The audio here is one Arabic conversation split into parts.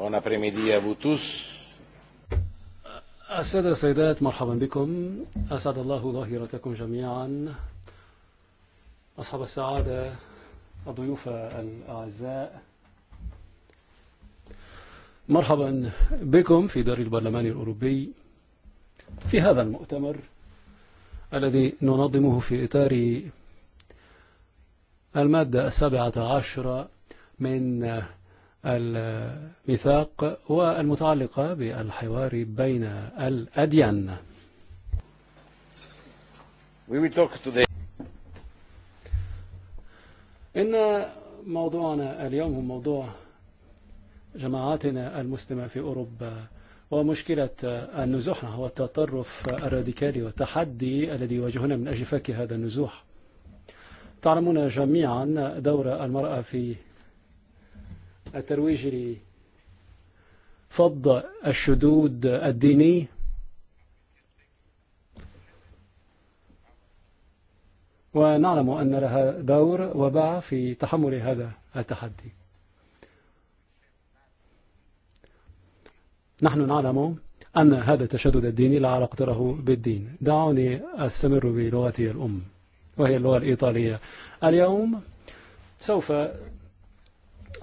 Bon après-midi à vous tous. السادة السيدات مرحبا بكم أسعد الله ظاهرتكم جميعا أصحاب السعادة الضيوف الأعزاء مرحبا بكم في دار البرلمان الأوروبي في هذا المؤتمر الذي ننظمه في إطار المادة السابعة عشرة من الميثاق والمتعلقة بالحوار بين الأديان إن موضوعنا اليوم هو موضوع جماعاتنا المسلمة في أوروبا ومشكلة النزوح النزوحة التطرف الراديكالي والتحدي الذي يواجهنا من أجل فك هذا النزوح تعلمون جميعا دور المرأة في الترويج لفض الشدود الديني ونعلم أن لها دور وباع في تحمل هذا التحدي نحن نعلم أن هذا التشدد الديني لا علاقة له بالدين دعوني أستمر بلغتي الأم وهي اللغة الإيطالية اليوم سوف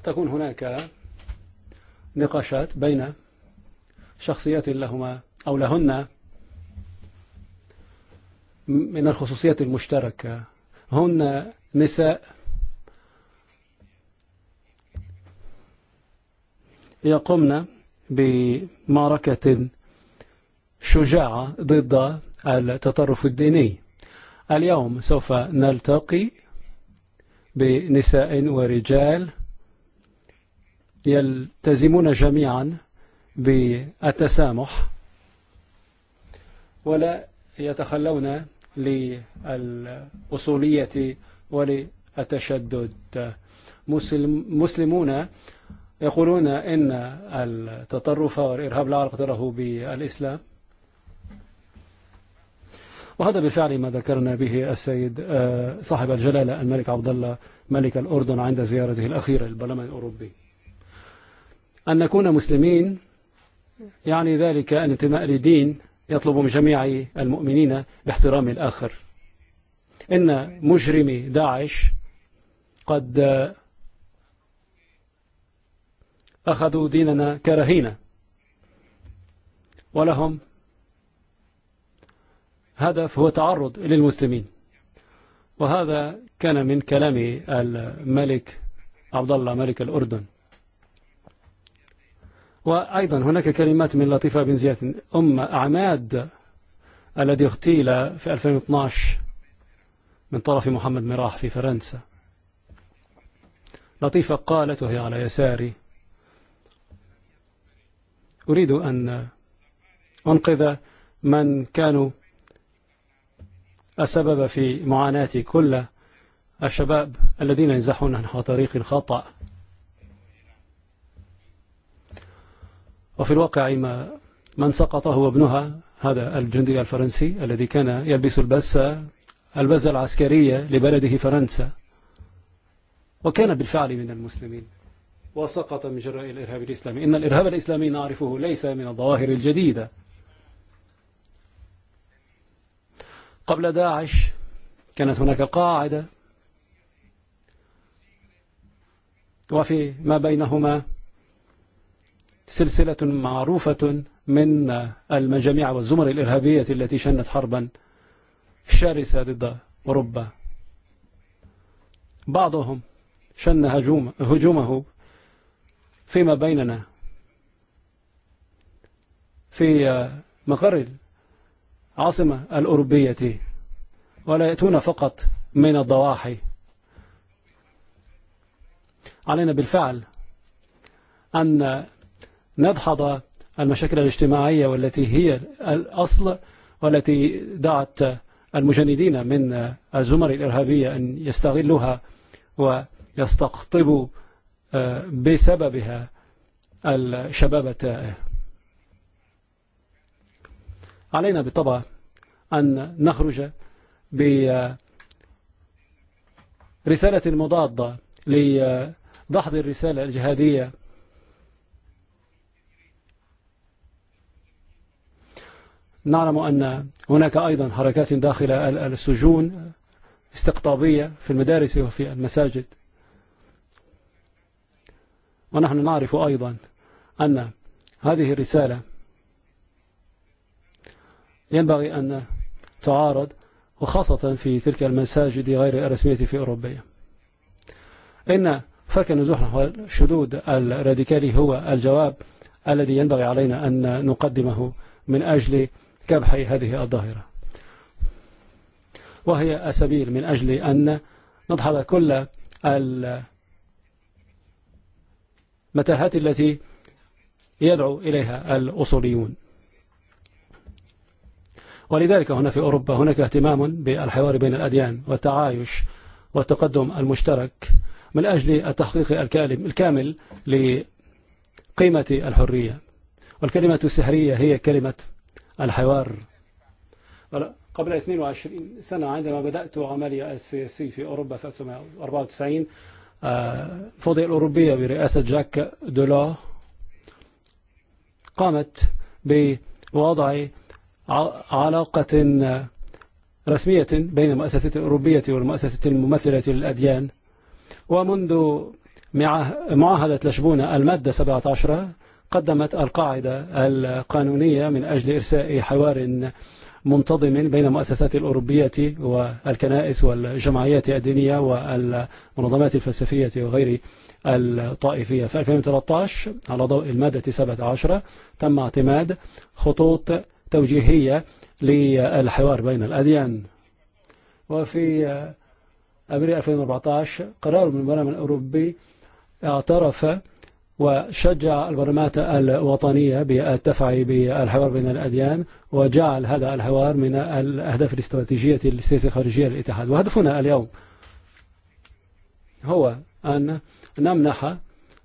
تكون هناك نقاشات بين شخصيات لهما أو لهن من الخصوصيات المشتركة هن نساء يقمن بمعركة شجاعة ضد التطرف الديني اليوم سوف نلتقي بنساء ورجال يلتزمون جميعا بالتسامح ولا يتخلون للأصولية وللتشدد مسلم مسلمون يقولون إن التطرف والإرهاب لا bi له بالإسلام وهذا بالفعل ما ذكرنا به السيد صاحب الجلالة الملك عبد الله ملك الأردن عند زيارته الأخيرة للبرلمان الأوروبي أن نكون مسلمين يعني ذلك انتماء لدين يطلب من جميع المؤمنين باحترام الآخر إن مجرم داعش قد أخذوا ديننا كرهينة ولهم هدف هو تعرض للمسلمين وهذا كان من كلام الملك عبد الله ملك الأردن وأيضا هناك كلمات من لطيفة بن زياد أم أعماد الذي اغتيل في 2012 من طرف محمد مراح في فرنسا لطيفة قالت وهي على يساري أريد أن أنقذ من كانوا السبب في معاناتي كل الشباب الذين ينزحون نحو طريق الخطأ وفي الواقع ما من سقط هو ابنها هذا الجندي الفرنسي الذي كان يلبس البسة البزة العسكرية لبلده فرنسا وكان بالفعل من المسلمين وسقط من جراء الإرهاب الإسلامي إن الإرهاب الإسلامي نعرفه ليس من الظواهر الجديدة قبل داعش كانت هناك قاعدة وفي ما بينهما سلسلة معروفة من المجميع والزمر الإرهابية التي شنت حربا شرسة ضد أوروبا بعضهم شن هجوم هجومه فيما بيننا في مقر العاصمة الأوروبية ولا يأتون فقط من الضواحي علينا بالفعل أن ندحض المشاكل الاجتماعية والتي هي الأصل والتي دعت المجندين من الزمر الإرهابية أن يستغلها ويستقطبوا بسببها الشباب التائه علينا بالطبع أن نخرج برسالة مضادة لدحض الرسالة الجهادية نعلم أن هناك أيضا حركات داخل السجون استقطابية في المدارس وفي المساجد ونحن نعرف أيضا أن هذه الرسالة ينبغي أن تعارض وخاصة في تلك المساجد غير الرسمية في أوروبية إن فك نزوح نحو الشدود الراديكالي هو الجواب الذي ينبغي علينا أن نقدمه من أجل كبحي هذه الظاهرة وهي أسبيل من أجل أن نضحظ كل المتاهات التي يدعو إليها الأصوليون ولذلك هنا في أوروبا هناك اهتمام بالحوار بين الأديان والتعايش والتقدم المشترك من أجل التحقيق الكامل لقيمة الحرية والكلمة السحرية هي كلمة الحوار قبل 22 سنة عندما بدأت عملية السياسي في أوروبا في 1994 فوضي الأوروبية برئاسة جاك دولا قامت بوضع علاقة رسمية بين المؤسسة الأوروبية والمؤسسة الممثلة للأديان ومنذ معاهدة لشبونة المادة 17 قدمت القاعدة القانونية من أجل إرساء حوار منتظم بين المؤسسات الأوروبية والكنائس والجمعيات الدينية والمنظمات الفلسفية وغير الطائفية في 2013 على ضوء المادة 17 تم اعتماد خطوط توجيهية للحوار بين الأديان وفي أبريل 2014 قرار من البرلمان الأوروبي اعترف وشجع البرلمانات الوطنية بالتفعي بالحوار بين الأديان وجعل هذا الحوار من الأهداف الاستراتيجية للسياسة الخارجية للاتحاد وهدفنا اليوم هو أن نمنح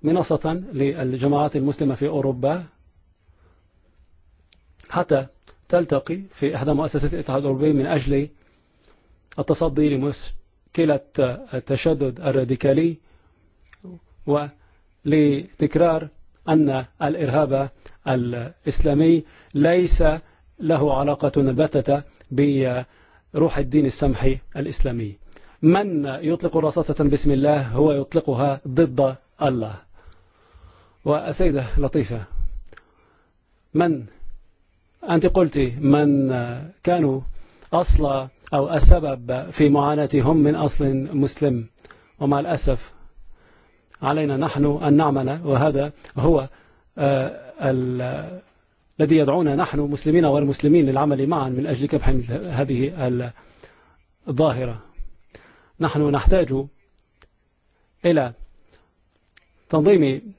منصة للجماعات المسلمة في أوروبا حتى تلتقي في إحدى مؤسسات الاتحاد الأوروبي من أجل التصدي لمشكلة التشدد الراديكالي ومشكلة لتكرار أن الإرهاب الإسلامي ليس له علاقة نبتة بروح الدين السمحي الإسلامي من يطلق رصاصة Bismillah الله هو يطلقها ضد الله وأسيدة لطيفة من أنت قلت من كانوا أصل أو السبب في معاناتهم من أصل مسلم ومع الأسف علينا نحن أن نعمل وهذا هو الذي يدعونا نحن مسلمين والمسلمين للعمل معا من أجل كبح هذه الظاهرة نحن نحتاج إلى تنظيم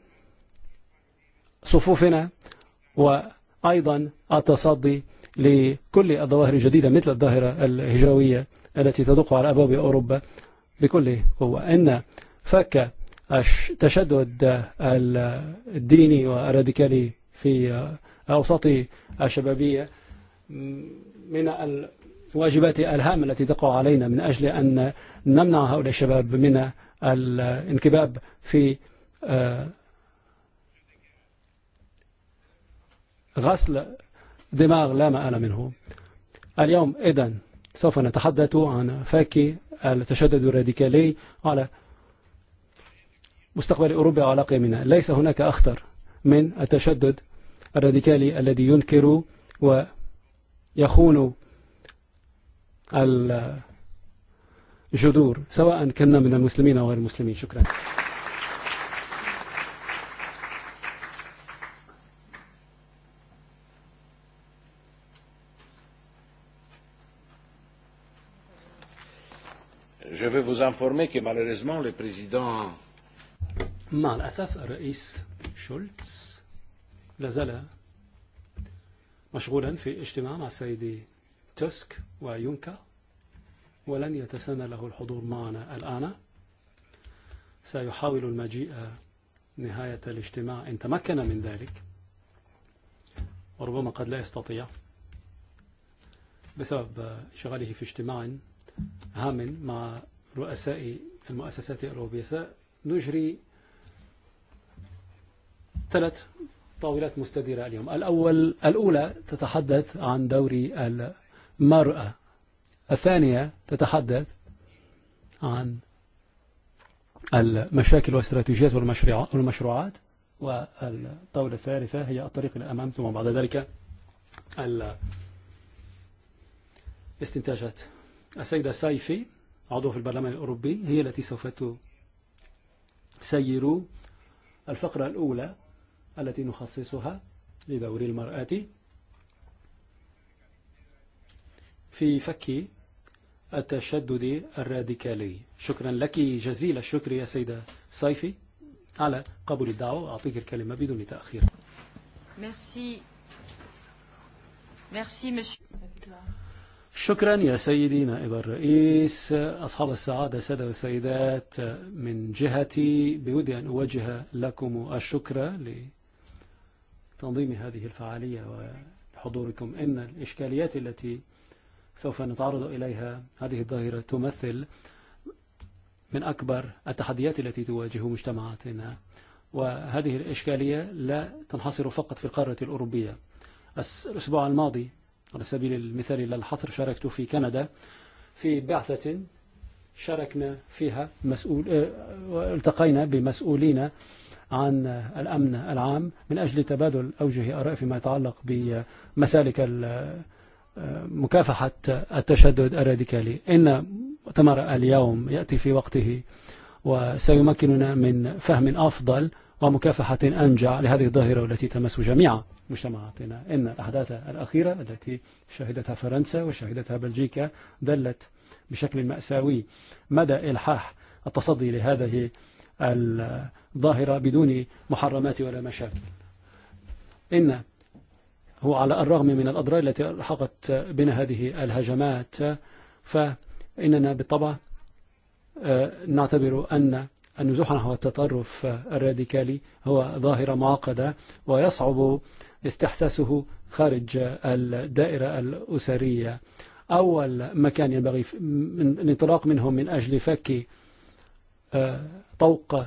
صفوفنا وأيضا التصدي لكل الظواهر الجديدة مثل الظاهرة الهجروية التي تدق على أبواب أوروبا بكل قوة إن فك Dini التشدد الديني والراديكالي في أوساط الشبابية من الواجبات الهامة التي تقع علينا من أجل أن نمنع هؤلاء الشباب من الانكباب في غسل دماغ لا مآل منه اليوم إذن سوف نتحدث عن فك التشدد الراديكالي على مستقبل أوروبا على قيمنا ليس هناك أخطر من التشدد الراديكالي الذي ينكر ويخون الجذور سواء كنا من المسلمين أو غير المسلمين شكرا Je veux vous informer que malheureusement le président Mal asaf rais Schulz lazala mashghulan fi ijtimaa ma' sayyidi Tusk wa Junka wa lan yatasanna lahu al-hudur ma'ana al-ana sayuhawilu al-maji'a nihayata al-ijtimaa in tamakkana min dhalik wa rubama qad la yastati' بسبب شغله في اجتماع هام مع رؤساء المؤسسات الأوروبية سنجري ثلاث طاولات مستديرة اليوم الأول الأولى تتحدث عن دور المرأة الثانية تتحدث عن المشاكل والاستراتيجيات والمشروعات والطاولة الثالثة هي الطريق إلى الأمام ثم بعد ذلك الاستنتاجات السيدة سايفي عضو في البرلمان الأوروبي هي التي سوف تسير الفقرة الأولى التي نخصصها لدور المرأة في فك التشدد الراديكالي شكرا لك جزيل الشكر يا سيدة صيفي على قبول الدعوة أعطيك الكلمة بدون تأخير مرسي مرسي monsieur. شكرا يا سيدي نائب الرئيس أصحاب السعادة سادة والسيدات من جهتي بودي أن أوجه لكم الشكر لكم تنظيم هذه الفعالية وحضوركم إن الإشكاليات التي سوف نتعرض إليها هذه الظاهرة تمثل من أكبر التحديات التي تواجه مجتمعاتنا وهذه الإشكالية لا تنحصر فقط في القارة الأوروبية الأسبوع الماضي على سبيل المثال للحصر شاركت في كندا في بعثة شاركنا فيها مسؤول التقينا بمسؤولين عن الأمن العام من أجل تبادل أوجه أراء فيما يتعلق بمسالك مكافحة التشدد الراديكالي إن مؤتمر اليوم يأتي في وقته وسيمكننا من فهم أفضل ومكافحة أنجع لهذه الظاهرة التي تمس جميع مجتمعاتنا إن الأحداث الأخيرة التي شهدتها فرنسا وشهدتها بلجيكا دلت بشكل مأساوي مدى إلحاح التصدي لهذه الظاهرة الظاهرة بدون محرمات ولا مشاكل إن هو على الرغم من الأضرار التي لحقت بنا هذه الهجمات فإننا بالطبع نعتبر أن النزوح نحو التطرف الراديكالي هو ظاهرة معقدة ويصعب استحساسه خارج الدائرة الأسرية أول مكان ينبغي الانطلاق منه من أجل فك طوق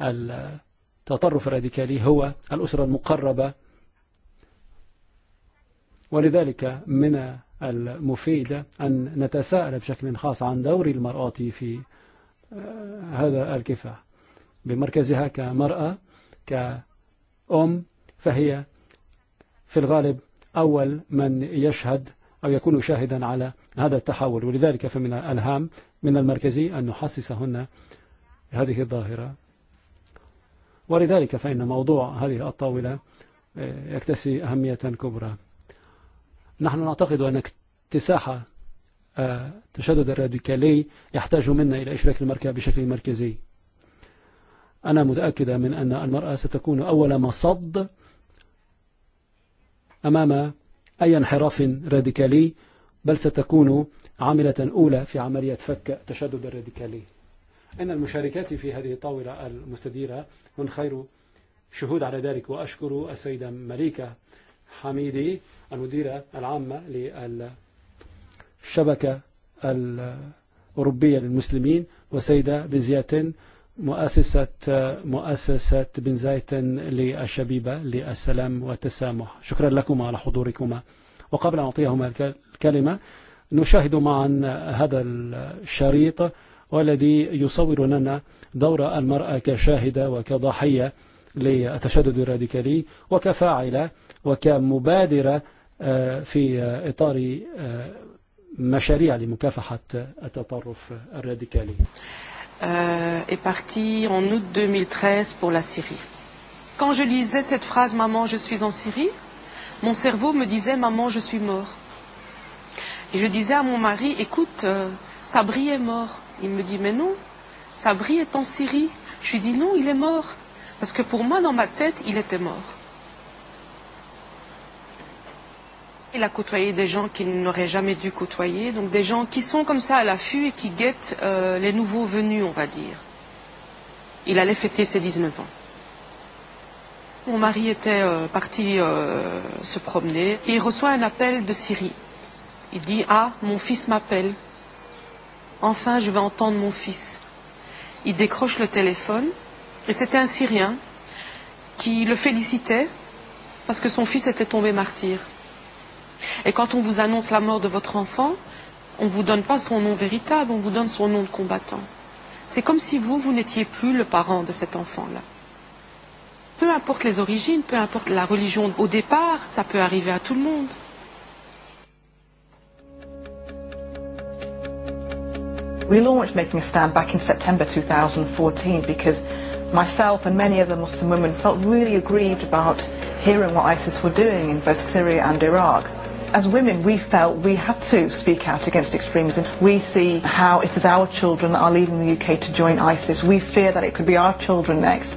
التطرف الراديكالي هو الأسرة المقربة ولذلك من المفيد أن نتساءل بشكل خاص عن دور المرأة في هذا الكفاح بمركزها كمرأة كأم فهي في الغالب أول من يشهد أو يكون شاهدا على هذا التحول ولذلك فمن الهام من المركزي أن نحسس هنا هذه الظاهرة ولذلك فإن موضوع هذه الطاولة يكتسي أهمية كبرى نحن نعتقد أن اكتساح تشدد الراديكالي يحتاج منا إلى إشراك المركز بشكل مركزي أنا متأكدة من أن المرأة ستكون أول مصد أمام أي انحراف راديكالي بل ستكون عاملة أولى في عملية فك تشدد الراديكالي أن المشاركات في هذه الطاولة المستديرة من خير شهود على ذلك وأشكر السيدة مليكة حميدي المديرة العامة للشبكة الأوروبية للمسلمين وسيدة بن زياتن مؤسسة مؤسسة بن زايتن للشبيبة للسلام والتسامح شكرا لكما على حضوركما وقبل أن أعطيهما الكلمة نشاهد معا هذا الشريط والذي يصور لنا دور المرأة كشاهدة وكضحية للتشدد الراديكالي وكفاعلة وكمبادرة في إطار مشاريع لمكافحة التطرف الراديكالي euh, est parti en août 2013 pour la Syrie. Quand je lisais cette phrase « Maman, je suis en Syrie », mon cerveau me disait « Maman, je suis mort ». Et je disais à mon mari « Écoute, euh, Sabri est mort. Il me dit, mais non, Sabri est en Syrie. Je lui dis, non, il est mort. Parce que pour moi, dans ma tête, il était mort. Il a côtoyé des gens qu'il n'aurait jamais dû côtoyer, donc des gens qui sont comme ça à l'affût et qui guettent euh, les nouveaux venus, on va dire. Il allait fêter ses 19 ans. Mon mari était euh, parti euh, se promener et il reçoit un appel de Syrie. Il dit Ah, mon fils m'appelle. Enfin, je vais entendre mon fils. Il décroche le téléphone et c'était un Syrien qui le félicitait parce que son fils était tombé martyr. Et quand on vous annonce la mort de votre enfant, on ne vous donne pas son nom véritable, on vous donne son nom de combattant. C'est comme si vous, vous n'étiez plus le parent de cet enfant-là. Peu importe les origines, peu importe la religion au départ, ça peut arriver à tout le monde. We launched Making a Stand back in September 2014 because myself and many other Muslim women felt really aggrieved about hearing what ISIS were doing in both Syria and Iraq. As women, we felt we had to speak out against extremism. We see how it is our children that are leaving the UK to join ISIS. We fear that it could be our children next.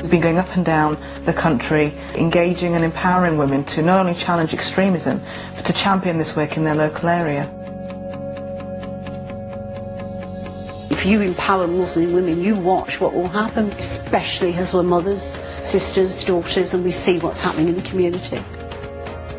We've been going up and down the country, engaging and empowering women to not only challenge extremism, but to champion this work in their local area. if you empower Muslim women, you watch what will happen, especially as we're mothers, sisters, daughters, and we see what's happening in the community.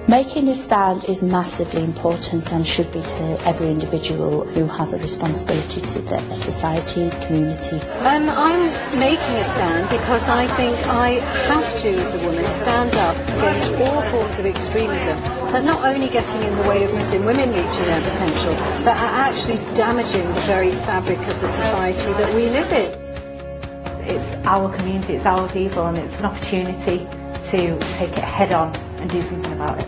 Making a stand is massively important and should be to every individual who has a responsibility to the society, community. Um, I'm making a stand because I think I have to, as a woman, stand up against all forms of extremism that not only getting in the way of Muslim women reaching their potential, that are actually damaging the very fabric of the society that we live in it's our community, it's our people, and it's an opportunity to take it head on and do something about it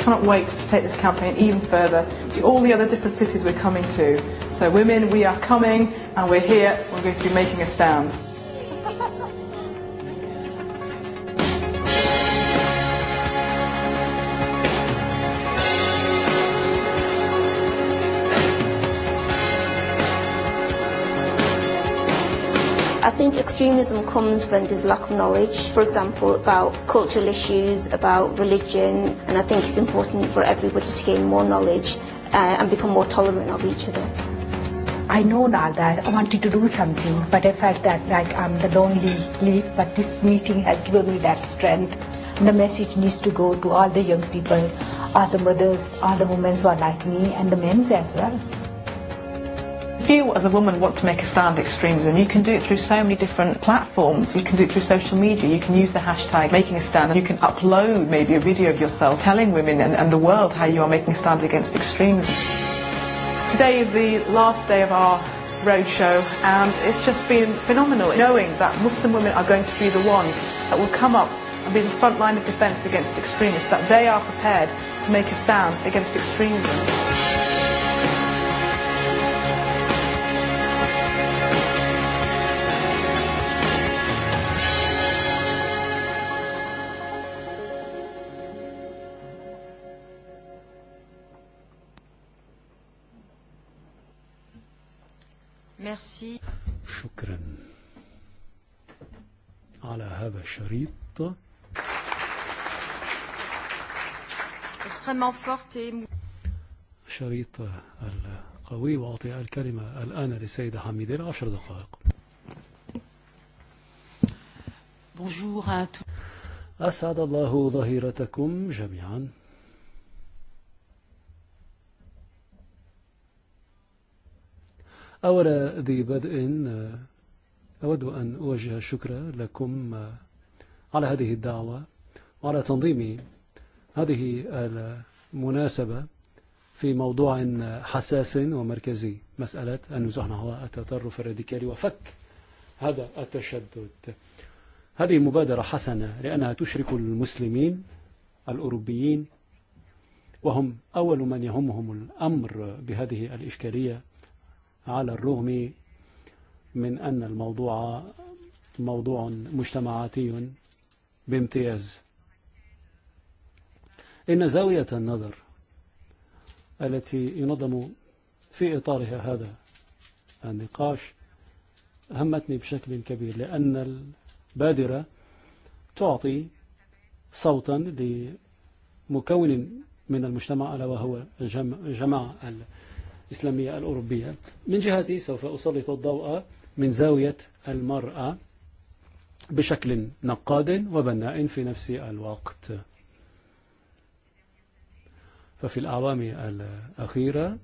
cannot wait to take this campaign even further to all the other different cities we're coming to. So women, we are coming and we're here, we're going to be making a stand. think extremism comes when there's lack of knowledge, for example, about cultural issues, about religion, and I think it's important for everybody to gain more knowledge uh, and become more tolerant of each other. I know now that I wanted to do something, but I felt that like I'm the lonely leaf, but this meeting has given me that strength. And the message needs to go to all the young people, all the mothers, all the women who are like me, and the men as well you as a woman want to make a stand at extremism, you can do it through so many different platforms. You can do it through social media. You can use the hashtag making a stand. You can upload maybe a video of yourself telling women and, and the world how you are making a stand against extremism. Today is the last day of our roadshow and it's just been phenomenal knowing that Muslim women are going to be the ones that will come up and be the front line of defence against extremists, that they are prepared to make a stand against extremism. Merci. شكرا على هذا الشريط extrêmement fort et mou... شريط القوي وأعطي الكلمة الآن للسيدة حميدة لعشر دقائق Bonjour à tous. أسعد الله ظهيرتكم جميعاً. أولى ذي بدء أود أن أوجه الشكر لكم على هذه الدعوة وعلى تنظيم هذه المناسبة في موضوع حساس ومركزي مسألة النزوح نحو التطرف الراديكالي وفك هذا التشدد هذه مبادرة حسنة لأنها تشرك المسلمين الأوروبيين وهم أول من يهمهم الأمر بهذه الإشكالية على الرغم من أن الموضوع موضوع مجتمعاتي بامتياز إن زاوية النظر التي ينظم في إطارها هذا النقاش همتني بشكل كبير لأن البادرة تعطي صوتا لمكون من المجتمع ألا وهو الجماعة الإسلامية الأوروبية من جهتي سوف أسلط الضوء من زاوية المرأة بشكل نقاد وبناء في نفس الوقت ففي الأعوام الأخيرة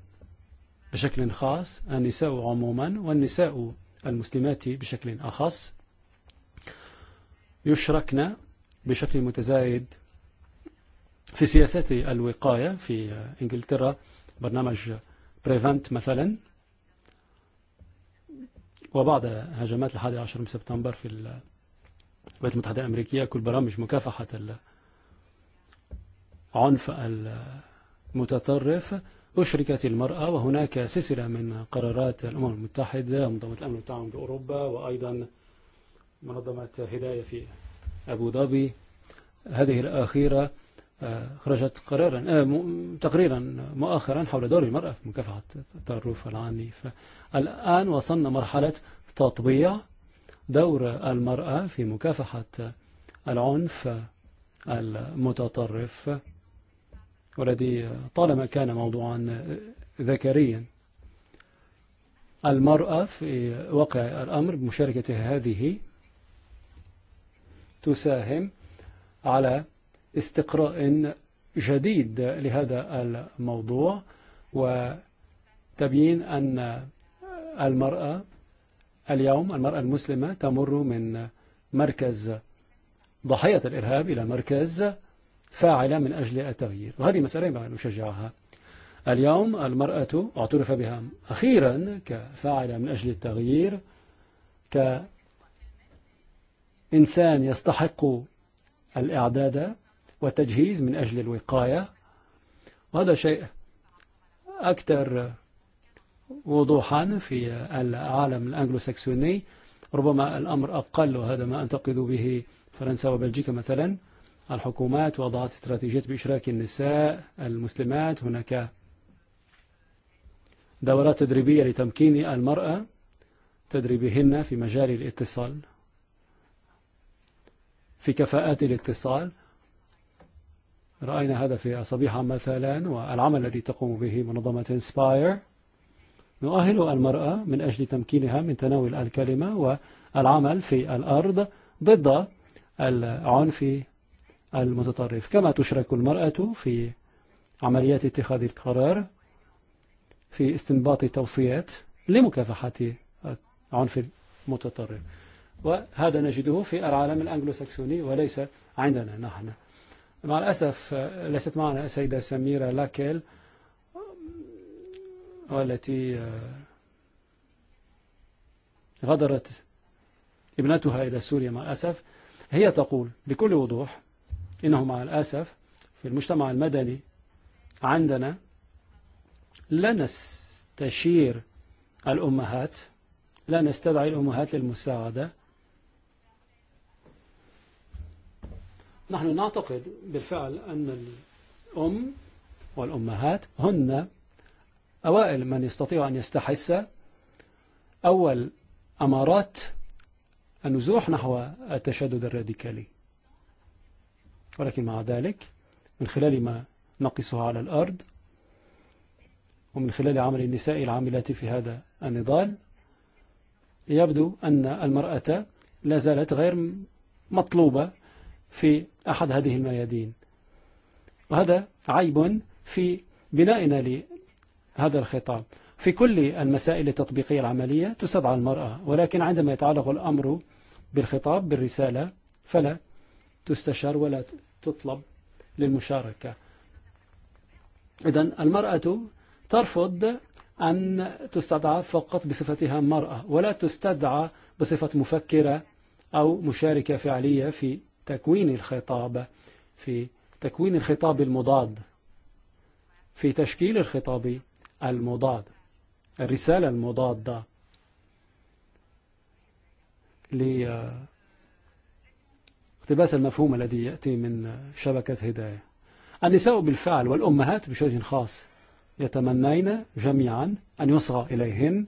بشكل خاص النساء عموما والنساء المسلمات بشكل أخص يشركنا بشكل متزايد في سياسات الوقاية في إنجلترا برنامج prevent مثلا وبعد هجمات ال 11 من سبتمبر في الولايات المتحده الامريكيه كل برامج مكافحه العنف المتطرف أشركت المرأة وهناك سلسلة من قرارات الأمم المتحدة منظمة الأمن والتعاون بأوروبا وأيضا منظمة هداية في أبو ظبي هذه الأخيرة خرجت قرارا تقريرا مؤخرا حول دور المرأة في مكافحة التعرف العامي الآن وصلنا مرحلة تطبيع دور المرأة في مكافحة العنف المتطرف والذي طالما كان موضوعا ذكريا المرأة في وقع الأمر بمشاركة هذه تساهم على استقراء جديد لهذا الموضوع وتبيين أن المرأة اليوم المرأة المسلمة تمر من مركز ضحية الإرهاب إلى مركز فاعلة من أجل التغيير وهذه مسألة ينبغي أن نشجعها اليوم المرأة اعترف بها أخيرا كفاعلة من أجل التغيير كإنسان يستحق الإعداد وتجهيز من أجل الوقاية وهذا شيء أكثر وضوحا في العالم الأنجلو سكسوني ربما الأمر أقل وهذا ما أنتقد به فرنسا وبلجيكا مثلا الحكومات وضعت استراتيجيات بإشراك النساء المسلمات هناك دورات تدريبية لتمكين المرأة تدريبهن في مجال الاتصال في كفاءات الاتصال رأينا هذا في أصابيع مثلا والعمل الذي تقوم به منظمة Inspire نؤهل المرأة من أجل تمكينها من تناول الكلمة والعمل في الأرض ضد العنف المتطرف كما تشرك المرأة في عمليات اتخاذ القرار في استنباط توصيات لمكافحة عنف المتطرف وهذا نجده في العالم الأنجلوساكسوني وليس عندنا نحن مع الأسف ليست معنا السيدة سميرة لاكل والتي غادرت ابنتها إلى سوريا مع الأسف هي تقول بكل وضوح إنه مع الأسف في المجتمع المدني عندنا لا نستشير الأمهات لا نستدعي الأمهات للمساعدة نحن نعتقد بالفعل أن الأم والأمهات هن أوائل من يستطيع أن يستحس أول أمارات النزوح نحو التشدد الراديكالي ولكن مع ذلك من خلال ما نقصها على الأرض ومن خلال عمل النساء العاملات في هذا النضال يبدو أن المرأة لا زالت غير مطلوبة في أحد هذه الميادين وهذا عيب في بنائنا لهذا الخطاب في كل المسائل التطبيقية العملية تسبع المرأة ولكن عندما يتعلق الأمر بالخطاب بالرسالة فلا تستشار ولا تطلب للمشاركة إذن المرأة ترفض أن تستدعى فقط بصفتها مرأة ولا تستدعى بصفة مفكرة أو مشاركة فعلية في تكوين الخطاب في تكوين الخطاب المضاد في تشكيل الخطاب المضاد الرسالة المضادة لاقتباس المفهوم الذي يأتي من شبكة هداية النساء بالفعل والأمهات بشكل خاص يتمنين جميعا أن يصغى إليهن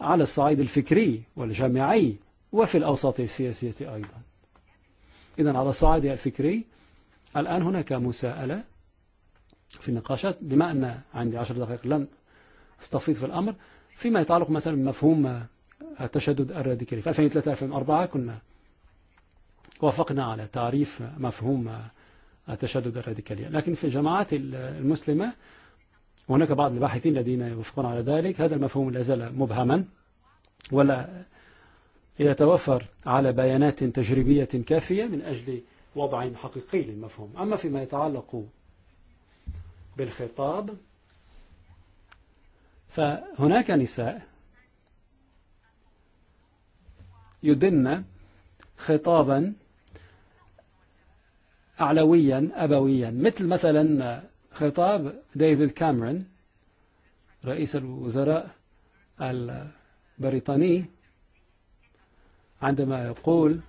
على الصعيد الفكري والجامعي وفي الأوساط السياسية أيضا إذن على الصعيد الفكري الآن هناك مساءلة في النقاشات بما أن عندي عشر دقائق لن استفيد في الأمر فيما يتعلق مثلا بمفهوم التشدد الراديكالي في 2003 2004 كنا وافقنا على تعريف مفهوم التشدد الراديكالي لكن في الجماعات المسلمة هناك بعض الباحثين الذين يوفقون على ذلك هذا المفهوم لا مبهما ولا يتوفر على بيانات تجريبية كافية من أجل وضع حقيقي للمفهوم أما فيما يتعلق بالخطاب فهناك نساء يدن خطابا أعلويا أبويا مثل مثلا خطاب ديفيد كاميرون رئيس الوزراء البريطاني عندما يقول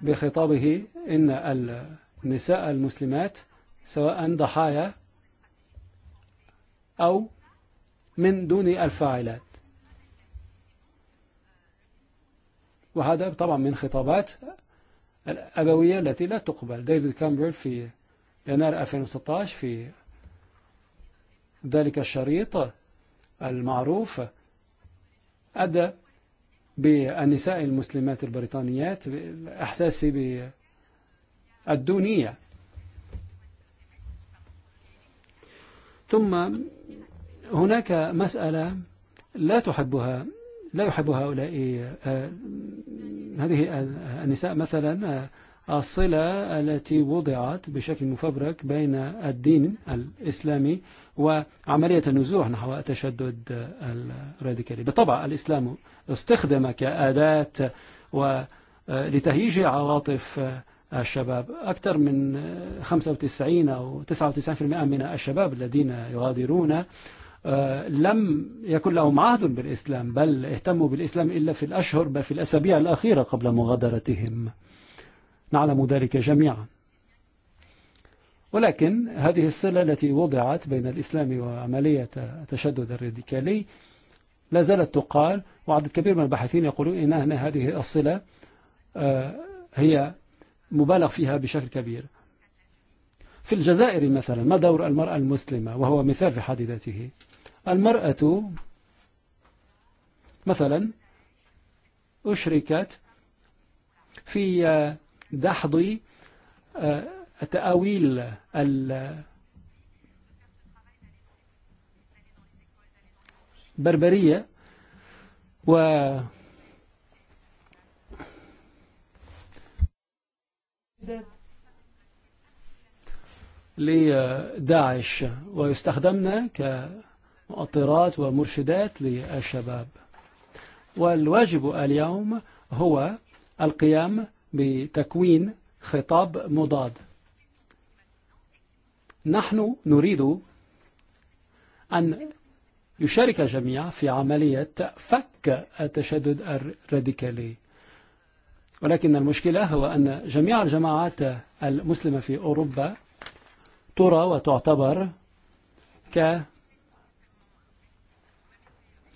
بخطابه إن النساء المسلمات سواء ضحايا أو من دون الفاعلات وهذا طبعا من خطابات الأبوية التي لا تقبل ديفيد كامبرل في يناير 2016 في ذلك الشريط المعروف أدى بالنساء المسلمات البريطانيات إحساسي بالدونية ثم هناك مسألة لا تحبها لا يحب هؤلاء هذه النساء مثلا الصلة التي وضعت بشكل مفبرك بين الدين الإسلامي وعملية النزوح نحو تشدد الراديكالي بالطبع الإسلام استخدم كأداة ولتهييج عواطف الشباب أكثر من 95 أو 99% من الشباب الذين يغادرون لم يكن لهم عهد بالإسلام بل اهتموا بالإسلام إلا في الأشهر بل في الأسابيع الأخيرة قبل مغادرتهم نعلم ذلك جميعا ولكن هذه السلة التي وضعت بين الإسلام وعملية تشدد الراديكالي لا زالت تقال وعدد كبير من الباحثين يقولون إن هذه الصلة هي مبالغ فيها بشكل كبير في الجزائر مثلا ما دور المرأة المسلمة وهو مثال في حد ذاته المرأة مثلا أشركت في دحض التأويل البربرية و لداعش ويستخدمنا كمؤطرات ومرشدات للشباب والواجب اليوم هو القيام بتكوين خطاب مضاد نحن نريد أن يشارك الجميع في عملية فك التشدد الراديكالي ولكن المشكلة هو أن جميع الجماعات المسلمة في أوروبا ترى وتعتبر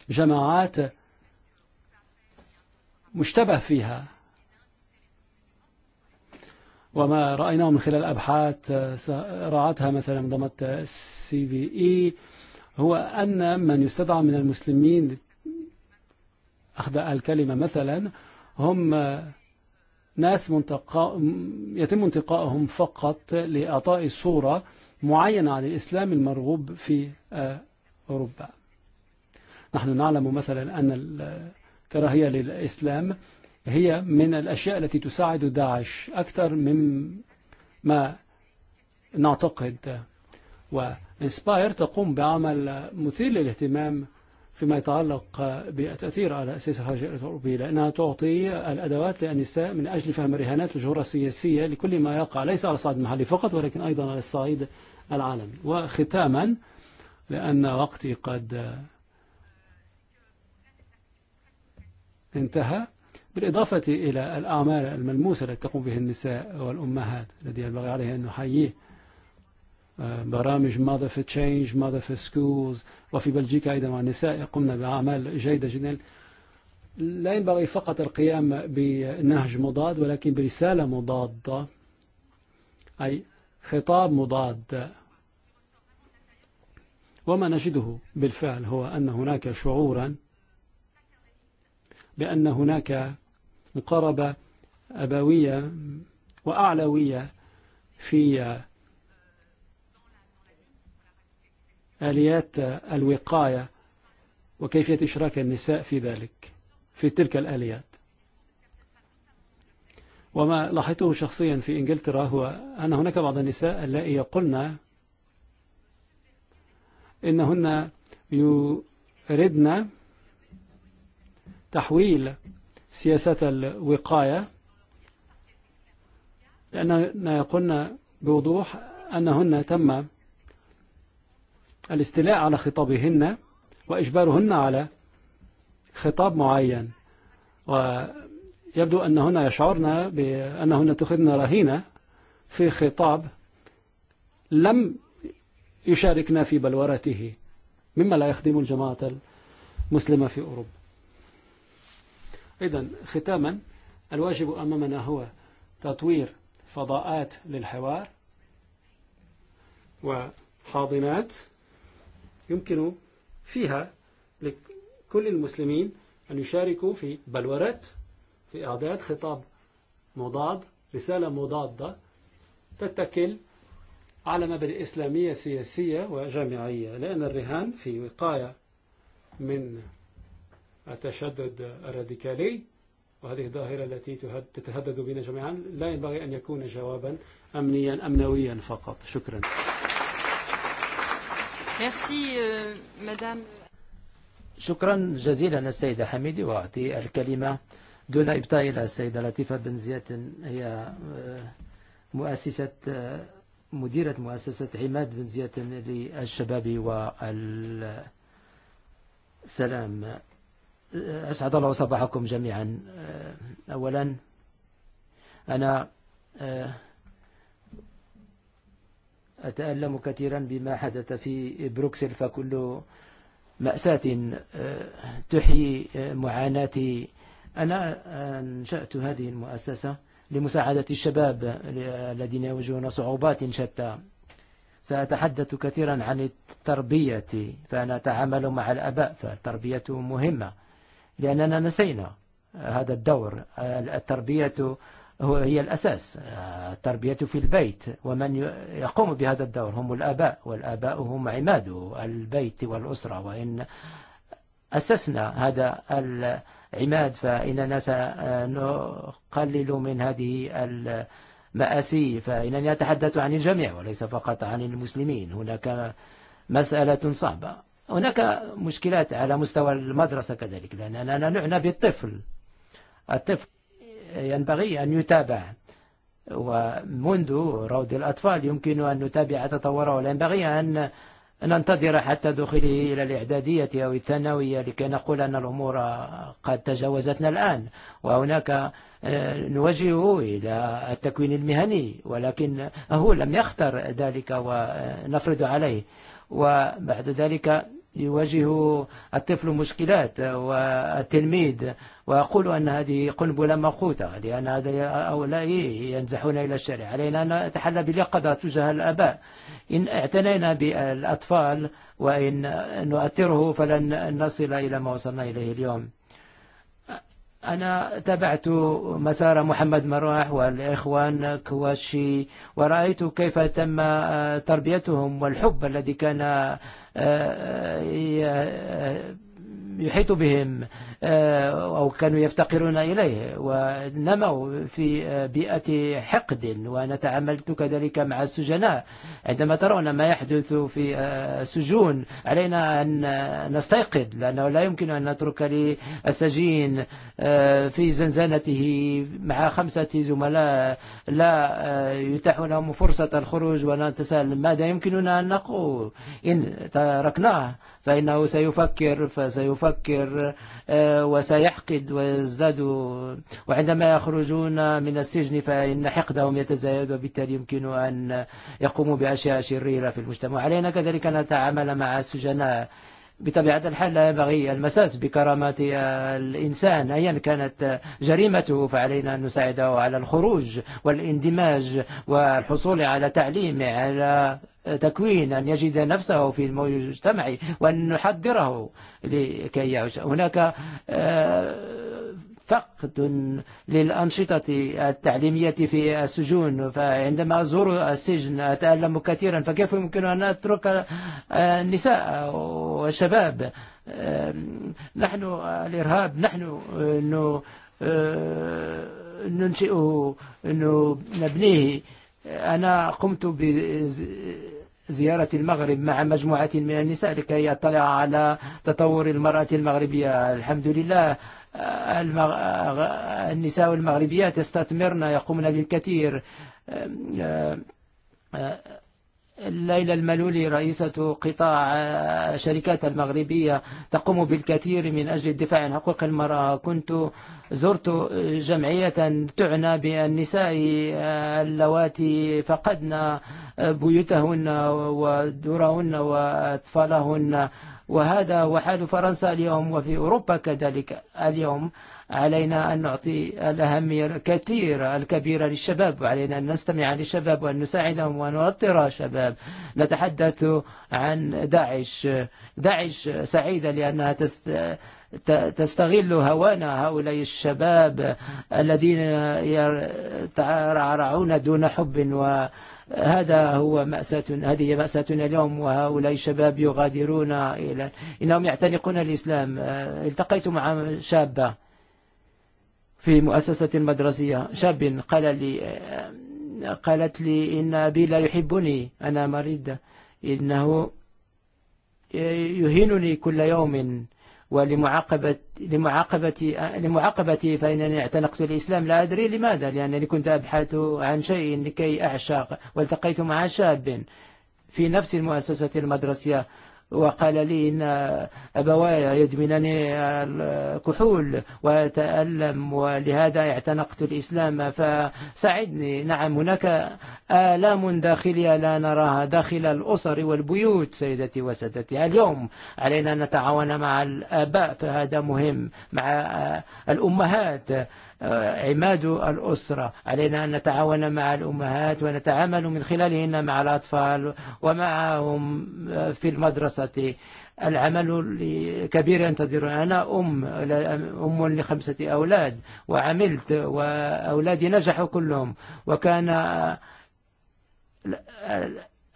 كجماعات مشتبه فيها وما رأيناه من خلال أبحاث راعتها مثلا منظمة السي في إي e. هو أن من يستدعى من المسلمين أخذ الكلمة مثلا هم ناس منتقا يتم انتقائهم فقط لإعطاء صورة معينة عن الإسلام المرغوب في أوروبا نحن نعلم مثلا أن الكراهية للإسلام هي من الأشياء التي تساعد داعش أكثر مما نعتقد وإنسباير تقوم بعمل مثير للاهتمام فيما يتعلق بالتأثير على أساس الخارجية الأوروبية لأنها تعطي الأدوات للنساء من أجل فهم الرهانات الجهورة السياسية لكل ما يقع ليس على الصعيد المحلي فقط ولكن أيضا على الصعيد العالمي وختاما لأن وقتي قد انتهى بالإضافة إلى الأعمال الملموسة التي تقوم به النساء والأمهات الذي ينبغي عليها أن نحييه برامج Mother for Change, Mother for Schools وفي بلجيكا أيضا النساء يقمن بأعمال جيدة جدا لا ينبغي فقط القيام بنهج مضاد ولكن برسالة مضادة أي خطاب مضاد وما نجده بالفعل هو أن هناك شعورا بأن هناك مقاربة أبوية وأعلوية في آليات الوقاية وكيفية إشراك النساء في ذلك في تلك الآليات وما لاحظته شخصيا في إنجلترا هو أن هناك بعض النساء اللائي يقولن إنهن يردن تحويل سياسة الوقاية لأننا قلنا بوضوح أنهن تم الاستيلاء على خطابهن وإجبارهن على خطاب معين ويبدو أنهن يشعرن بأنهن اتخذن رهينة في خطاب لم يشاركنا في بلورته مما لا يخدم الجماعة المسلمة في أوروبا إذن ختاما الواجب أمامنا هو تطوير فضاءات للحوار وحاضنات يمكن فيها لكل المسلمين أن يشاركوا في بلورات في إعداد خطاب مضاد رسالة مضادة تتكل على مبادئ إسلامية سياسية وجامعية لأن الرهان في وقاية من التشدد الراديكالي وهذه الظاهرة التي تتهدد بنا جميعا لا ينبغي أن يكون جوابا أمنيا أمنويا فقط شكرا euh, شكرا جزيلا السيدة حميدي وأعطي الكلمة دون إبطاء إلى السيدة لطيفة بن زياد هي مؤسسة مديرة مؤسسة عماد بن زياد للشباب والسلام أسعد الله وصباحكم جميعا أولا أنا أتألم كثيرا بما حدث في بروكسل فكل مأساة تحيي معاناتي أنا أنشأت هذه المؤسسة لمساعدة الشباب الذين يواجهون صعوبات شتى سأتحدث كثيرا عن التربية فأنا أتعامل مع الأباء فالتربية مهمة لأننا نسينا هذا الدور التربية هي الأساس التربية في البيت ومن يقوم بهذا الدور هم الآباء والآباء هم عماد البيت والأسرة وإن أسسنا هذا العماد فإننا سنقلل من هذه المآسي فإننا نتحدث عن الجميع وليس فقط عن المسلمين هناك مسألة صعبة هناك مشكلات على مستوى المدرسة كذلك لأننا نعنى بالطفل الطفل ينبغي أن يتابع ومنذ رود الأطفال يمكن أن نتابع تطوره لا ينبغي أن ننتظر حتى دخله إلى الإعدادية أو الثانوية لكي نقول أن الأمور قد تجاوزتنا الآن وهناك نوجهه إلى التكوين المهني ولكن هو لم يختر ذلك ونفرض عليه وبعد ذلك يواجه الطفل مشكلات والتلميذ وأقول أن هذه قنبلة مقوطة لأن هؤلاء ينزحون إلى الشارع علينا أن نتحلى باليقظة تجاه الآباء إن اعتنينا بالأطفال وإن نؤثره فلن نصل إلى ما وصلنا إليه اليوم أنا تبعت مسار محمد مراح والإخوان كواشي ورأيت كيف تم تربيتهم والحب الذي كان يحيط بهم أو كانوا يفتقرون إليه ونموا في بيئة حقد وأنا تعاملت كذلك مع السجناء عندما ترون ما يحدث في السجون علينا أن نستيقظ لأنه لا يمكن أن نترك للسجين في زنزانته مع خمسة زملاء لا يتاح لهم فرصة الخروج ونتساءل ماذا يمكننا أن نقول إن تركناه فإنه سيفكر فسيفكر وسيحقد ويزداد وعندما يخرجون من السجن فإن حقدهم يتزايد وبالتالي يمكن أن يقوموا بأشياء شريرة في المجتمع علينا كذلك نتعامل مع السجناء بطبيعة الحال لا يبغي المساس بكرامة الإنسان أيا كانت جريمته فعلينا أن نساعده على الخروج والاندماج والحصول على تعليم على تكوين أن يجد نفسه في المجتمع وأن نحضره لكي يعيش هناك فقد للأنشطة التعليمية في السجون فعندما أزور السجن أتألم كثيرا فكيف يمكن أن أترك النساء والشباب نحن الإرهاب نحن ننشئه نبنيه أنا قمت بزيارة المغرب مع مجموعة من النساء لكي أطلع على تطور المرأة المغربية الحمد لله النساء المغربيات يستثمرن يقومن بالكثير الليلة الملولي رئيسة قطاع شركات المغربية تقوم بالكثير من أجل الدفاع عن حقوق المرأة كنت زرت جمعية تعنى بالنساء اللواتي فقدن بيوتهن ودورهن وأطفالهن وهذا وحال فرنسا اليوم وفي أوروبا كذلك اليوم علينا أن نعطي الأهمية الكثيرة الكبيرة للشباب وعلينا أن نستمع للشباب وأن نساعدهم ونوطر شباب نتحدث عن داعش داعش سعيدة لأنها تست... تستغل هوانا هؤلاء الشباب الذين يرعرعون دون حب و هذا هو مأساة هذه مأساتنا اليوم وهؤلاء الشباب يغادرون إلى إنهم يعتنقون الإسلام التقيت مع شابة في مؤسسة مدرسية شاب قال لي قالت لي إن أبي لا يحبني أنا مريضة إنه يهينني كل يوم ولمعاقبة لمعاقبة لمعاقبته فإنني اعتنقت الإسلام لا أدري لماذا لأنني كنت أبحث عن شيء لكي أعشق والتقيت مع شاب في نفس المؤسسة المدرسية وقال لي إن أبواي يدمنني الكحول وأتألم ولهذا اعتنقت الإسلام فساعدني نعم هناك آلام داخلية لا نراها داخل الأسر والبيوت سيدتي وسادتي اليوم علينا أن نتعاون مع الآباء فهذا مهم مع الأمهات عماد الأسرة علينا أن نتعاون مع الأمهات ونتعامل من خلالهن مع الأطفال ومعهم في المدرسة العمل كبير ينتظر أنا أم أم لخمسة أولاد وعملت وأولادي نجحوا كلهم وكان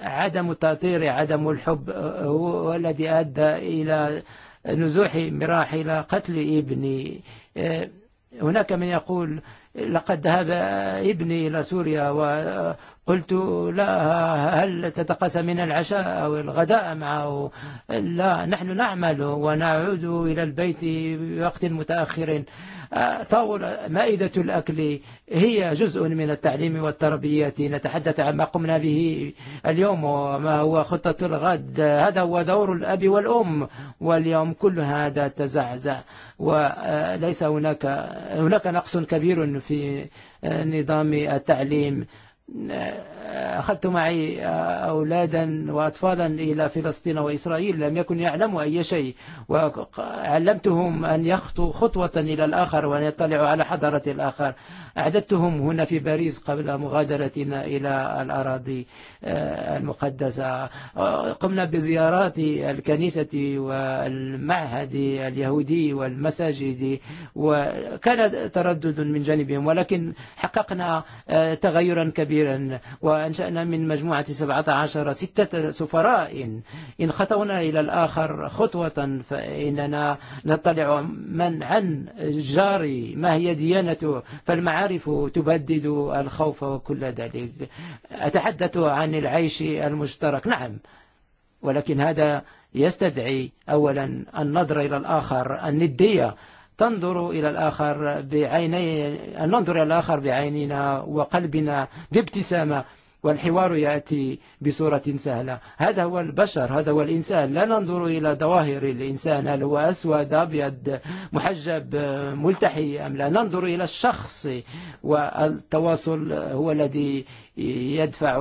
عدم التأطير عدم الحب هو الذي أدى إلى نزوحي مراحل قتل ابني هناك من يقول لقد ذهب ابني إلى سوريا قلت لا هل من العشاء أو الغداء معه لا نحن نعمل ونعود إلى البيت بوقت متأخر طاولة مائدة الأكل هي جزء من التعليم والتربية نتحدث عن ما قمنا به اليوم وما هو خطة الغد هذا هو دور الأب والأم واليوم كل هذا تزعزع وليس هناك هناك نقص كبير في نظام التعليم أخذت معي أولادا وأطفالا إلى فلسطين وإسرائيل لم يكن يعلموا أي شيء وعلمتهم أن يخطوا خطوة إلى الآخر وأن يطلعوا على حضرة الآخر أعددتهم هنا في باريس قبل مغادرتنا إلى الأراضي المقدسة قمنا بزيارات الكنيسة والمعهد اليهودي والمساجد وكان تردد من جانبهم ولكن حققنا تغيرا كبيرا وأنشأنا من مجموعة 17 ستة سفراء إن خطونا إلى الآخر خطوة فإننا نطلع من عن جاري ما هي ديانته فالمعارف تبدد الخوف وكل ذلك أتحدث عن ميزان العيش المشترك نعم ولكن هذا يستدعي أولا النظر إلى الآخر الندية تنظر إلى الآخر بعيني أن ننظر إلى الآخر بعيننا وقلبنا بابتسامة والحوار يأتي بصورة سهلة هذا هو البشر هذا هو الإنسان لا ننظر إلى ظواهر الإنسان هل هو أسود أبيض محجب ملتحي أم لا ننظر إلى الشخص والتواصل هو الذي يدفع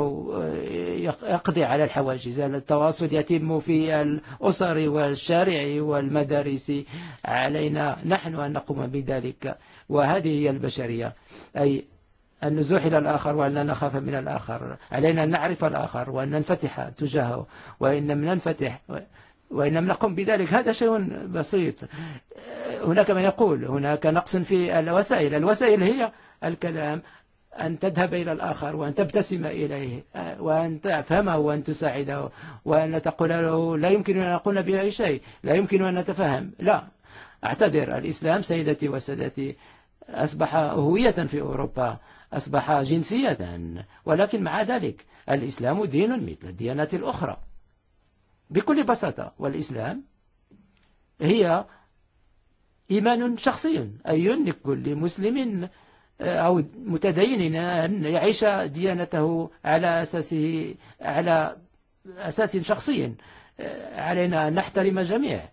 يقضي على الحواجز التواصل يتم في الأسر والشارع والمدارس علينا نحن أن نقوم بذلك وهذه هي البشرية أي أن نزوح إلى الآخر وأن لا نخاف من الآخر علينا أن نعرف الآخر وأن ننفتح تجاهه وإن لم ننفتح وإن لم نقم بذلك هذا شيء بسيط هناك من يقول هناك نقص في الوسائل الوسائل هي الكلام أن تذهب إلى الآخر وأن تبتسم إليه وأن تفهمه وأن تساعده وأن تقول له لا يمكن أن نقول بأي شيء لا يمكن أن نتفهم لا أعتذر الإسلام سيدتي وسادتي أصبح هوية في أوروبا أصبح جنسية ولكن مع ذلك الإسلام دين مثل الديانات الأخرى بكل بساطة والإسلام هي إيمان شخصي أي لكل مسلم أو متدين أن يعيش ديانته على أساسه على أساس شخصي علينا أن نحترم جميع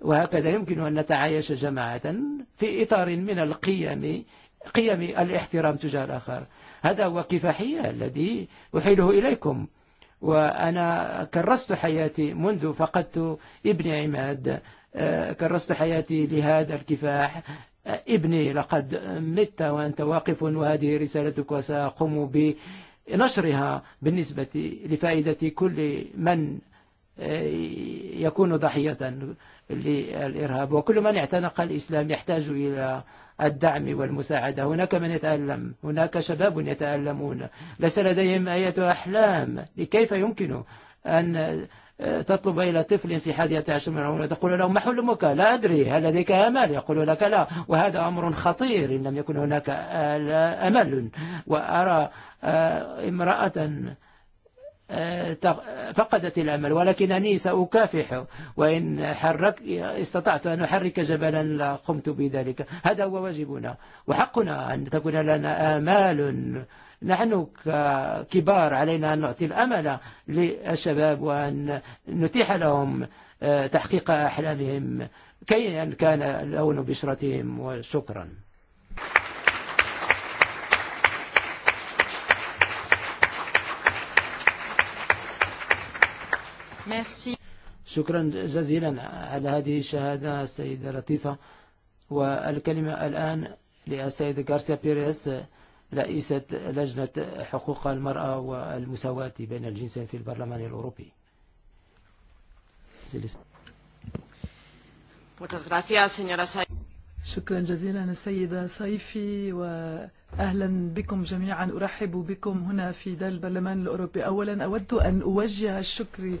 وهكذا يمكن أن نتعايش جماعة في إطار من القيم قيم الاحترام تجاه الآخر هذا هو كفاحية الذي أحيله إليكم وأنا كرست حياتي منذ فقدت ابن عماد كرست حياتي لهذا الكفاح ابني لقد مت وأنت واقف وهذه رسالتك وسأقوم بنشرها بالنسبة لفائدة كل من يكون ضحية للإرهاب وكل من اعتنق الإسلام يحتاج إلى الدعم والمساعدة هناك من يتألم هناك شباب يتألمون ليس لديهم أية أحلام لكيف يمكن أن تطلب إلى طفل في حادية عشر من عمره تقول له ما حلمك لا أدري هل لديك أمل يقول لك لا وهذا أمر خطير إن لم يكن هناك أمل وأرى امرأة فقدت الأمل أني سأكافح وإن حرك استطعت أن أحرك جبلا قمت بذلك هذا هو واجبنا وحقنا أن تكون لنا آمال نحن كبار علينا أن نعطي الأمل للشباب وأن نتيح لهم تحقيق أحلامهم كي أن كان لون بشرتهم وشكرا Merci. شكرا جزيلا على هذه الشهادة السيدة لطيفة والكلمة الآن للسيدة غارسيا بيريس رئيسة لجنة حقوق المرأة والمساواة بين الجنسين في البرلمان الأوروبي شكرا جزيلا السيدة صيفي وأهلا بكم جميعا أرحب بكم هنا في دار البرلمان الأوروبي أولا أود أن أوجه الشكر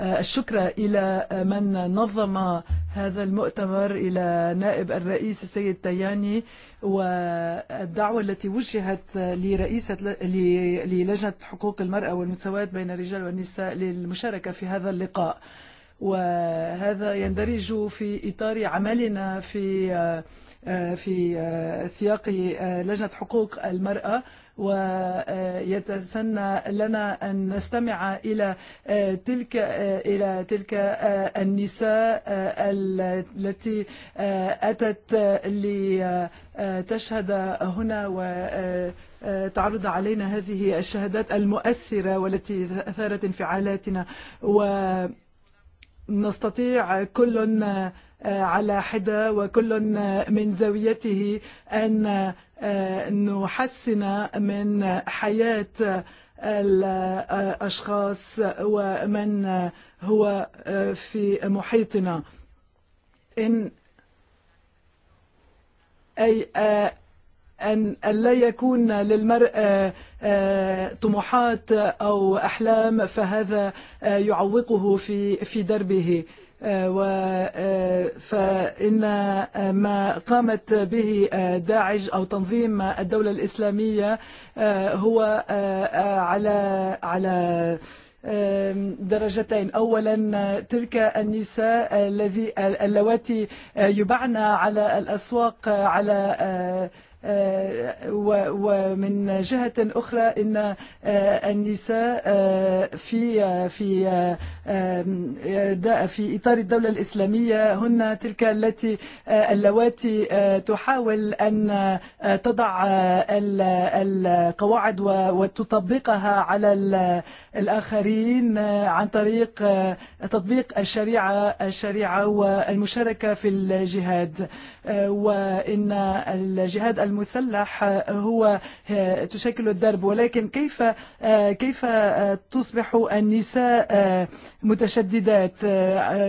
الشكر إلى من نظم هذا المؤتمر إلى نائب الرئيس السيد تياني والدعوة التي وجهت لرئيسة للجنة حقوق المرأة والمساواة بين الرجال والنساء للمشاركة في هذا اللقاء وهذا يندرج في إطار عملنا في في سياق لجنة حقوق المرأة ويتسنى لنا أن نستمع إلى تلك إلى تلك النساء التي أتت لتشهد هنا وتعرض علينا هذه الشهادات المؤثرة والتي أثارت انفعالاتنا ونستطيع كل على حدة وكل من زاويته أن نحسن من حياة الأشخاص ومن هو في محيطنا إن أي أن لا يكون للمرء طموحات أو أحلام فهذا يعوقه في في دربه فإن ما قامت به داعش أو تنظيم الدولة الإسلامية هو على على درجتين أولا تلك النساء الذي اللواتي يبعن على الأسواق على ومن جهة أخرى أن النساء في في في إطار الدولة الإسلامية هن تلك التي اللواتي تحاول أن تضع القواعد وتطبقها على الآخرين عن طريق تطبيق الشريعة الشريعة والمشاركة في الجهاد وإن الجهاد الم المسلح هو تشكل الدرب ولكن كيف كيف تصبح النساء متشددات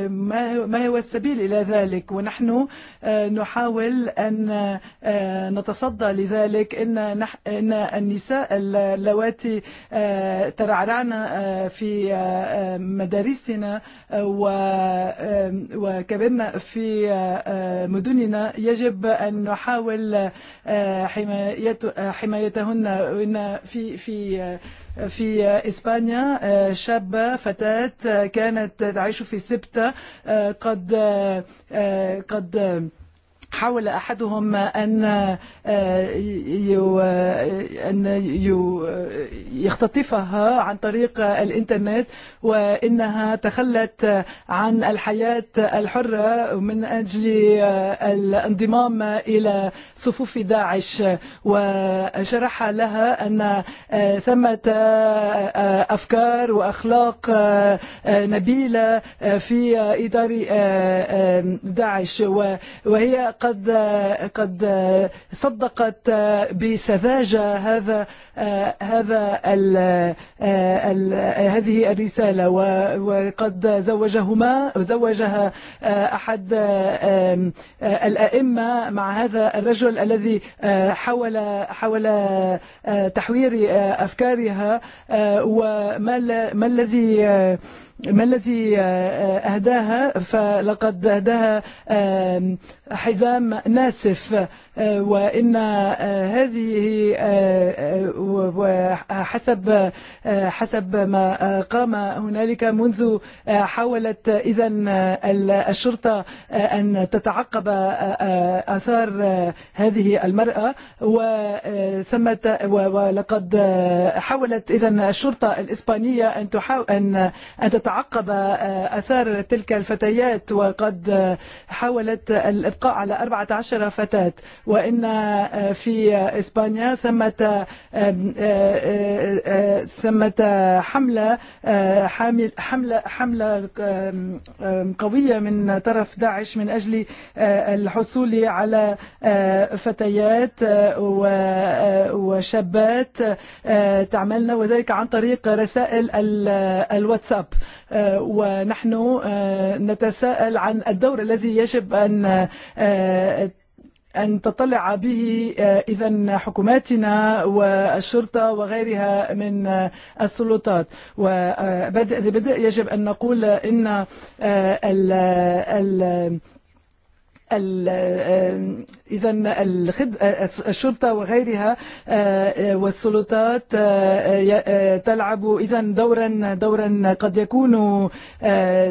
ما هو السبيل إلى ذلك ونحن نحاول أن نتصدى لذلك إن إن النساء اللواتي ترعرعن في مدارسنا وكبرنا في مدننا يجب أن نحاول حمايتهن وإن في في في إسبانيا شابة فتاة كانت تعيش في سبتة قد قد حاول أحدهم أن أن يختطفها عن طريق الإنترنت وإنها تخلت عن الحياة الحرة من أجل الانضمام إلى صفوف داعش وشرح لها أن ثمة أفكار وأخلاق نبيلة في إدارة داعش وهي قد قد صدقت بسذاجة هذا هذا الـ الـ هذه الرسالة وقد زوجهما زوجها أحد الأئمة مع هذا الرجل الذي حاول حاول تحوير أفكارها وما ما الذي ما الذي أهداها فلقد أهداها حزام ناسف وإن هذه حسب حسب ما قام هنالك منذ حاولت إذا الشرطة أن تتعقب آثار هذه المرأة وثمت ولقد حاولت إذا الشرطة الإسبانية أن أن أن تعقب أثار تلك الفتيات وقد حاولت الإبقاء على 14 فتاة وإن في إسبانيا ثمة ثمة حملة حملة حملة قوية من طرف داعش من أجل الحصول على فتيات وشابات تعملن وذلك عن طريق رسائل الواتساب ونحن نتساءل عن الدور الذي يجب أن أن تطلع به إذا حكوماتنا والشرطة وغيرها من السلطات وبدأ يجب أن نقول إن ال ال اذا الشرطه وغيرها والسلطات تلعب اذا دورا دورا قد يكون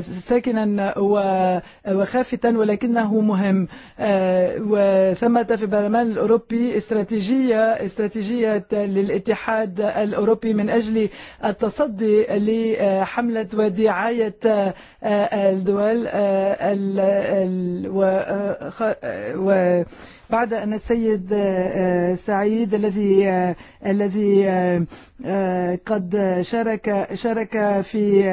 ساكنا وخافتا ولكنه مهم وثمة في البرلمان الاوروبي استراتيجيه استراتيجيه للاتحاد الاوروبي من اجل التصدي لحمله ودعايه الدول وبعد أن السيد سعيد الذي الذي قد شارك شارك في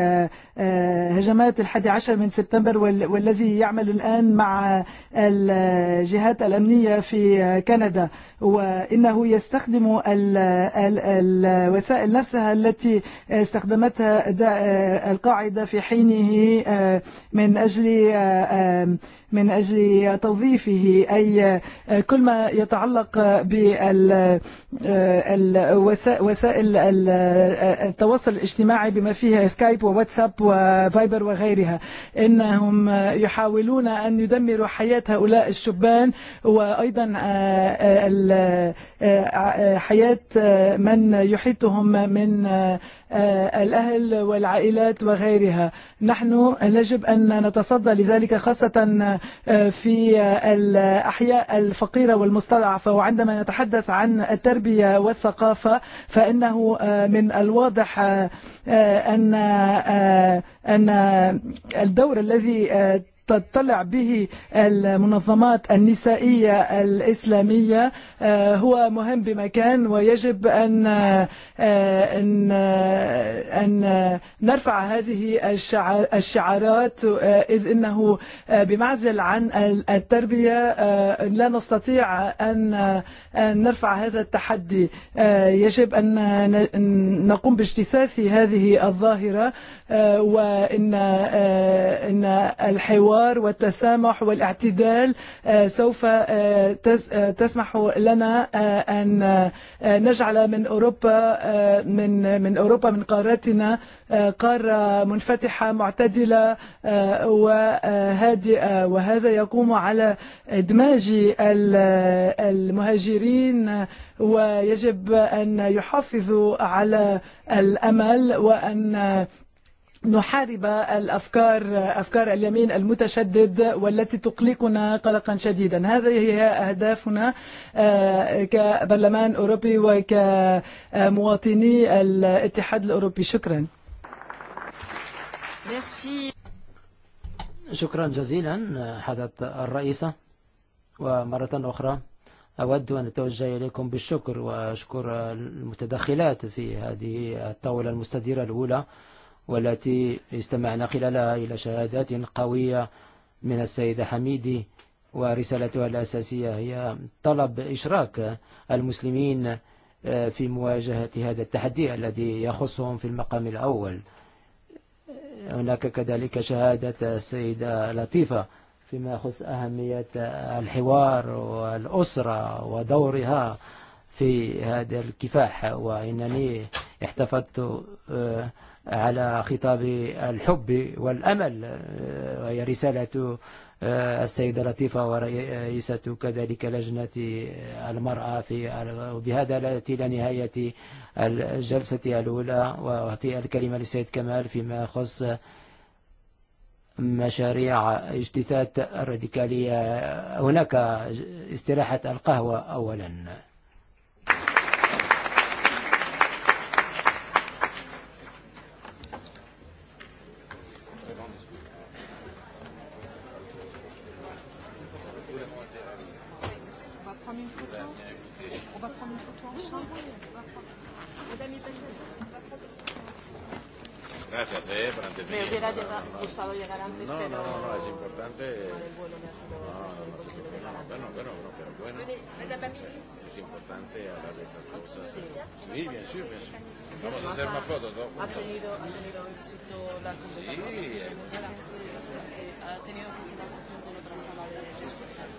هجمات الحادي عشر من سبتمبر والذي يعمل الآن مع الجهات الأمنية في كندا وإنه يستخدم الوسائل نفسها التي استخدمتها القاعدة في حينه من أجل من أجل توظيفه أي كل ما يتعلق بالوسائل التواصل الاجتماعي بما فيها سكايب وواتساب وفايبر وغيرها إنهم يحاولون أن يدمروا حياة هؤلاء الشبان وأيضا حياة من يحيطهم من الأهل والعائلات وغيرها نحن يجب أن نتصدى لذلك خاصة في الأحياء الفقيرة والمستضعفة وعندما نتحدث عن التربية والثقافة فإنه من الواضح أن أن الدور الذي تطلع به المنظمات النسائية الإسلامية هو مهم بمكان ويجب أن أن نرفع هذه الشعارات إذ إنه بمعزل عن التربية لا نستطيع أن نرفع هذا التحدي يجب أن نقوم باجتثاث هذه الظاهرة وإن إن الحوار والتسامح والاعتدال سوف تسمح لنا أن نجعل من أوروبا من من أوروبا من قارتنا قارة منفتحة معتدلة وهادئة وهذا يقوم على إدماج المهاجرين ويجب أن يحافظوا على الأمل وأن نحارب الأفكار أفكار اليمين المتشدد والتي تقلقنا قلقا شديدا هذه هي أهدافنا كبرلمان أوروبي وكمواطني الاتحاد الأوروبي شكرا شكرا جزيلا حضرة الرئيسة ومرة أخرى أود أن أتوجه إليكم بالشكر وأشكر المتدخلات في هذه الطاولة المستديرة الأولى والتي استمعنا خلالها إلى شهادات قوية من السيدة حميدي ورسالتها الأساسية هي طلب إشراك المسلمين في مواجهة هذا التحدي الذي يخصهم في المقام الأول هناك كذلك شهادة السيدة لطيفة فيما يخص أهمية الحوار والأسرة ودورها في هذا الكفاح وإنني احتفظت على خطاب الحب والأمل وهي رسالة السيدة لطيفة ورئيسة كذلك لجنة المرأة في وبهذا التي نهاية الجلسة الأولى وأعطي الكلمة للسيد كمال فيما يخص مشاريع اجتثاث الراديكالية هناك استراحة القهوة أولاً Gracias, eh, por antes. Me hubiera gustado llegar antes, no, pero... No, no, no, es importante... No, no, no, no, no, no, no, no, no, llegar antes. Bueno, bueno, bueno, pero bueno. Es importante hablar de estas cosas. Sí, sí bien, sí, bien. Sí. Vamos a hacer más fotos, ¿no? Ha tenido, ha tenido éxito la conversación. Sí. Ha tenido conversación con otra sala de escuchar.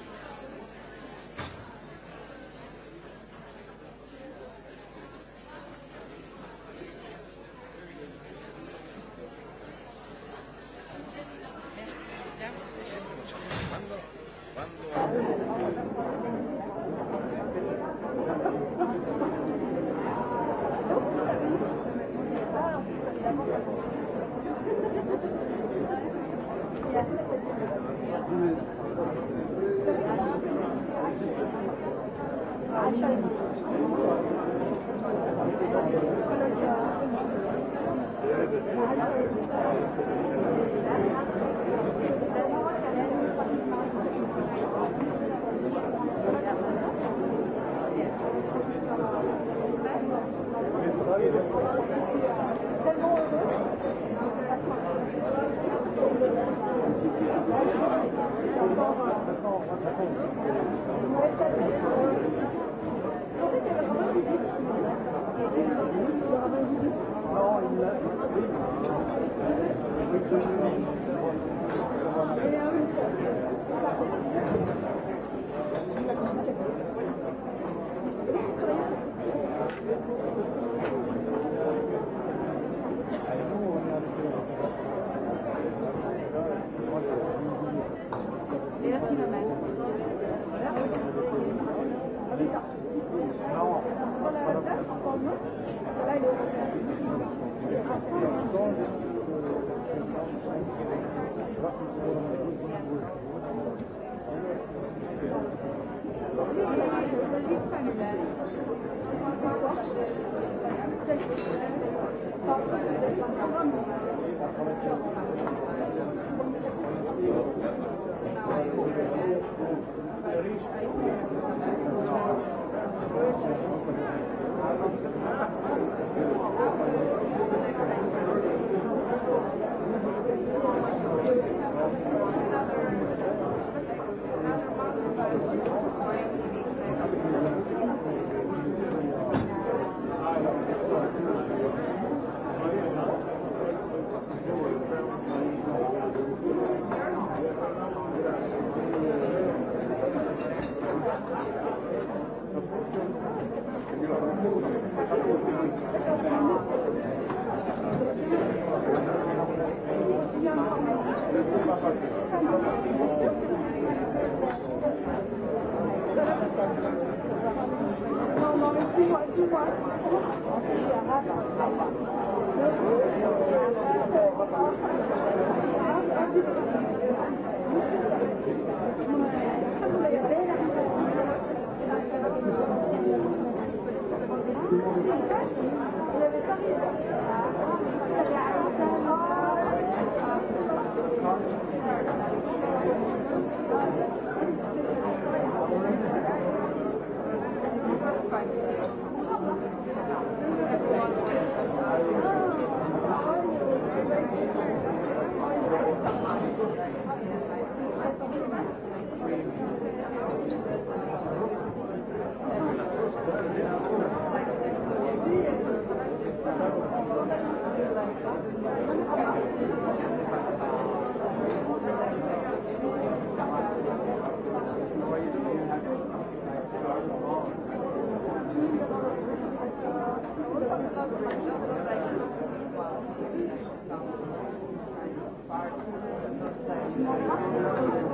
Thank you.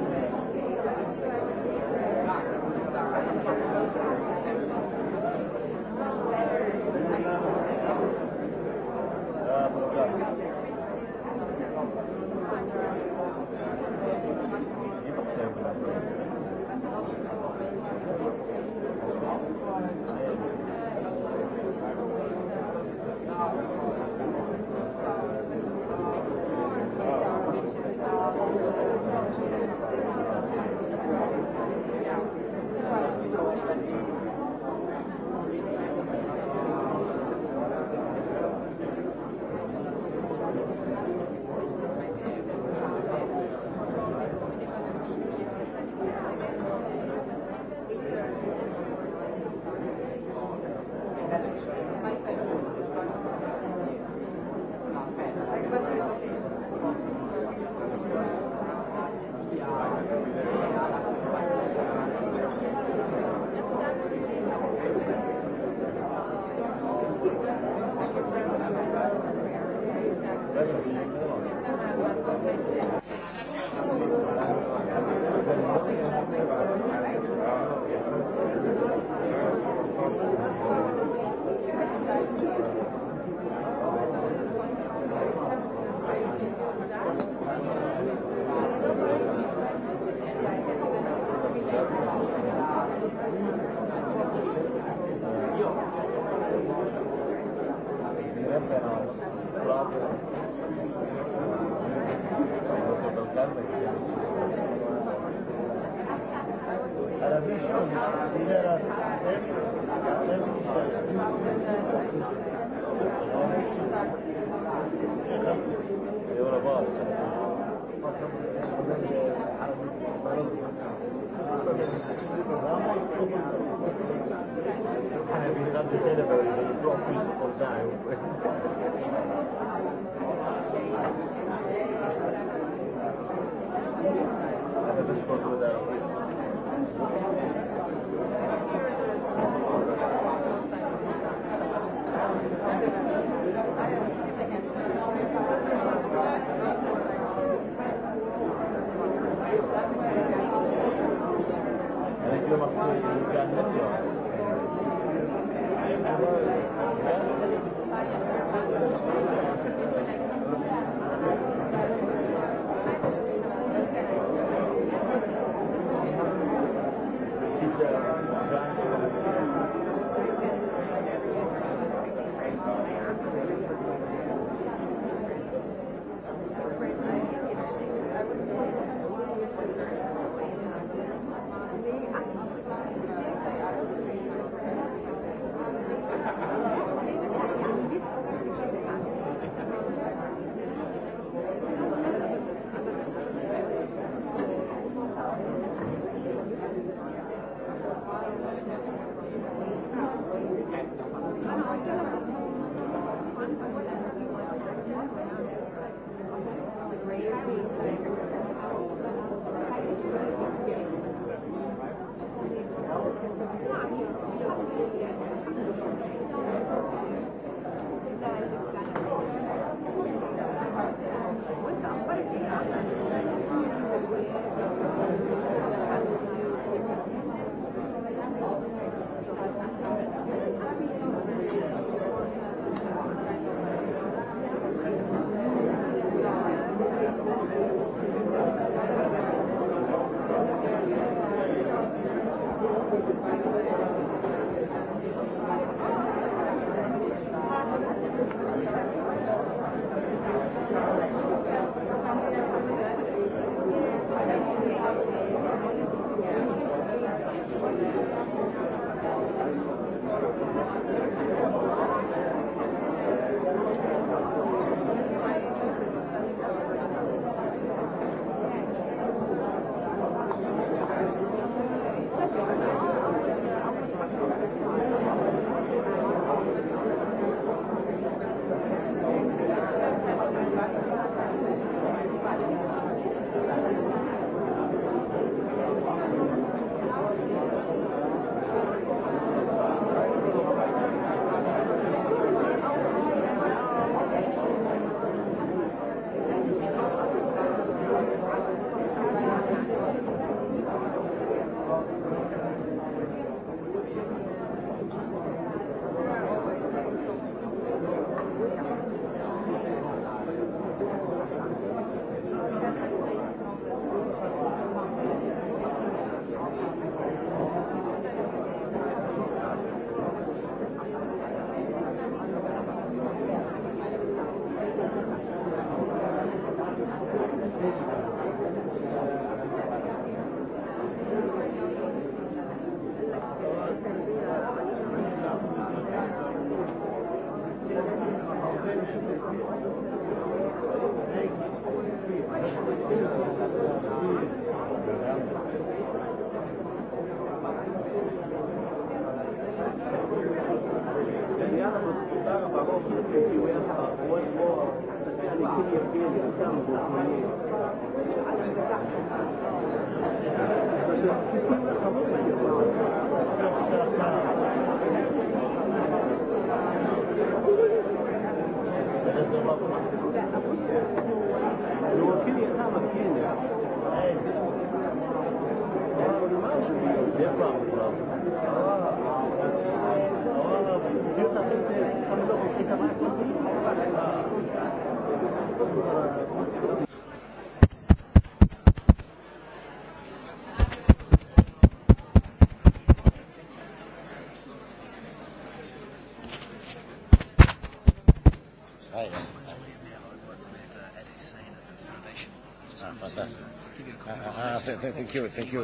thank, thank you, thank you.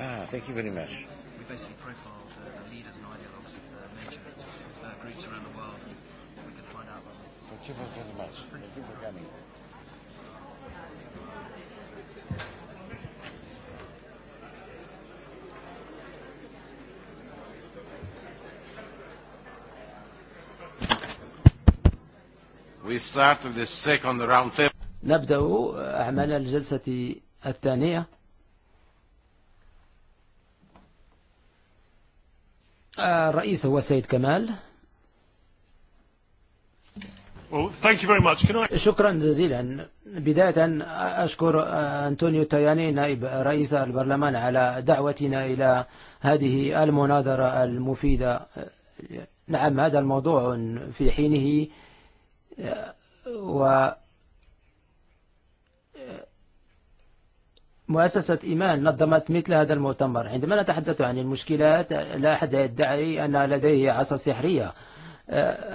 Ah, thank you very um, much. We basically profile the, uh, the leaders and ideologues of the major uh, groups around the world. We can find out. about them. Thank you very much. Thank you for coming. We start with the second round table. نبدأ أعمال الجلسة الثانية الرئيس هو السيد كمال شكرا جزيلا بداية أشكر أنتونيو تاياني نائب رئيس البرلمان على دعوتنا إلى هذه المناظرة المفيدة نعم هذا الموضوع في حينه و مؤسسة إيمان نظمت مثل هذا المؤتمر عندما نتحدث عن المشكلات لا أحد يدعي أن لديه عصا سحرية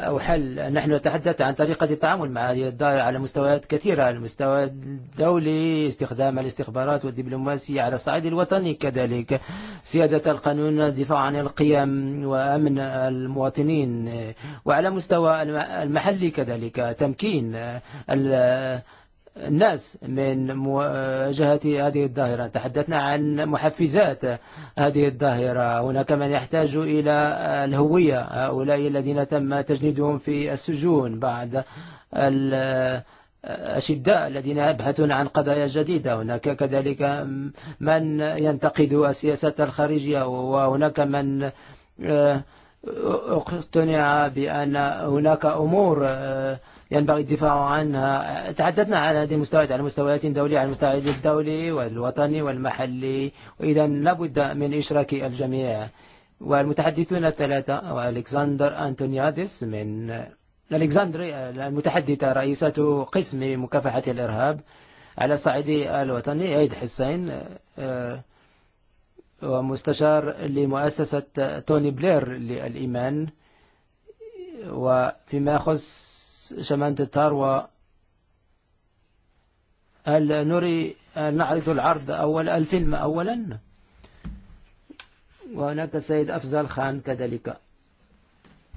أو حل نحن نتحدث عن طريقة التعامل مع الدائرة على مستويات كثيرة على المستوى الدولي استخدام الاستخبارات والدبلوماسية على الصعيد الوطني كذلك سيادة القانون الدفاع عن القيم وأمن المواطنين وعلى مستوى المحلي كذلك تمكين الناس من جهة هذه الظاهرة تحدثنا عن محفزات هذه الظاهرة هناك من يحتاج إلى الهوية هؤلاء الذين تم تجنيدهم في السجون بعد الأشداء الذين يبحثون عن قضايا جديدة هناك كذلك من ينتقد السياسات الخارجية وهناك من اقتنع بأن هناك أمور ينبغي الدفاع عنها تعددنا على هذه المستويات على مستويات دولية على المستوى الدولي والوطني والمحلي وإذا لابد من إشراك الجميع والمتحدثون الثلاثة وألكسندر أنتونياديس من الإكسندرية المتحدثة رئيسة قسم مكافحة الإرهاب على الصعيد الوطني عيد حسين ومستشار لمؤسسة توني بلير للإيمان وفيما يخص شمانة Tarwa هل نري هل نعرض العرض أول الفيلم أولا وهناك السيد أفزل خان كذلك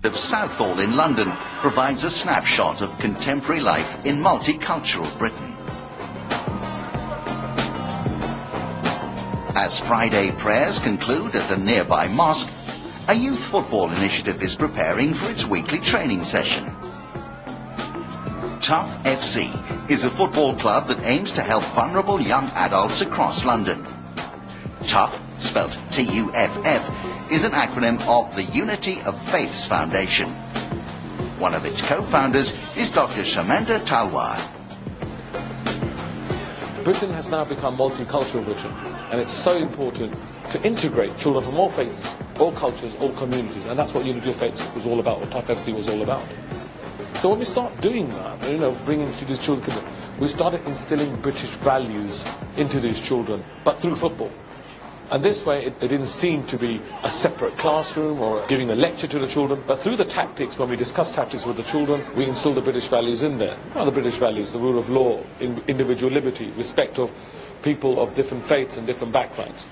of Southall in London provides a snapshot of contemporary life in multicultural Britain. As Friday prayers conclude at a nearby mosque, a youth football initiative is preparing for its weekly training session. Tough FC is a football club that aims to help vulnerable young adults across London. Tough, spelt T-U-F-F, is an acronym of the Unity of Faiths Foundation. One of its co-founders is Dr. Shamanda Talwar. Britain has now become multicultural Britain, and it's so important to integrate children from all faiths, all cultures, all communities, and that's what Unity of Faiths was all about, what Tough FC was all about. So when we start doing that, you know, bringing to these children, we started instilling British values into these children, but through football. And this way, it, it didn't seem to be a separate classroom or giving a lecture to the children, but through the tactics, when we discuss tactics with the children, we instill the British values in there. Well, the British values, the rule of law, in, individual liberty, respect of people of different faiths and different backgrounds.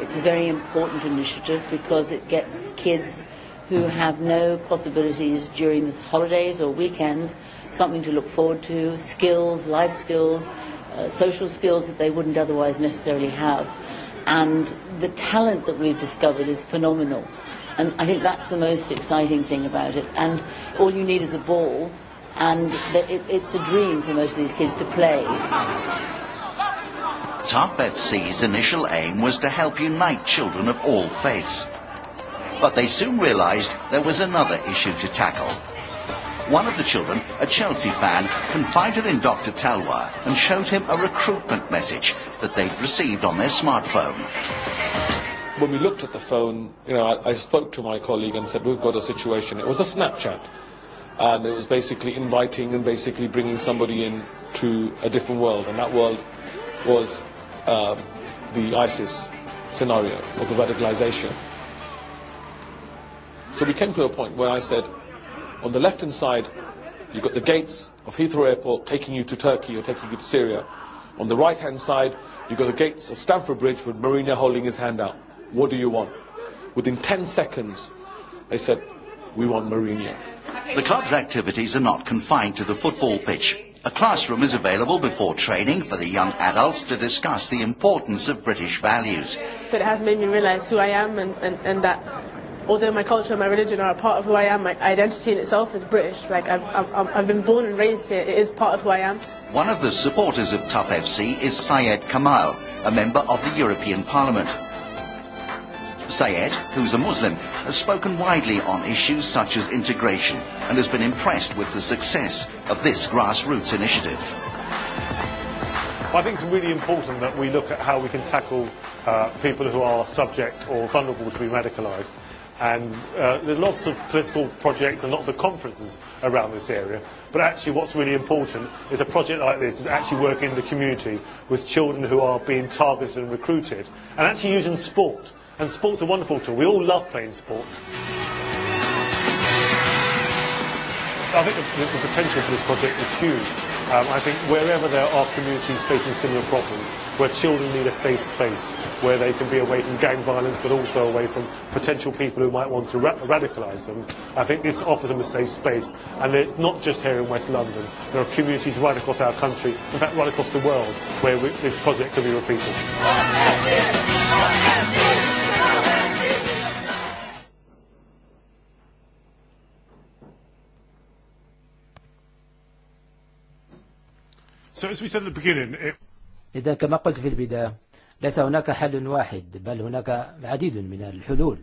It's a very important initiative because it gets kids who have no possibilities during the holidays or weekends, something to look forward to, skills, life skills, uh, social skills that they wouldn't otherwise necessarily have. And the talent that we've discovered is phenomenal. And I think that's the most exciting thing about it. And all you need is a ball, and the, it, it's a dream for most of these kids to play. Tough FC's initial aim was to help unite children of all faiths but they soon realised there was another issue to tackle. One of the children, a Chelsea fan, confided in Dr Talwa and showed him a recruitment message that they'd received on their smartphone. When we looked at the phone, you know, I, I spoke to my colleague and said, we've got a situation. It was a Snapchat and it was basically inviting and basically bringing somebody in to a different world and that world was uh, the ISIS scenario or the radicalization So we came to a point where I said, on the left-hand side, you've got the gates of Heathrow Airport taking you to Turkey or taking you to Syria. On the right-hand side, you've got the gates of Stamford Bridge with Marina holding his hand out. What do you want? Within 10 seconds, they said, we want Mourinho. The club's activities are not confined to the football pitch. A classroom is available before training for the young adults to discuss the importance of British values. So it has made me realise who I am and, and, and that although my culture and my religion are a part of who I am, my identity in itself is British. Like, I've, I've, I've been born and raised here, it is part of who I am. One of the supporters of Tough FC is Syed Kamal, a member of the European Parliament. Syed, who's a Muslim, has spoken widely on issues such as integration and has been impressed with the success of this grassroots initiative. I think it's really important that we look at how we can tackle uh, people who are subject or vulnerable to be radicalised. And uh, there's lots of political projects and lots of conferences around this area. But actually what's really important is a project like this is actually working in the community with children who are being targeted and recruited and actually using sport. And sport's a wonderful tool. We all love playing sport. I think the, the potential for this project is huge. Um, I think wherever there are communities facing similar problems, where children need a safe space where they can be away from gang violence but also away from potential people who might want to ra radicalise them. I think this offers them a safe space and it's not just here in West London. There are communities right across our country, in fact right across the world, where we, this project can be repeated. So as we said at the beginning, it إذا كما قلت في البداية ليس هناك حل واحد بل هناك عديد من الحلول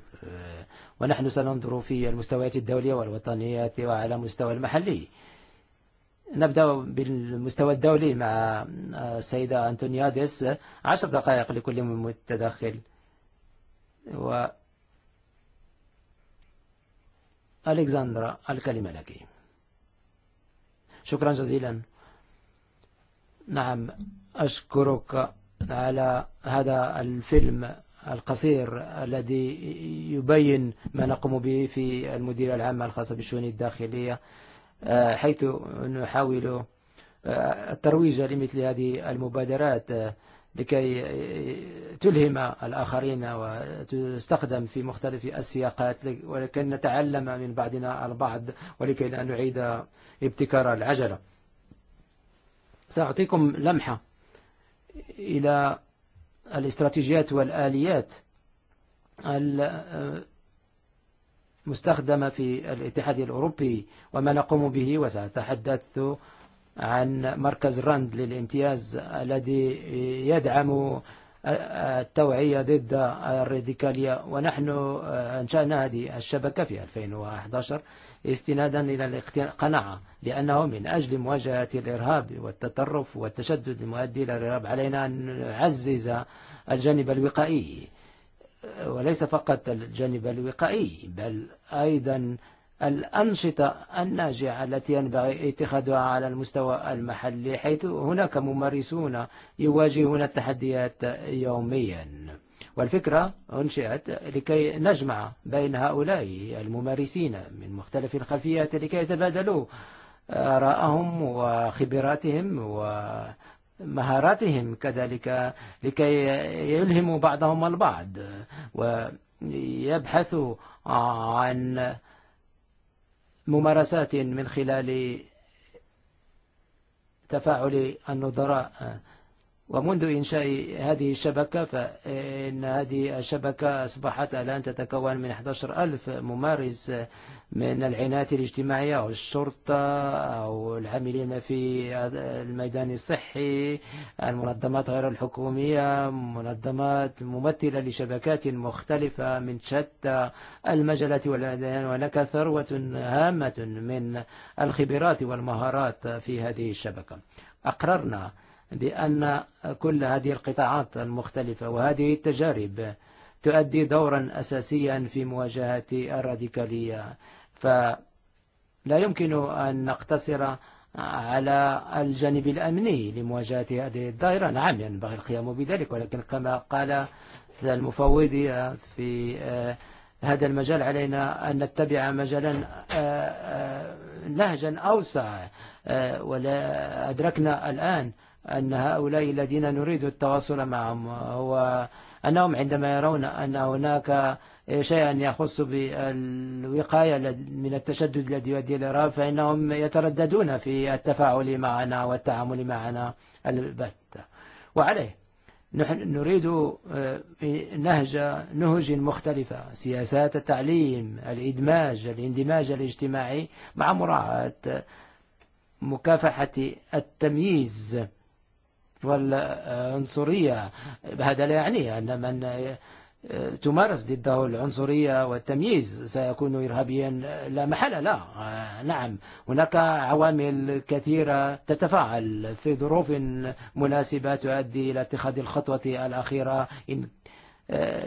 ونحن سننظر في المستويات الدولية والوطنية وعلى مستوى المحلي نبدأ بالمستوى الدولي مع السيدة أنتونياديس عشر دقائق لكل متدخل و ألكسندرا الكلمة لك شكرا جزيلا نعم أشكرك على هذا الفيلم القصير الذي يبين ما نقوم به في المديرية العامة الخاصة بالشؤون الداخلية حيث نحاول الترويج لمثل هذه المبادرات لكي تلهم الآخرين وتستخدم في مختلف السياقات ولكي نتعلم من بعضنا البعض ولكي لا نعيد ابتكار العجلة سأعطيكم لمحة إلى الاستراتيجيات والآليات المستخدمة في الاتحاد الأوروبي وما نقوم به وسأتحدث عن مركز رند للامتياز الذي يدعم التوعية ضد الراديكالية ونحن أنشأنا هذه الشبكة في 2011 استنادا إلى القناعة لأنه من أجل مواجهة الإرهاب والتطرف والتشدد المؤدي إلى الإرهاب علينا أن نعزز الجانب الوقائي وليس فقط الجانب الوقائي بل أيضا الأنشطة الناجعة التي ينبغي اتخاذها على المستوى المحلي حيث هناك ممارسون يواجهون التحديات يومياً والفكرة أنشئت لكي نجمع بين هؤلاء الممارسين من مختلف الخلفيات لكي يتبادلوا آراءهم وخبراتهم ومهاراتهم كذلك لكي يلهموا بعضهم البعض ويبحثوا عن ممارسات من خلال تفاعل النظراء ومنذ إنشاء هذه الشبكة فإن هذه الشبكة أصبحت الآن تتكون من 11 ألف ممارس من العناية الاجتماعية أو الشرطة أو العاملين في الميدان الصحي المنظمات غير الحكومية منظمات ممثلة لشبكات مختلفة من شتى المجالات والأديان هناك ثروة هامة من الخبرات والمهارات في هذه الشبكة أقررنا بأن كل هذه القطاعات المختلفة وهذه التجارب تؤدي دورا أساسيا في مواجهة الراديكالية فلا يمكن أن نقتصر على الجانب الأمني لمواجهة هذه الدائرة نعم ينبغي القيام بذلك ولكن كما قال المفوض في هذا المجال علينا أن نتبع مجالا نهجا أوسع ولا أدركنا الآن أن هؤلاء الذين نريد التواصل معهم هو أنهم عندما يرون أن هناك شيئا يخص بالوقاية من التشدد الذي يؤدي إلى الإرهاب فإنهم يترددون في التفاعل معنا والتعامل معنا البتة وعليه نحن نريد نهج نهج مختلفة سياسات التعليم الإدماج الاندماج الاجتماعي مع مراعاة مكافحة التمييز والعنصرية هذا لا يعني أن من تمارس ضده العنصرية والتمييز سيكون إرهابيا لا محل لا نعم هناك عوامل كثيرة تتفاعل في ظروف مناسبة تؤدي إلى اتخاذ الخطوة الأخيرة إن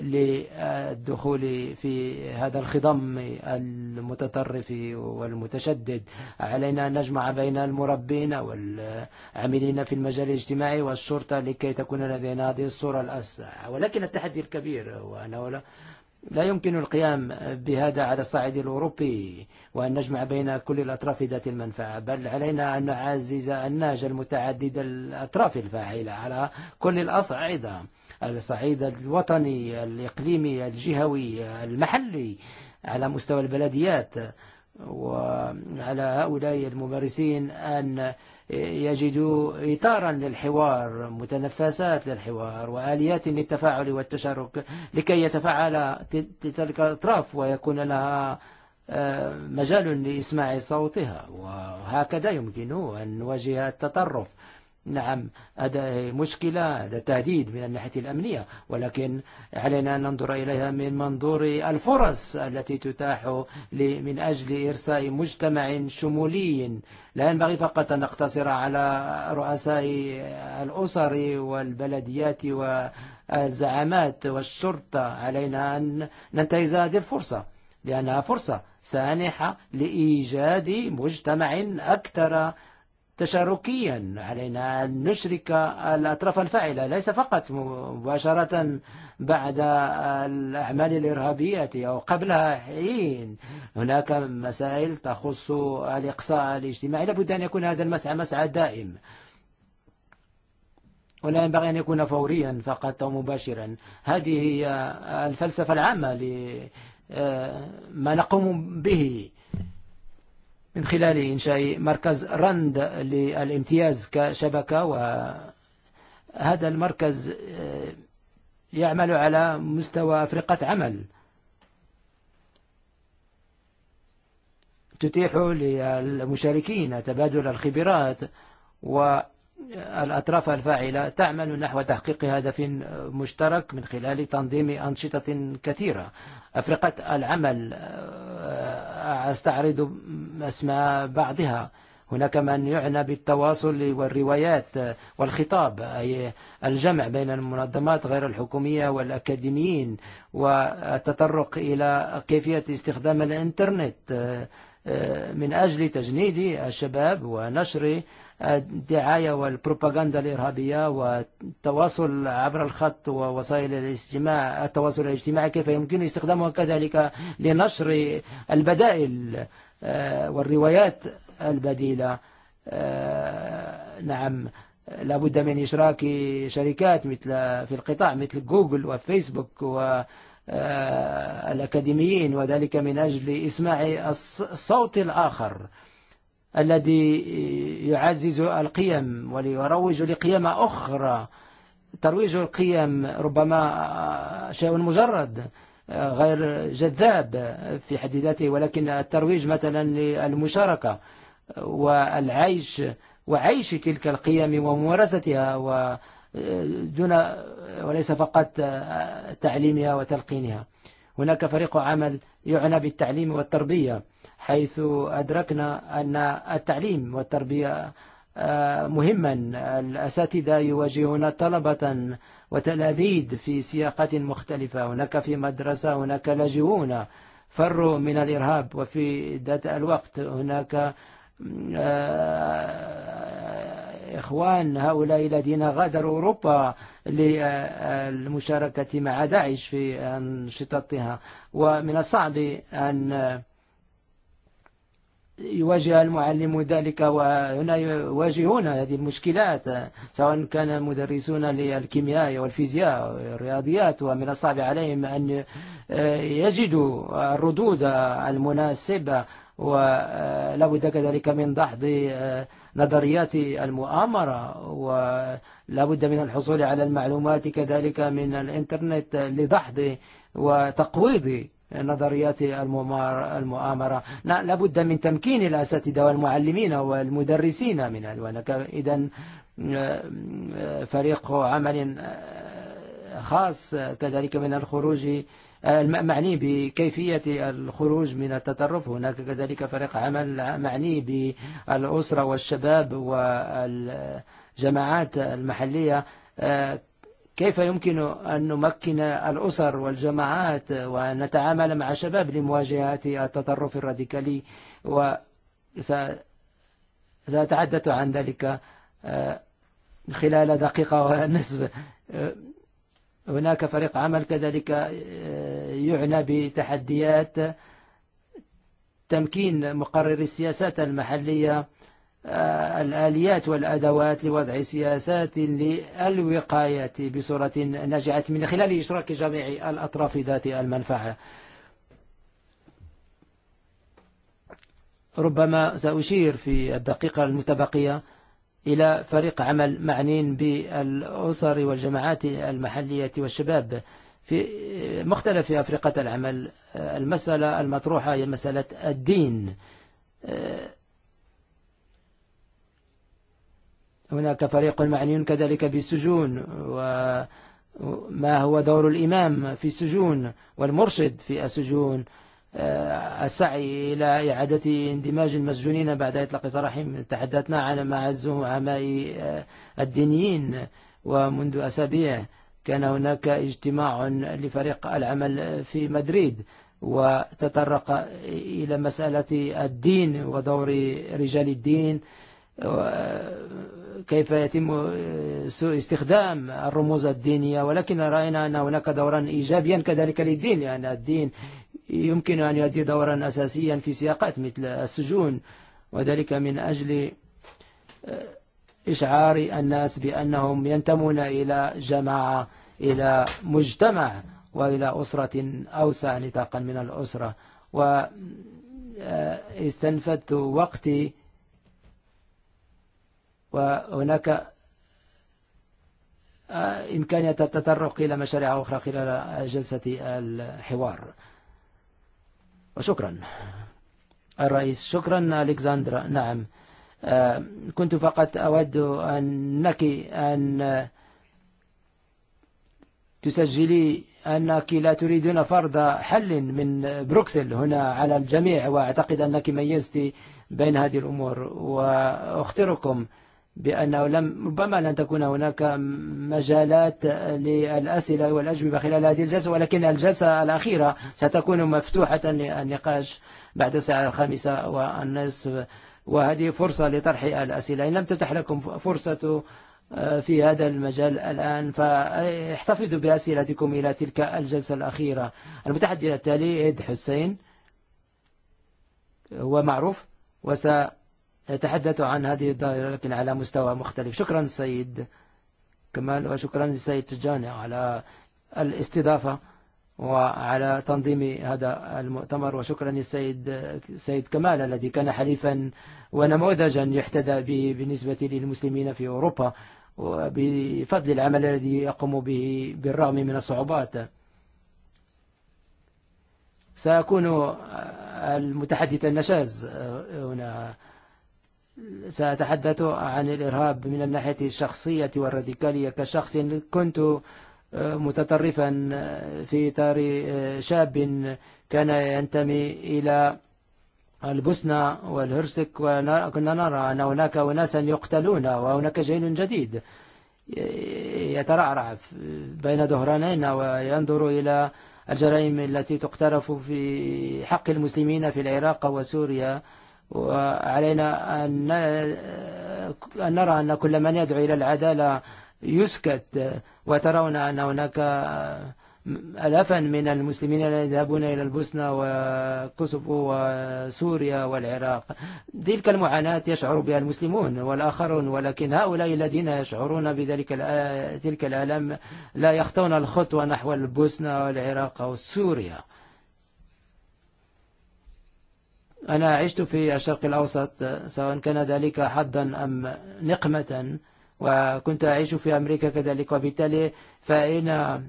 للدخول في هذا الخضم المتطرف والمتشدد علينا أن نجمع بين المربين والعاملين في المجال الاجتماعي والشرطة لكي تكون لدينا هذه الصورة الأسعى ولكن التحدي الكبير وأنا لا يمكن القيام بهذا على الصعيد الأوروبي وأن نجمع بين كل الأطراف ذات المنفعة بل علينا أن نعزز الناج المتعدد الأطراف الفاعلة على كل الأصعدة الصعيد الوطني الإقليمي الجهوي المحلي على مستوى البلديات وعلى هؤلاء الممارسين أن يجدوا إطارا للحوار متنفسات للحوار وآليات للتفاعل والتشارك لكي يتفاعل تلك الأطراف ويكون لها مجال لإسماع صوتها وهكذا يمكن أن نواجه التطرف نعم هذا مشكلة هذا تهديد من الناحية الأمنية ولكن علينا أن ننظر إليها من منظور الفرص التي تتاح من أجل إرساء مجتمع شمولي لا ينبغي فقط أن نقتصر على رؤساء الأسر والبلديات والزعامات والشرطة علينا أن ننتهز هذه الفرصة لأنها فرصة سانحة لإيجاد مجتمع أكثر تشاركيا علينا أن نشرك الأطراف الفاعلة ليس فقط مباشرة بعد الأعمال الإرهابية أو قبلها حين هناك مسائل تخص الإقصاء الاجتماعي لابد أن يكون هذا المسعى مسعى دائم ولا ينبغي أن يكون فوريا فقط أو مباشرا هذه هي الفلسفة العامة لما نقوم به من خلال إنشاء مركز رند للامتياز كشبكة وهذا المركز يعمل على مستوى فرقة عمل تتيح للمشاركين تبادل الخبرات وتبادل الأطراف الفاعلة تعمل نحو تحقيق هدف مشترك من خلال تنظيم أنشطة كثيرة أفرقة العمل أستعرض أسماء بعضها هناك من يعنى بالتواصل والروايات والخطاب أي الجمع بين المنظمات غير الحكومية والأكاديميين والتطرق إلى كيفية استخدام الإنترنت من أجل تجنيد الشباب ونشر الدعاية والبروباغندا الإرهابية والتواصل عبر الخط ووسائل الاجتماع التواصل الاجتماعي كيف يمكن استخدامها كذلك لنشر البدائل والروايات البديلة نعم لابد من إشراك شركات مثل في القطاع مثل جوجل وفيسبوك و الأكاديميين وذلك من أجل إسماع الصوت الآخر الذي يعزز القيم ويروج لقيم أخرى ترويج القيم ربما شيء مجرد غير جذاب في حد ذاته ولكن الترويج مثلا للمشاركة والعيش وعيش تلك القيم وممارستها ودون وليس فقط تعليمها وتلقينها هناك فريق عمل يعنى بالتعليم والتربية حيث أدركنا أن التعليم والتربية مهما الأساتذة يواجهون طلبة وتلاميذ في سياقات مختلفة هناك في مدرسة هناك لاجئون فروا من الإرهاب وفي ذات الوقت هناك إخوان هؤلاء الذين غادروا أوروبا للمشاركة مع داعش في أنشطتها ومن الصعب أن يواجه المعلم ذلك وهنا يواجهون هذه المشكلات سواء كان مدرسون للكيمياء والفيزياء والرياضيات ومن الصعب عليهم أن يجدوا الردود المناسبة ولابد كذلك من دحض نظريات المؤامرة ولابد من الحصول على المعلومات كذلك من الإنترنت لدحض وتقويض نظريات المؤامرة لابد من تمكين الأساتذة والمعلمين والمدرسين من الوانك إذا فريق عمل خاص كذلك من الخروج معني بكيفية الخروج من التطرف هناك كذلك فريق عمل معني بالأسرة والشباب والجماعات المحلية كيف يمكن أن نمكن الأسر والجماعات ونتعامل مع شباب لمواجهة التطرف الراديكالي وسأتحدث عن ذلك خلال دقيقة ونصف هناك فريق عمل كذلك يعنى بتحديات تمكين مقرر السياسات المحلية الآليات والأدوات لوضع سياسات للوقاية بصورة ناجعة من خلال إشراك جميع الأطراف ذات المنفعة ربما سأشير في الدقيقة المتبقية إلى فريق عمل معنين بالأسر والجماعات المحلية والشباب في مختلف أفريقة العمل المسألة المطروحة هي مسألة الدين المسألة هناك فريق معني كذلك بالسجون وما هو دور الإمام في السجون والمرشد في السجون السعي إلى إعادة اندماج المسجونين بعد إطلاق سراحهم تحدثنا عن مع الزعماء الدينيين ومنذ أسابيع كان هناك اجتماع لفريق العمل في مدريد وتطرق إلى مسألة الدين ودور رجال الدين كيف يتم سوء استخدام الرموز الدينية ولكن رأينا أن هناك دورا إيجابيا كذلك للدين لأن يعني الدين يمكن أن يؤدي دورا أساسيا في سياقات مثل السجون وذلك من أجل إشعار الناس بأنهم ينتمون إلى جماعة إلى مجتمع وإلى أسرة أوسع نطاقا من الأسرة واستنفدت وقتي وهناك إمكانية التطرق إلى مشاريع أخرى خلال جلسة الحوار وشكرا الرئيس شكرا ألكسندرا نعم كنت فقط أود أنك أن تسجلي أنك لا تريدون فرض حل من بروكسل هنا على الجميع وأعتقد أنك ميزت بين هذه الأمور وأختركم بأنه لم ربما لن تكون هناك مجالات للأسئلة والأجوبة خلال هذه الجلسة ولكن الجلسة الأخيرة ستكون مفتوحة للنقاش بعد الساعة الخامسة والنصف وهذه فرصة لطرح الأسئلة إن لم تتح لكم فرصة في هذا المجال الآن فاحتفظوا بأسئلتكم إلى تلك الجلسة الأخيرة المتحدث التالي إيد حسين هو معروف وسأ يتحدث عن هذه الدائرة لكن على مستوى مختلف شكرا سيد كمال وشكرا للسيد تجاني على الاستضافة وعلى تنظيم هذا المؤتمر وشكرا للسيد سيد كمال الذي كان حليفا ونموذجا يحتدى به بالنسبة للمسلمين في أوروبا بفضل العمل الذي يقوم به بالرغم من الصعوبات سأكون المتحدث النشاز هنا سأتحدث عن الإرهاب من الناحية الشخصية والراديكالية كشخص كنت متطرفا في إطار شاب كان ينتمي إلى البوسنة والهرسك وكنا نرى أن هناك أناسا يقتلون وهناك جيل جديد يترعرع بين ظهرانينا وينظر إلى الجرائم التي تقترف في حق المسلمين في العراق وسوريا وعلينا أن نرى أن كل من يدعو إلى العدالة يسكت وترون أن هناك ألفا من المسلمين الذين يذهبون إلى البوسنة وكوسوفو وسوريا والعراق تلك المعاناة يشعر بها المسلمون والآخرون ولكن هؤلاء الذين يشعرون بذلك تلك الألم لا يخطون الخطوة نحو البوسنة والعراق أو سوريا أنا عشت في الشرق الأوسط سواء كان ذلك حظا أم نقمة وكنت أعيش في أمريكا كذلك وبالتالي فإن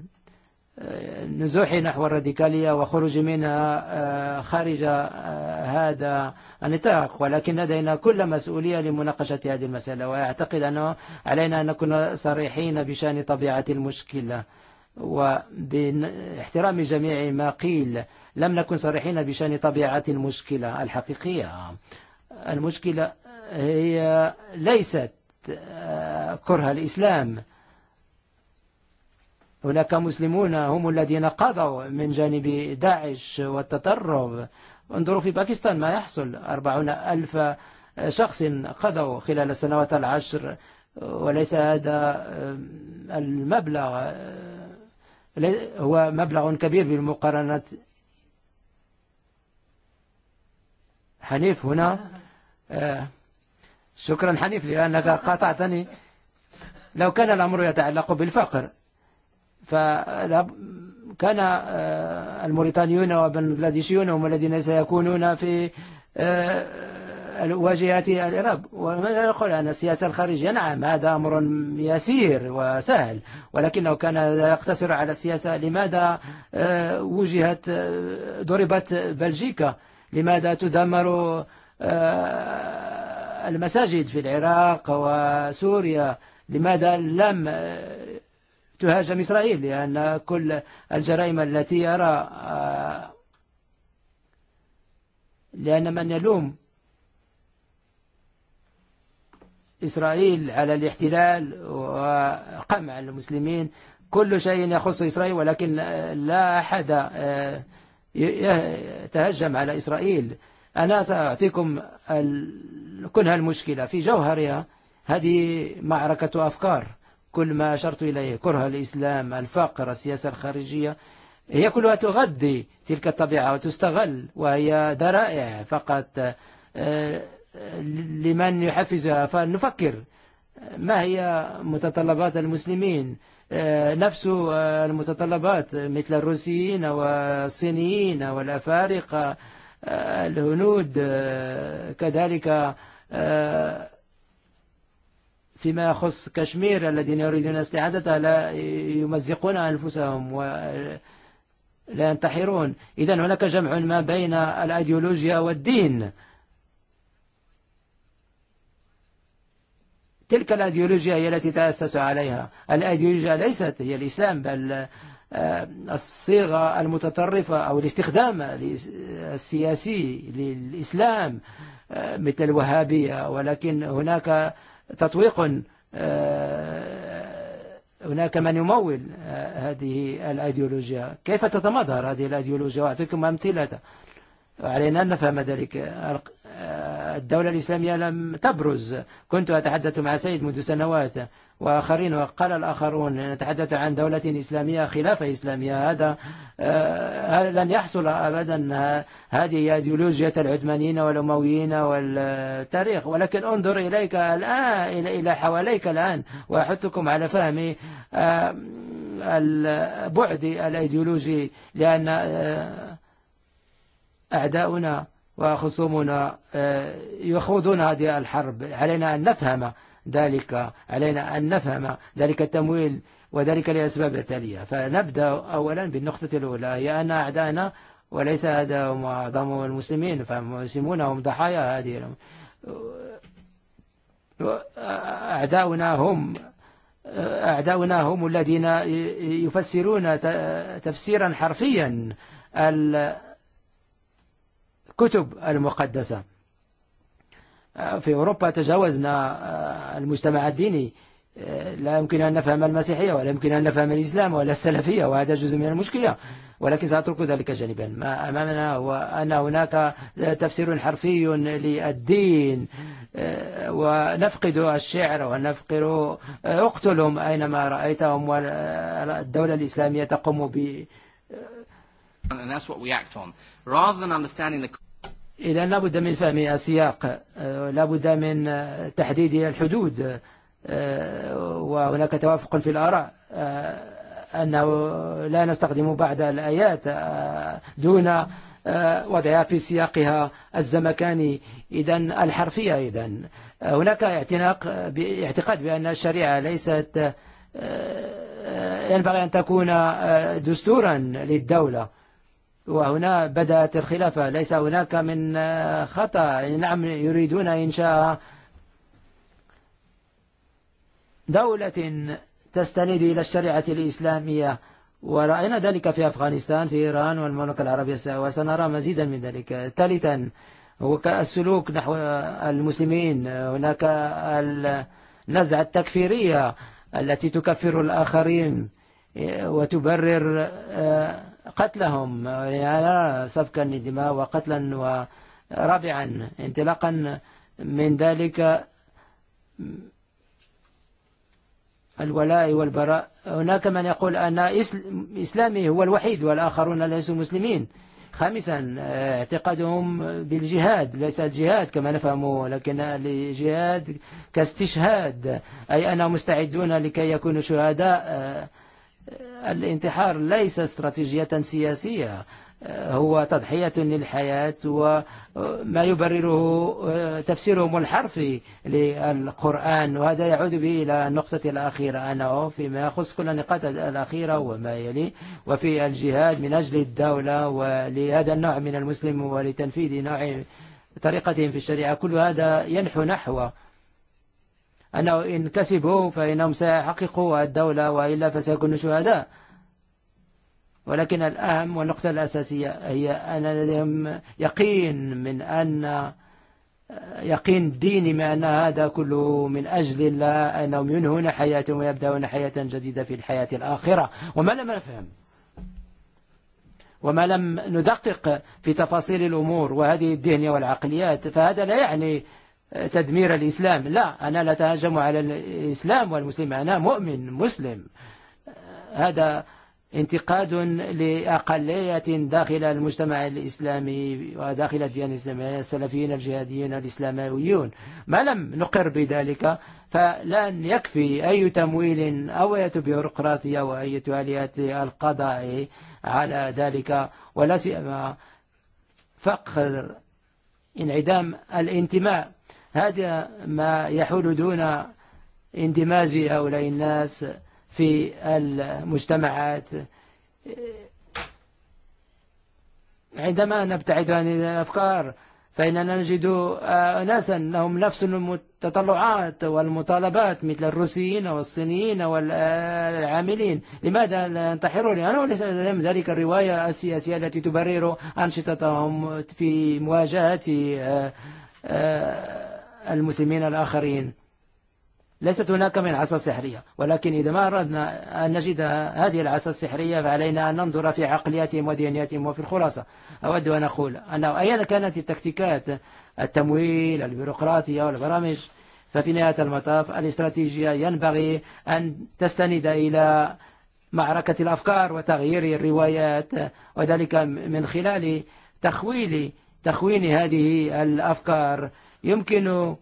نزوحي نحو الراديكالية وخروجي منها خارج هذا النطاق ولكن لدينا كل مسؤولية لمناقشة هذه المسألة وأعتقد أنه علينا أن نكون صريحين بشأن طبيعة المشكلة وباحترام جميع ما قيل لم نكن صريحين بشأن طبيعة المشكلة الحقيقية المشكلة هي ليست كره الإسلام هناك مسلمون هم الذين قضوا من جانب داعش والتطرف انظروا في باكستان ما يحصل أربعون ألف شخص قضوا خلال السنوات العشر وليس هذا المبلغ هو مبلغ كبير بالمقارنة حنيف هنا شكرا حنيف لأنك قاطعتني لو كان الأمر يتعلق بالفقر فكان الموريتانيون والبنغلاديشيون هم الذين سيكونون في واجهات الإرهاب ونقول أن السياسة الخارجية نعم هذا أمر يسير وسهل ولكنه كان يقتصر على السياسة لماذا وجهت ضربت بلجيكا لماذا تدمر المساجد في العراق وسوريا لماذا لم تهاجم إسرائيل لأن كل الجرائم التي يرى لأن من يلوم إسرائيل على الاحتلال وقمع المسلمين كل شيء يخص إسرائيل ولكن لا أحد يتهجم على إسرائيل أنا سأعطيكم كلها المشكلة في جوهرها هذه معركة أفكار كل ما أشرت إليه كره الإسلام الفقر السياسة الخارجية هي كلها تغذي تلك الطبيعة وتستغل وهي درائع فقط لمن يحفزها فنفكر ما هي متطلبات المسلمين نفس المتطلبات مثل الروسيين والصينيين والأفارقة الهنود كذلك فيما يخص كشمير الذين يريدون استعادتها لا يمزقون أنفسهم ولا ينتحرون إذن هناك جمع ما بين الأيديولوجيا والدين تلك الأيديولوجيا هي التي تأسس عليها الأيديولوجيا ليست هي الإسلام بل الصيغة المتطرفة أو الاستخدام السياسي للإسلام مثل الوهابية ولكن هناك تطويق هناك من يمول هذه الأيديولوجيا كيف تتمظهر هذه الأيديولوجيا وأعطيكم أمثلة علينا أن نفهم ذلك الدولة الإسلامية لم تبرز كنت أتحدث مع سيد منذ سنوات وآخرين وقال الآخرون نتحدث عن دولة إسلامية خلافة إسلامية هذا لن يحصل أبدا هذه أيديولوجية العثمانيين والأمويين والتاريخ ولكن انظر إليك الآن إلى حواليك الآن وأحثكم على فهم البعد الأيديولوجي لأن أعداؤنا وخصومنا يخوضون هذه الحرب علينا أن نفهم ذلك علينا أن نفهم ذلك التمويل وذلك لأسباب التالية فنبدأ أولا بالنقطة الأولى هي أن أعدائنا وليس هذا هم معظم المسلمين فالمسلمون هم ضحايا هذه أعداؤنا هم أعداؤنا هم الذين يفسرون تفسيرا حرفيا الكتب المقدسة في أوروبا تجاوزنا المجتمع الديني لا يمكن أن نفهم المسيحية ولا يمكن أن نفهم الإسلام ولا السلفية وهذا جزء من المشكلة ولكن سأترك ذلك جانبا ما أمامنا هو أن هناك تفسير حرفي للدين ونفقد الشعر ونفقد اقتلهم أينما رأيتهم والدولة الإسلامية تقوم ب And that's what we act on. Rather than understanding the إذا لابد من فهم السياق لابد من تحديد الحدود وهناك توافق في الآراء أنه لا نستخدم بعض الآيات دون وضعها في سياقها الزمكاني إذن الحرفية إذن هناك اعتناق باعتقاد بأن الشريعة ليست ينبغي أن تكون دستورا للدولة وهنا بدأت الخلافة ليس هناك من خطأ نعم يريدون إنشاء دولة تستند إلى الشريعة الإسلامية ورأينا ذلك في أفغانستان في إيران والمملكة العربية وسنرى مزيدا من ذلك ثالثا السلوك نحو المسلمين هناك النزعة التكفيرية التي تكفر الآخرين وتبرر قتلهم سفكا للدماء وقتلا ورابعا انطلاقا من ذلك الولاء والبراء هناك من يقول أن إسلامي هو الوحيد والآخرون ليسوا مسلمين خامسا اعتقادهم بالجهاد ليس الجهاد كما نفهمه لكن الجهاد كاستشهاد أي أنهم مستعدون لكي يكونوا شهداء الانتحار ليس استراتيجية سياسية هو تضحية للحياة وما يبرره تفسيرهم الحرفي للقرآن وهذا يعود به إلى النقطة الأخيرة أنا فيما يخص كل النقاط الأخيرة وما يلي وفي الجهاد من أجل الدولة ولهذا النوع من المسلم ولتنفيذ نوع طريقتهم في الشريعة كل هذا ينحو نحوه أنه إن كسبوا فإنهم سيحققوا الدولة وإلا فسيكونوا شهداء ولكن الأهم والنقطة الأساسية هي أن لديهم يقين من أن يقين ديني من أن هذا كله من أجل الله أنهم ينهون حياتهم ويبدأون حياة جديدة في الحياة الآخرة وما لم نفهم وما لم ندقق في تفاصيل الأمور وهذه الدينية والعقليات فهذا لا يعني تدمير الإسلام لا أنا لا تهجم على الإسلام والمسلم أنا مؤمن مسلم هذا انتقاد لأقلية داخل المجتمع الإسلامي وداخل الديان الإسلامي السلفيين الجهاديين الإسلاميون ما لم نقر بذلك فلن يكفي أي تمويل أو أي بيروقراطية وأي تواليات القضاء على ذلك ولا سيما فقر انعدام الانتماء هذا ما يحول دون اندماج هؤلاء الناس في المجتمعات عندما نبتعد عن الأفكار فإننا نجد ناسا لهم نفس التطلعات والمطالبات مثل الروسيين والصينيين والعاملين لماذا لا ينتحروا لأنه ليس لديهم ذلك الرواية السياسية التي تبرر أنشطتهم في مواجهة المسلمين الآخرين ليست هناك من عصا سحرية ولكن إذا ما أردنا أن نجد هذه العصا السحرية فعلينا أن ننظر في عقلياتهم ودينياتهم وفي الخلاصة أود أن أقول أنه أيا كانت التكتيكات التمويل البيروقراطية والبرامج ففي نهاية المطاف الاستراتيجية ينبغي أن تستند إلى معركة الأفكار وتغيير الروايات وذلك من خلال تخويل تخوين هذه الأفكار يمكن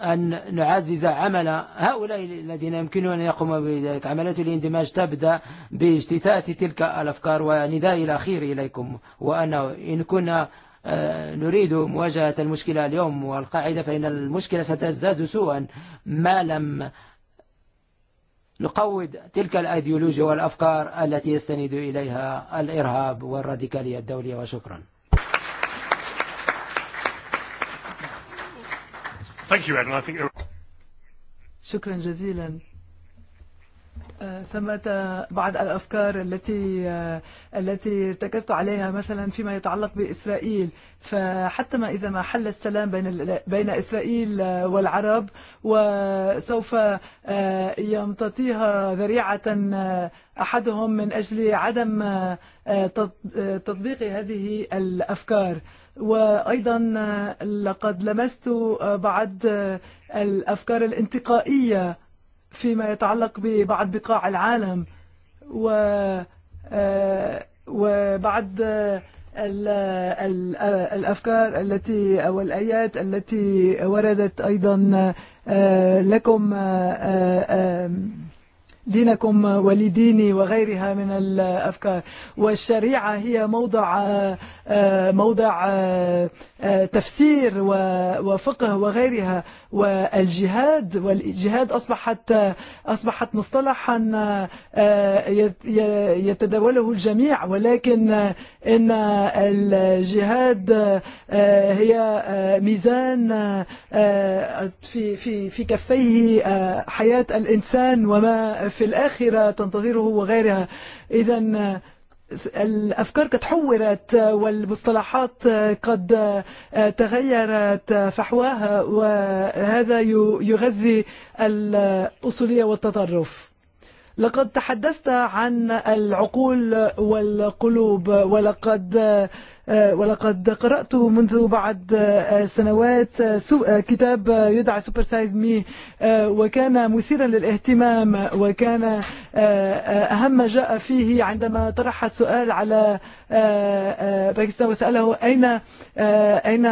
أن نعزز عمل هؤلاء الذين يمكنهم أن يقوموا بذلك عملية الاندماج تبدأ باجتثاث تلك الأفكار وندائي الأخير إليكم وأن إن كنا نريد مواجهة المشكلة اليوم والقاعدة فإن المشكلة ستزداد سوءا ما لم نقود تلك الأيديولوجيا والأفكار التي يستند إليها الإرهاب والراديكالية الدولية وشكرا Thank you, Ed, and I think you're... شكرا جزيلا ثمة بعض الأفكار التي التي ارتكزت عليها مثلا فيما يتعلق بإسرائيل فحتى ما إذا ما حل السلام بين بين إسرائيل والعرب وسوف يمتطيها ذريعة أحدهم من أجل عدم تطبيق هذه الأفكار وأيضا لقد لمست بعد الأفكار الانتقائية فيما يتعلق ببعض بقاع العالم و وبعض الأفكار التي أو الآيات التي وردت أيضا لكم دينكم ولديني وغيرها من الأفكار والشريعة هي موضع موضع تفسير وفقه وغيرها والجهاد والجهاد أصبحت أصبحت مصطلحا يتداوله الجميع ولكن إن الجهاد هي ميزان في في في كفيه حياة الإنسان وما في الآخرة تنتظره وغيرها إذا الأفكار قد حورت والمصطلحات قد تغيرت فحواها وهذا يغذي الأصولية والتطرف لقد تحدثت عن العقول والقلوب ولقد ولقد قرأت منذ بعد سنوات كتاب يدعى سوبر سايز مي وكان مثيرا للاهتمام وكان أهم ما جاء فيه عندما طرح السؤال على باكستان وسأله أين أين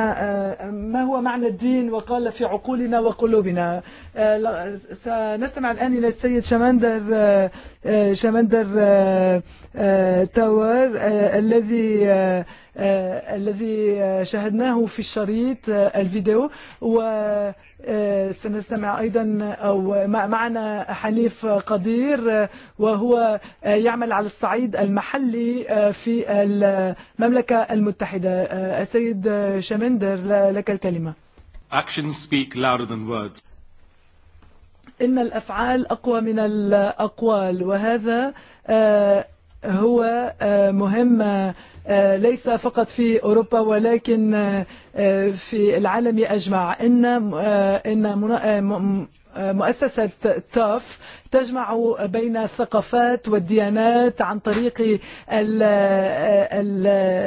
ما هو معنى الدين وقال في عقولنا وقلوبنا سنستمع الآن إلى السيد شمندر شمندر تاور الذي الذي شاهدناه في الشريط الفيديو و سنستمع أيضا أو معنا حنيف قدير وهو يعمل على الصعيد المحلي في المملكة المتحدة السيد شمندر لك الكلمة Actions speak louder than words. إن الأفعال أقوى من الأقوال وهذا هو مهم ليس فقط في أوروبا ولكن في العالم أجمع إن إن مؤسسة تاف تجمع بين الثقافات والديانات عن طريق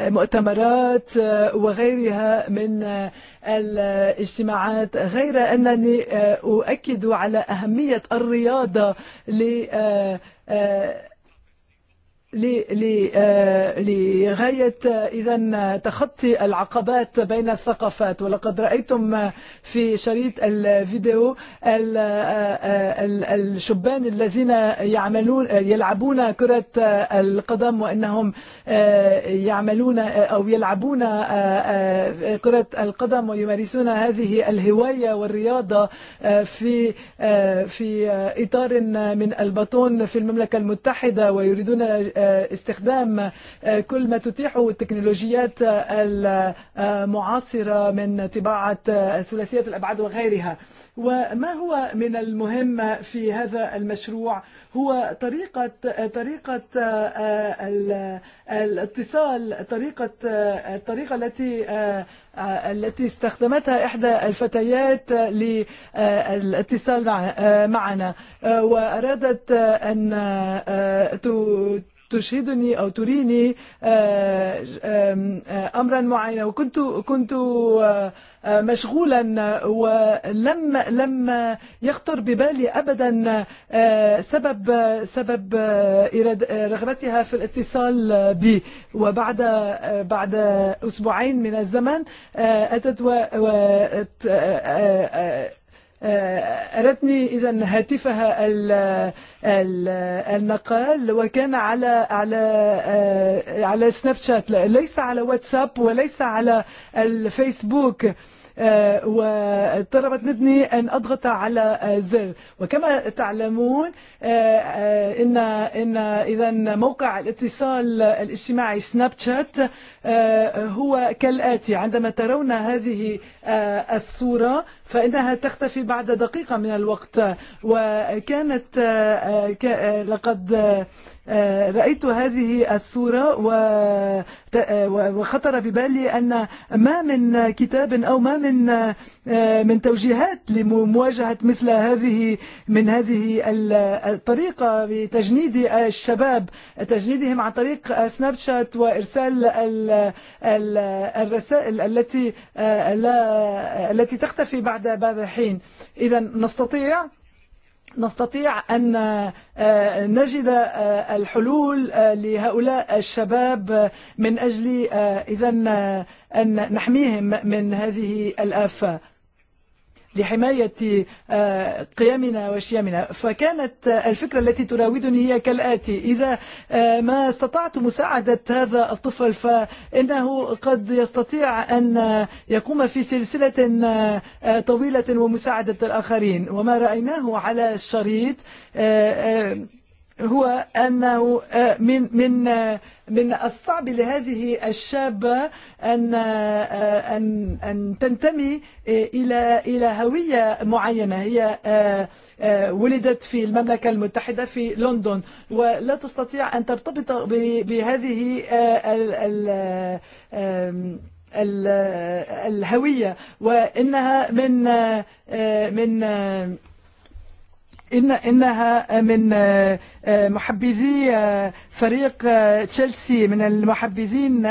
المؤتمرات وغيرها من الاجتماعات غير أنني أؤكد على أهمية الرياضة ل لغاية إذا تخطي العقبات بين الثقافات ولقد رأيتم في شريط الفيديو الشبان الذين يعملون يلعبون كرة القدم وأنهم يعملون أو يلعبون كرة القدم ويمارسون هذه الهواية والرياضة في في إطار من البطون في المملكة المتحدة ويريدون استخدام كل ما تتيحه التكنولوجيات المعاصرة من طباعة ثلاثية الأبعاد وغيرها وما هو من المهم في هذا المشروع هو طريقة طريقة الاتصال طريقة الطريقة التي التي استخدمتها إحدى الفتيات للاتصال معنا وأرادت أن تشهدني أو تريني أمرا معينا وكنت كنت مشغولا ولم لم يخطر ببالي أبدا سبب سبب رغبتها في الاتصال بي وبعد بعد أسبوعين من الزمن أتت و أردني إذا هاتفها النقال وكان على على على سناب شات ليس على واتساب وليس على الفيسبوك واضطربت ندني أن أضغط على زر وكما تعلمون إن إن إذا موقع الاتصال الاجتماعي سناب شات هو كالآتي عندما ترون هذه الصورة فإنها تختفي بعد دقيقة من الوقت وكانت لقد رأيت هذه الصورة وخطر ببالي أن ما من كتاب أو ما من من توجيهات لمواجهة مثل هذه من هذه الطريقة بتجنيد الشباب تجنيدهم عن طريق سناب شات وإرسال الرسائل التي لا التي تختفي بعد بعض حين إذا نستطيع نستطيع أن نجد الحلول لهؤلاء الشباب من أجل إذا أن نحميهم من هذه الآفة لحماية قيمنا وشيمنا فكانت الفكرة التي تراودني هي كالآتي إذا ما استطعت مساعدة هذا الطفل فإنه قد يستطيع أن يقوم في سلسلة طويلة ومساعدة الآخرين وما رأيناه على الشريط هو أنه من من من الصعب لهذه الشابة أن أن أن تنتمي إلى إلى هوية معينة هي ولدت في المملكة المتحدة في لندن ولا تستطيع أن ترتبط بهذه الهوية وإنها من من إن إنها من محبذي فريق تشيلسي من المحبذين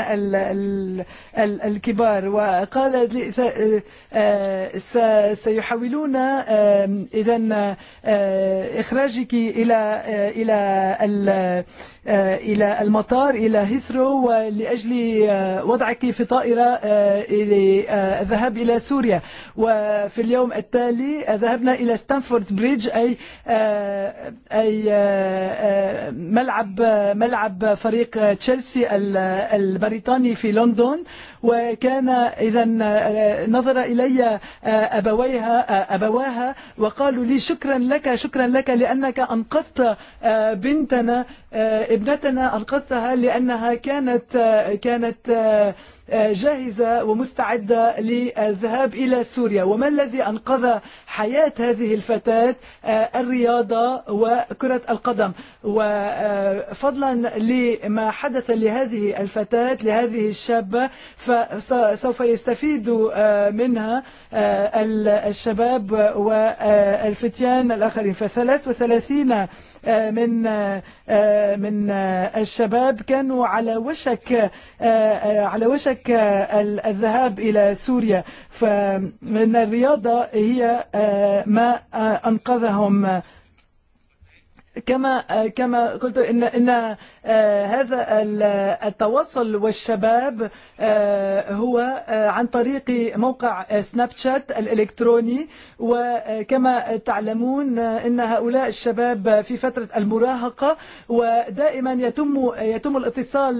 الكبار وقال سيحاولون اذا اخراجك الى الى الى المطار الى هيثرو لاجل وضعك في طائره للذهاب الى سوريا وفي اليوم التالي ذهبنا الى ستانفورد بريدج اي اي ملعب ملعب فريق تشيلسي البريطاني في لندن وكان اذا نظر الي ابويها ابواها وقالوا لي شكرا لك شكرا لك لانك انقذت بنتنا ابنتنا انقذتها لانها كانت كانت جاهزة ومستعدة للذهاب إلى سوريا وما الذي أنقذ حياة هذه الفتاة الرياضة وكرة القدم وفضلا لما حدث لهذه الفتاة لهذه الشابة فسوف يستفيد منها الشباب والفتيان الآخرين فثلاث وثلاثين من من الشباب كانوا على وشك على وشك الذهاب إلى سوريا فمن الرياضة هي ما أنقذهم كما كما قلت ان ان هذا التواصل والشباب هو عن طريق موقع سناب شات الالكتروني وكما تعلمون ان هؤلاء الشباب في فتره المراهقه ودائما يتم يتم الاتصال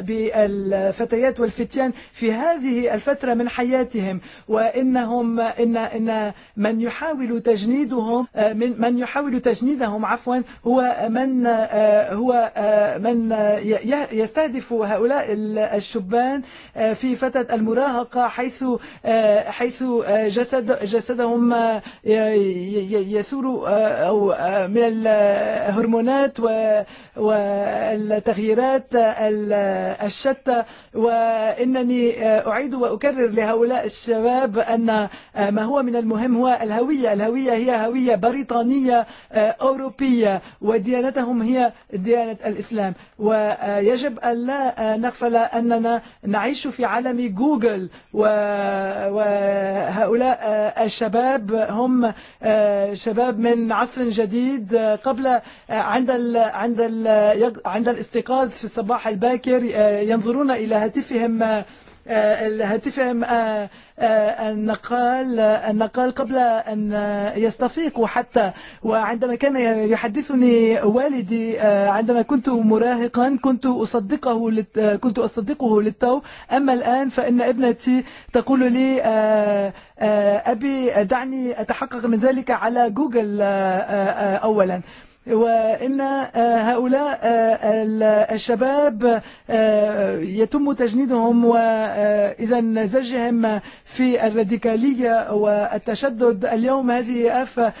بالفتيات والفتيان في هذه الفتره من حياتهم وانهم ان ان من يحاول تجنيدهم من من يحاول تجنيدهم تسنيدهم عفوا هو من هو من يستهدف هؤلاء الشبان في فترة المراهقة حيث حيث جسد جسدهم يثور او من الهرمونات والتغييرات الشتى وانني اعيد واكرر لهؤلاء الشباب ان ما هو من المهم هو الهويه الهويه هي هويه بريطانيه أوروبية وديانتهم هي ديانة الإسلام ويجب أن لا نغفل أننا نعيش في عالم جوجل وهؤلاء الشباب هم شباب من عصر جديد قبل عند الـ عند الـ عند الاستيقاظ في الصباح الباكر ينظرون إلى هاتفهم هاتفهم النقال النقال قبل أن يستفيق وحتى وعندما كان يحدثني والدي عندما كنت مراهقا كنت أصدقه كنت أصدقه للتو أما الآن فإن ابنتي تقول لي أبي دعني أتحقق من ذلك على جوجل أولا وإن هؤلاء الشباب يتم تجنيدهم وإذا زجهم في الراديكالية والتشدد اليوم هذه آفة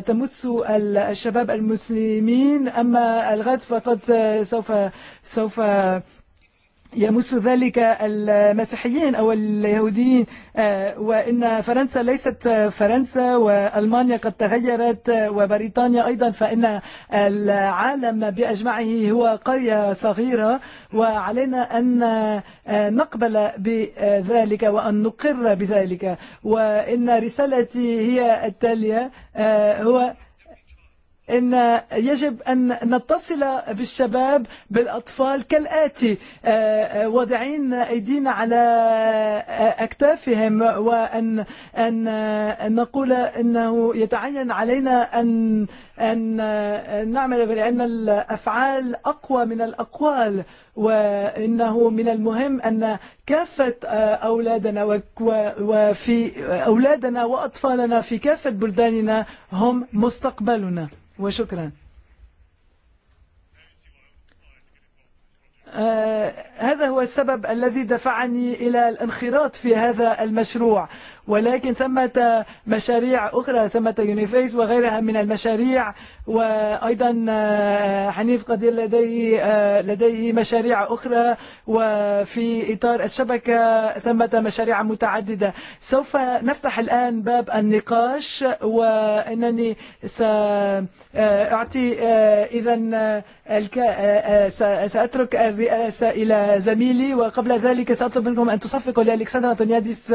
تمس الشباب المسلمين أما الغد فقد سوف سوف يمس ذلك المسيحيين أو اليهوديين وإن فرنسا ليست فرنسا وألمانيا قد تغيرت وبريطانيا أيضا فإن العالم بأجمعه هو قرية صغيرة وعلينا أن نقبل بذلك وأن نقر بذلك وإن رسالتي هي التالية هو ان يجب ان نتصل بالشباب بالاطفال كالاتي وضعين ايدينا على اكتافهم وان ان نقول انه يتعين علينا ان أن نعمل بأن الأفعال أقوى من الأقوال وإنه من المهم أن كافة أولادنا وفي أولادنا وأطفالنا في كافة بلداننا هم مستقبلنا وشكرا هذا هو السبب الذي دفعني إلى الانخراط في هذا المشروع ولكن ثمة مشاريع أخرى ثمة يونيفيس وغيرها من المشاريع وأيضا حنيف قدير لديه لديه مشاريع أخرى وفي إطار الشبكة ثمة مشاريع متعددة سوف نفتح الآن باب النقاش وأنني سأعطي إذا سأترك الرئاسة إلى زميلي وقبل ذلك سأطلب منكم أن تصفقوا لألكسندر أنتونياديس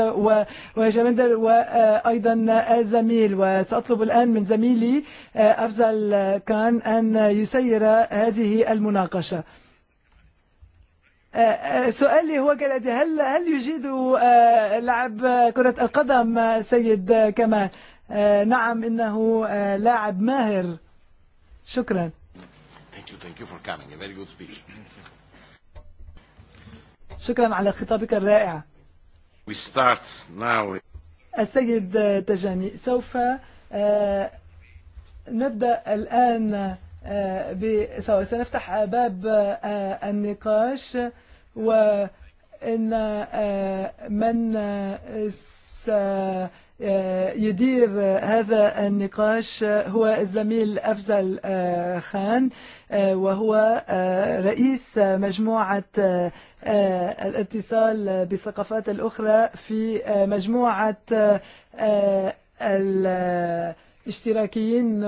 وجمندر وأيضا الزميل وسأطلب الآن من زميلي أفزل كان أن يسير هذه المناقشة سؤالي هو كالآتي هل هل يجيد لعب كرة القدم سيد كما نعم إنه لاعب ماهر شكرا Thank you, thank you for coming. A very good speech. شكرا على خطابك الرائع. We start now. السيد تجاني سوف نبدأ الآن سنفتح باب النقاش وإن من يدير هذا النقاش هو الزميل أفزل خان وهو رئيس مجموعة الاتصال بالثقافات الأخرى في مجموعة الاتصال الاشتراكيين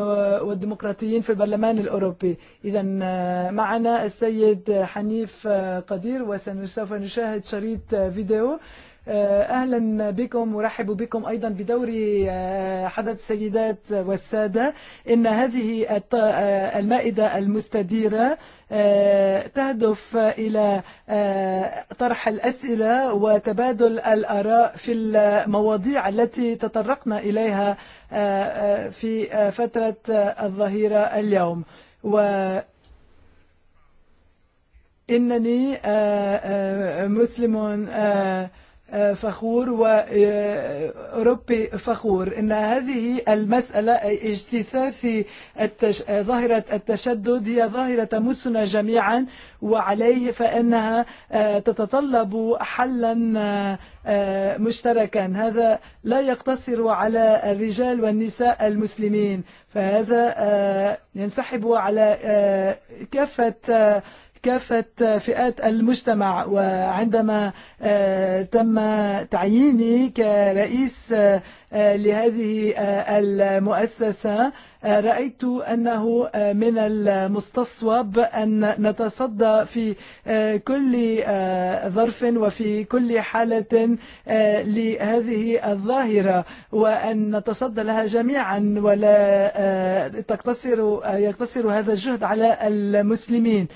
والديمقراطيين في البرلمان الأوروبي إذا معنا السيد حنيف قدير وسوف نشاهد شريط فيديو أهلا بكم ورحبوا بكم أيضا بدوري حدث السيدات والسادة إن هذه المائدة المستديرة تهدف إلى طرح الأسئلة وتبادل الأراء في المواضيع التي تطرقنا إليها في فترة الظهيرة اليوم و إنني مسلم فخور وأوروبي فخور إن هذه المسألة أي اجتثاث التش... ظاهرة التشدد هي ظاهرة تمسنا جميعا وعليه فإنها تتطلب حلا مشتركا هذا لا يقتصر على الرجال والنساء المسلمين فهذا ينسحب على كافة كافة فئات المجتمع وعندما تم تعييني كرئيس لهذه المؤسسة رأيت أنه من المستصوب أن نتصدى في كل ظرف وفي كل حالة لهذه الظاهرة وأن نتصدى لها جميعا ولا تقتصر يقتصر هذا الجهد على المسلمين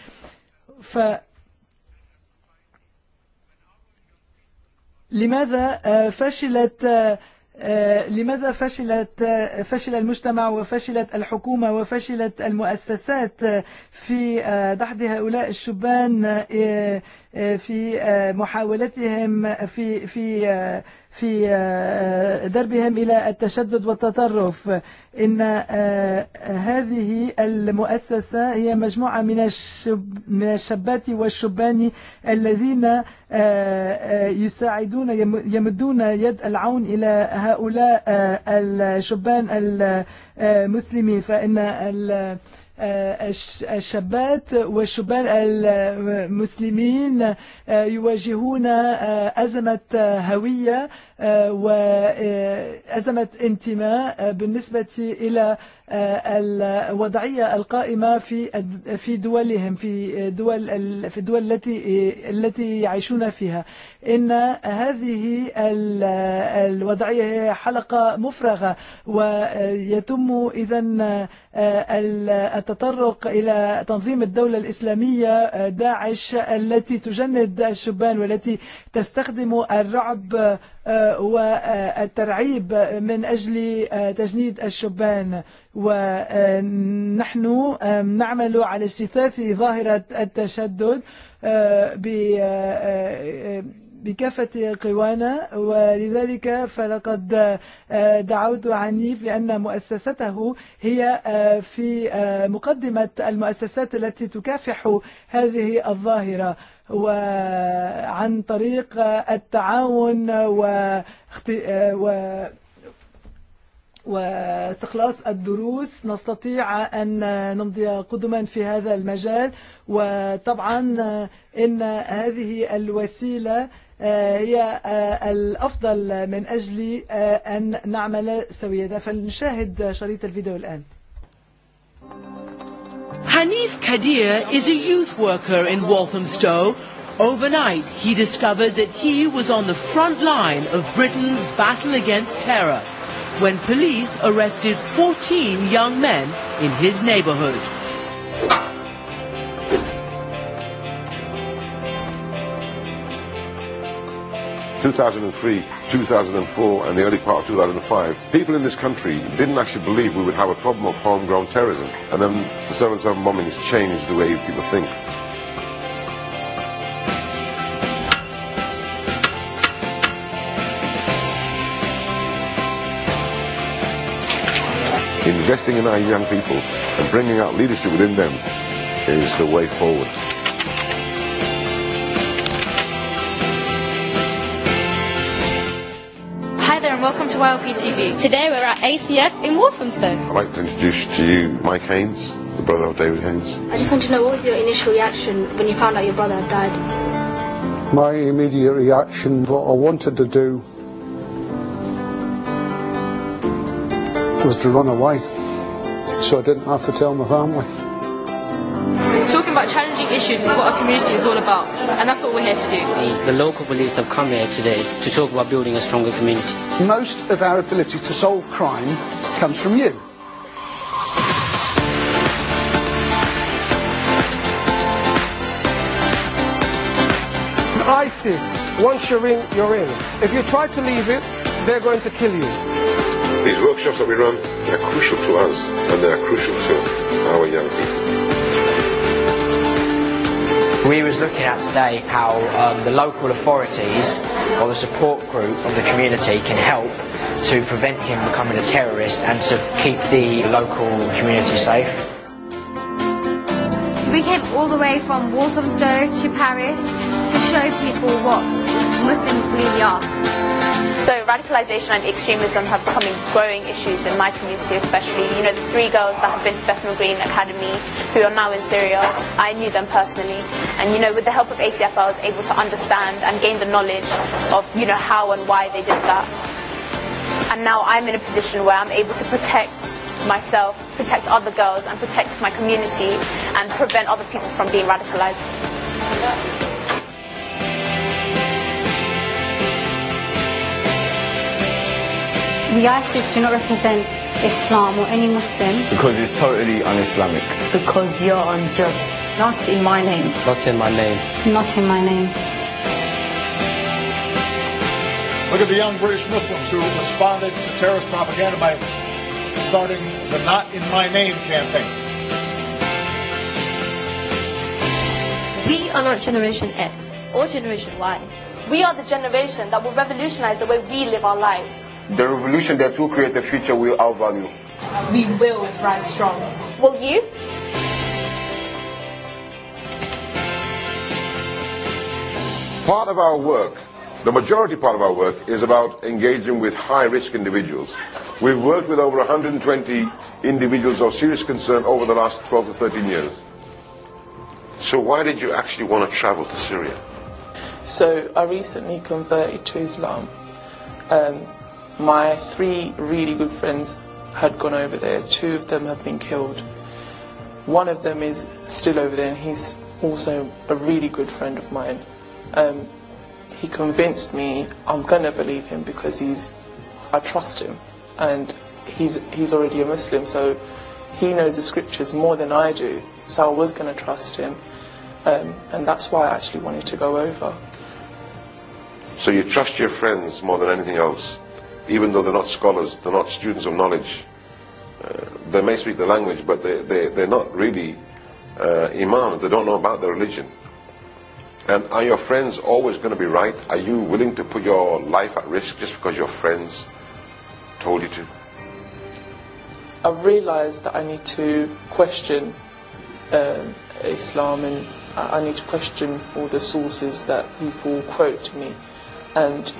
ف لماذا فشلت لماذا فشلت فشل المجتمع وفشلت الحكومة وفشلت المؤسسات في دحض هؤلاء الشبان في محاولتهم في في في دربهم إلى التشدد والتطرف إن هذه المؤسسة هي مجموعة من الشب من الشابات والشبان الذين يساعدون يمدون يد العون إلى هؤلاء الشبان المسلمين فإن الشابات والشبان المسلمين يواجهون أزمة هوية وأزمة انتماء بالنسبة إلى الوضعية القائمة في في دولهم في دول في الدول التي التي يعيشون فيها إن هذه الوضعية هي حلقة مفرغة ويتم إذا التطرق إلى تنظيم الدولة الإسلامية داعش التي تجند الشبان والتي تستخدم الرعب والترعيب من أجل تجنيد الشبان ونحن نعمل على اجتثاث ظاهرة التشدد بكافة قوانا ولذلك فلقد دعوت عنيف لأن مؤسسته هي في مقدمة المؤسسات التي تكافح هذه الظاهرة وعن طريق التعاون و واستخلاص الدروس نستطيع أن نمضي قدما في هذا المجال وطبعا إن هذه الوسيلة هي الأفضل من أجل أن نعمل سوية فلنشاهد شريط الفيديو الآن Thank you. Hanif Kadir is a youth worker in Walthamstow. Overnight, he discovered that he was on the front line of Britain's battle against terror when police arrested 14 young men in his neighborhood. In 2003, 2004 and the early part of 2005, people in this country didn't actually believe we would have a problem of homegrown terrorism. And then the 7-7 bombings changed the way people think. Investing in our young people and bringing out leadership within them is the way forward. to RPTV. Today we're at ACF in Walthamstow. I'd like to introduce to you Mike Haynes, the brother of David Haynes. I just want to know what was your initial reaction when you found out your brother had died? My immediate reaction, what I wanted to do, was to run away so I didn't have to tell my family talking about challenging issues is what our community is all about, and that's what we're here to do. The, the local police have come here today to talk about building a stronger community. Most of our ability to solve crime comes from you. ISIS, once you're in, you're in. If you try to leave it, they're going to kill you. These workshops that we run are crucial to us and they are crucial to our young people we was looking at today how um, the local authorities or the support group of the community can help to prevent him becoming a terrorist and to keep the local community safe. We came all the way from Walthamstow to Paris to show people what Muslims really are. So radicalization and extremism have become growing issues in my community especially. You know, the three girls that have been to Bethnal Green Academy who are now in Syria, I knew them personally. And, you know, with the help of ACF, I was able to understand and gain the knowledge of, you know, how and why they did that and now I'm in a position where I'm able to protect myself, protect other girls, and protect my community, and prevent other people from being radicalized. The ISIS do not represent Islam or any Muslim. Because it's totally un-Islamic. Because you're unjust. Not in my name. Not in my name. Not in my name. Look at the young British Muslims who responded to terrorist propaganda by starting the Not in My Name campaign. We are not Generation X or Generation Y. We are the generation that will revolutionize the way we live our lives. The revolution that will create a future will outvalue. We will rise strong. Will you? Part of our work, the majority part of our work, is about engaging with high risk individuals. We've worked with over 120 individuals of serious concern over the last 12 to 13 years. So, why did you actually want to travel to Syria? So, I recently converted to Islam. Um, my three really good friends had gone over there. Two of them have been killed. One of them is still over there and he's also a really good friend of mine. Um, he convinced me I'm gonna believe him because he's, I trust him and he's, he's already a Muslim so he knows the scriptures more than I do so I was gonna trust him um, and that's why I actually wanted to go over. So you trust your friends more than anything else? even though they're not scholars, they're not students of knowledge, uh, they may speak the language, but they, they, they're not really uh, imams. They don't know about the religion. And are your friends always going to be right? Are you willing to put your life at risk just because your friends told you to? I realized that I need to question um, Islam and I need to question all the sources that people quote me. And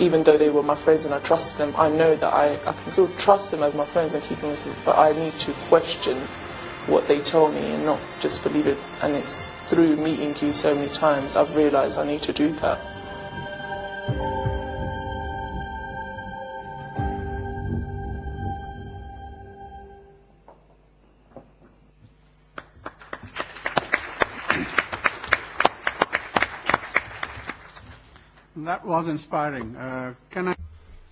even though they were my friends and I trust them, I know that I, I can still trust them as my friends and keep them as but I need to question what they tell me and not just believe it. And it's through meeting you so many times I've realised I need to do that. was inspiring. Uh, can I...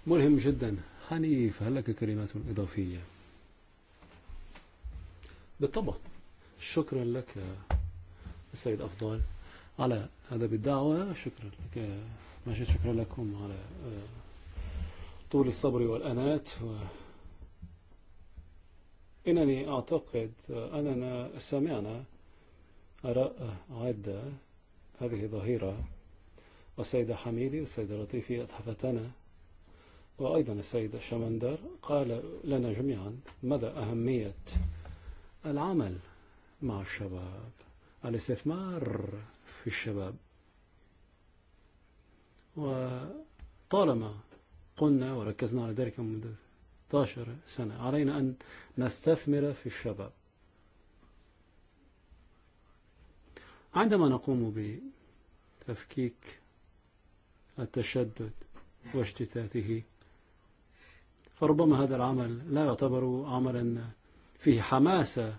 ملهم جدا حنيف هل لك كلمات إضافية بالطبع شكرا لك السيد أفضل على هذا بالدعوة شكرا لك ماشي شكرا لكم على طول الصبر والأنات و... إنني أعتقد أننا سمعنا آراء عدة هذه ظاهرة والسيدة حميدي والسيدة لطيفي أضحفتنا وأيضا السيدة شمندر قال لنا جميعا مدى أهمية العمل مع الشباب الاستثمار في الشباب وطالما قلنا وركزنا على ذلك منذ 16 سنة علينا أن نستثمر في الشباب عندما نقوم بتفكيك التشدد واشتتاته فربما هذا العمل لا يعتبر عملا فيه حماسة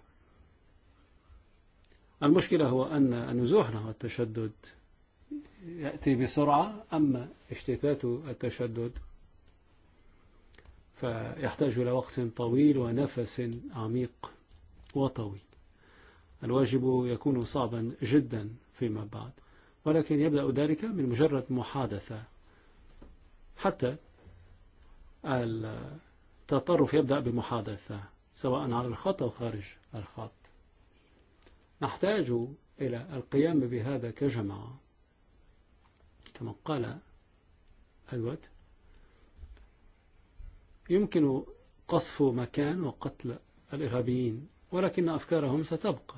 المشكلة هو أن نزوحنا نحو التشدد يأتي بسرعة أما اشتتات التشدد فيحتاج إلى وقت طويل ونفس عميق وطويل الواجب يكون صعبا جدا فيما بعد ولكن يبدأ ذلك من مجرد محادثة حتى التطرف يبدأ بمحادثة سواء على الخط أو خارج الخط نحتاج إلى القيام بهذا كجمع كما قال الود يمكن قصف مكان وقتل الإرهابيين ولكن أفكارهم ستبقى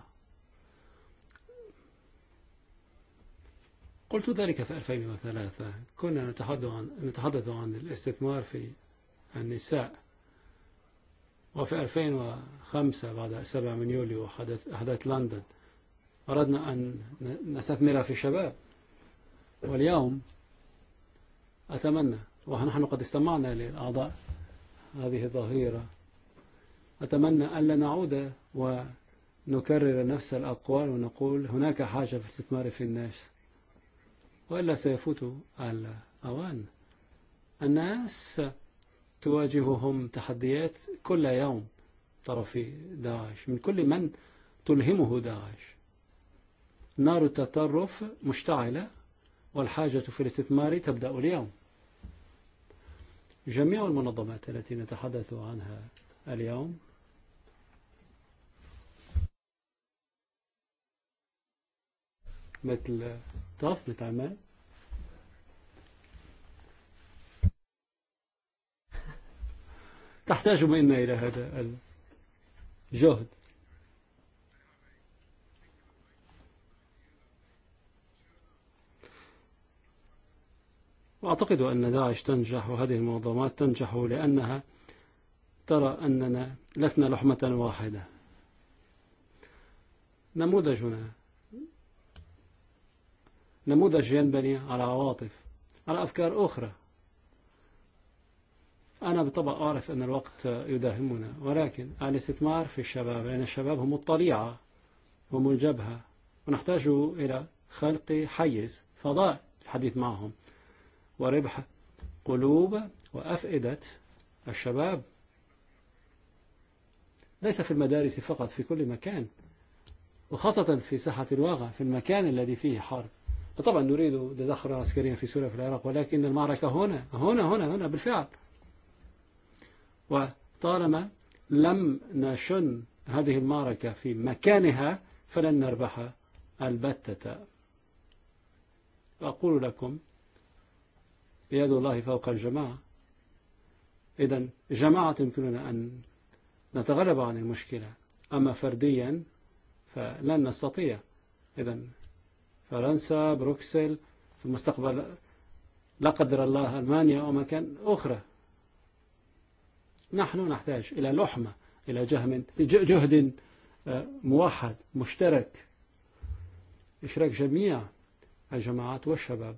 قلت ذلك في 2003 كنا نتحدث عن الاستثمار في النساء وفي 2005 بعد 7 من يوليو حدث لندن أردنا أن نستثمر في الشباب واليوم أتمنى ونحن قد استمعنا للأعضاء هذه الظاهرة أتمنى ألا نعود ونكرر نفس الأقوال ونقول هناك حاجة في الاستثمار في الناس وإلا سيفوتوا على أوان الناس تواجههم تحديات كل يوم طرف داعش من كل من تلهمه داعش نار التطرف مشتعلة والحاجة في الاستثمار تبدأ اليوم جميع المنظمات التي نتحدث عنها اليوم مثل طاف بتعمل تحتاج منا إلى هذا الجهد وأعتقد أن داعش تنجح وهذه المنظمات تنجح لأنها ترى أننا لسنا لحمة واحدة نموذجنا نموذج ينبني على عواطف على أفكار أخرى أنا بطبع أعرف أن الوقت يداهمنا ولكن الاستثمار في الشباب لأن الشباب هم الطليعة هم الجبهة ونحتاج إلى خلق حيز فضاء الحديث معهم وربح قلوب وأفئدة الشباب ليس في المدارس فقط في كل مكان وخاصة في ساحة الواقع في المكان الذي فيه حرب طبعا نريد لدخل عسكريا في سوريا في العراق ولكن المعركة هنا هنا هنا هنا بالفعل وطالما لم نشن هذه المعركة في مكانها فلن نربح البتة أقول لكم يد الله فوق الجماعة إذا جماعة يمكننا أن نتغلب عن المشكلة أما فرديا فلن نستطيع إذا فرنسا بروكسل في المستقبل لا قدر الله ألمانيا أو مكان أخرى نحن نحتاج إلى لحمة إلى جهد موحد مشترك إشراك جميع الجماعات والشباب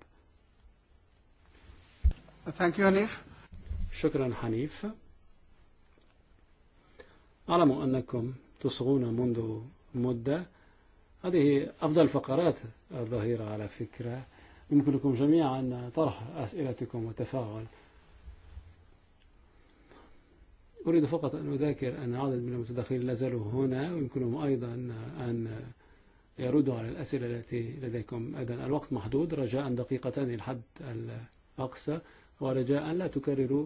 Thank you, Hanif. شكرا حنيف أعلم أنكم تصغون منذ مدة هذه أفضل فقرات الظهيرة على فكرة يمكنكم جميعا طرح أسئلتكم وتفاعل أريد فقط أن أذاكر أن عدد من المتدخلين لا هنا ويمكنهم أيضا أن يردوا على الأسئلة التي لديكم أيضا الوقت محدود رجاء دقيقتان الحد الأقصى ورجاء لا تكرروا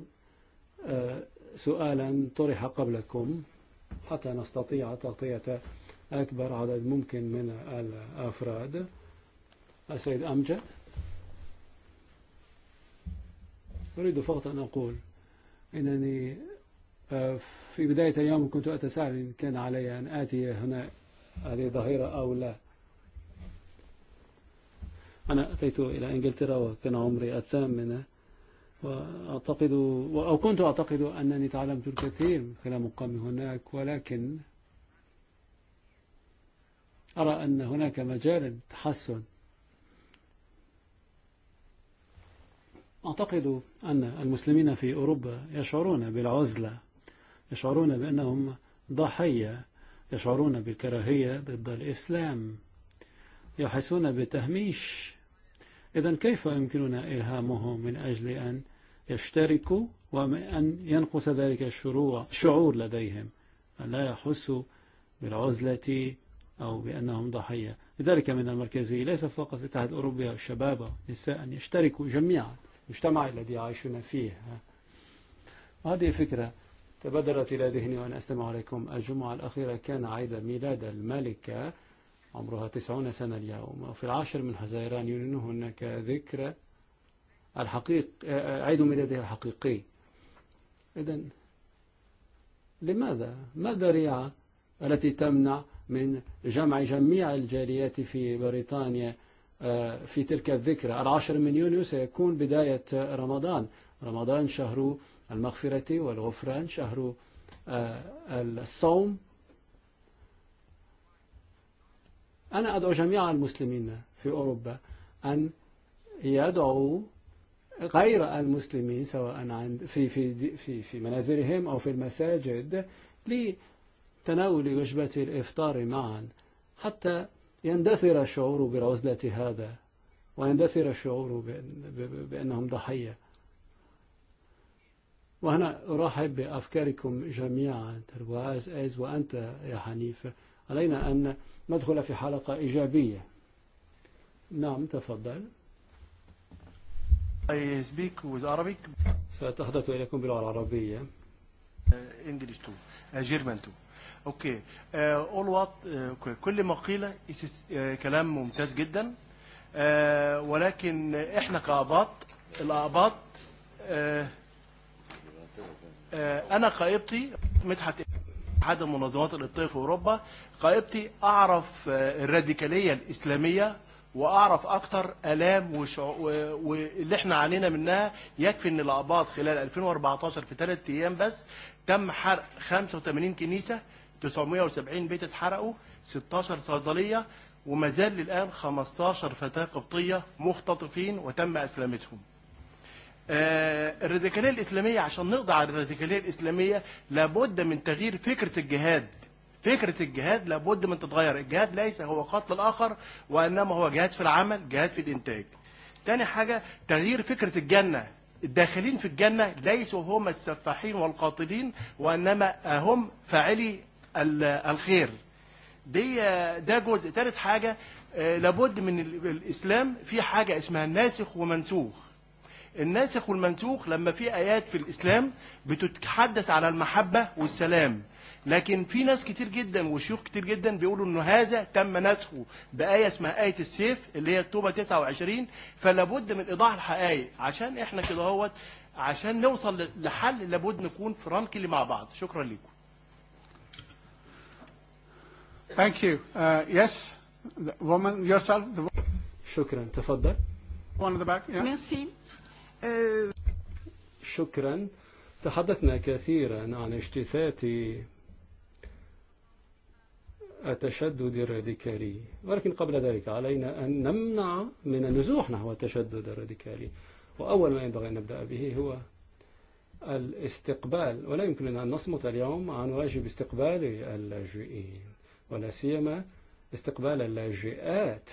سؤالا طرح قبلكم حتى نستطيع تغطية أكبر عدد ممكن من الأفراد السيد أمجد أريد فقط أن أقول أنني في بداية اليوم كنت أتساءل إن كان علي أن آتي هنا هذه الظهيرة أو لا أنا أتيت إلى إنجلترا وكان عمري الثامنة وأعتقد أو كنت أعتقد أنني تعلمت الكثير خلال مقامي هناك ولكن أرى أن هناك مجال تحسن أعتقد أن المسلمين في أوروبا يشعرون بالعزلة يشعرون بأنهم ضحية يشعرون بالكراهية ضد الإسلام يحسون بتهميش إذن كيف يمكننا إلهامهم من أجل أن يشتركوا وأن ينقص ذلك الشعور لديهم أن لا يحسوا بالعزلة أو بأنهم ضحية لذلك من المركزية ليس فقط في الاتحاد الأوروبي والشباب والنساء أن يشتركوا جميعا المجتمع الذي يعيشون فيه وهذه فكرة تبادرت إلى ذهني وأنا أستمع عليكم الجمعة الأخيرة كان عيد ميلاد الملكة عمرها تسعون سنة اليوم وفي العاشر من حزيران يعلن هناك ذكرى الحقيق عيد ميلاده الحقيقي إذن لماذا ما الذريعة التي تمنع من جمع جميع الجاليات في بريطانيا في تلك الذكرى العاشر من يونيو سيكون بداية رمضان رمضان شهر المغفرة والغفران شهر الصوم أنا أدعو جميع المسلمين في أوروبا أن يدعوا غير المسلمين سواء عند في في في في منازلهم أو في المساجد تناول وجبة الإفطار معا حتى يندثر الشعور برزلة هذا ويندثر الشعور بأنهم ضحية وهنا أرحب بأفكاركم جميعا ترواز أيز وأنت يا حنيفة علينا أن ندخل في حلقة إيجابية نعم تفضل I speak with Arabic. سأتحدث إليكم بالعربية. English too. German too. اوكي اول وات كل ما قيل كلام ممتاز جدا ولكن احنا كاباط الاباط انا قائبتي مدحت احد المنظمات القبطيه في اوروبا قائبتي اعرف الراديكاليه الاسلاميه واعرف اكتر الام واللي احنا علينا منها يكفي ان الاباط خلال 2014 في ثلاث ايام بس تم حرق 85 كنيسه 970 بيت اتحرقوا 16 صيدلية وما زال الآن 15 فتاة قبطية مختطفين وتم أسلامتهم الراديكالية الإسلامية عشان نقضي على الراديكالية الإسلامية لابد من تغيير فكرة الجهاد فكرة الجهاد لابد من تتغير الجهاد ليس هو قتل الآخر وإنما هو جهاد في العمل جهاد في الإنتاج تاني حاجة تغيير فكرة الجنة الداخلين في الجنة ليسوا هم السفاحين والقاتلين وإنما هم فاعلي الخير دي ده جزء ثالث حاجة لابد من الإسلام في حاجة اسمها ناسخ ومنسوخ الناسخ والمنسوخ لما في آيات في الإسلام بتتحدث على المحبة والسلام لكن في ناس كتير جدا وشيوخ كتير جدا بيقولوا انه هذا تم نسخه بآية اسمها آية السيف اللي هي التوبة 29 فلابد من إيضاح الحقائق عشان احنا كده هوت عشان نوصل لحل لابد نكون فرانكلي مع بعض شكرا لكم Thank you. Uh, yes, the woman yourself. The woman. شكرا تفضل. One in the back. Yeah. Merci. Uh... شكرا. تحدثنا كثيرا عن اجتثاث التشدد الراديكالي ولكن قبل ذلك علينا أن نمنع من النزوح نحو التشدد الراديكالي وأول ما ينبغي أن نبدأ به هو الاستقبال ولا يمكننا أن نصمت اليوم عن واجب استقبال اللاجئين ولا سيما استقبال اللاجئات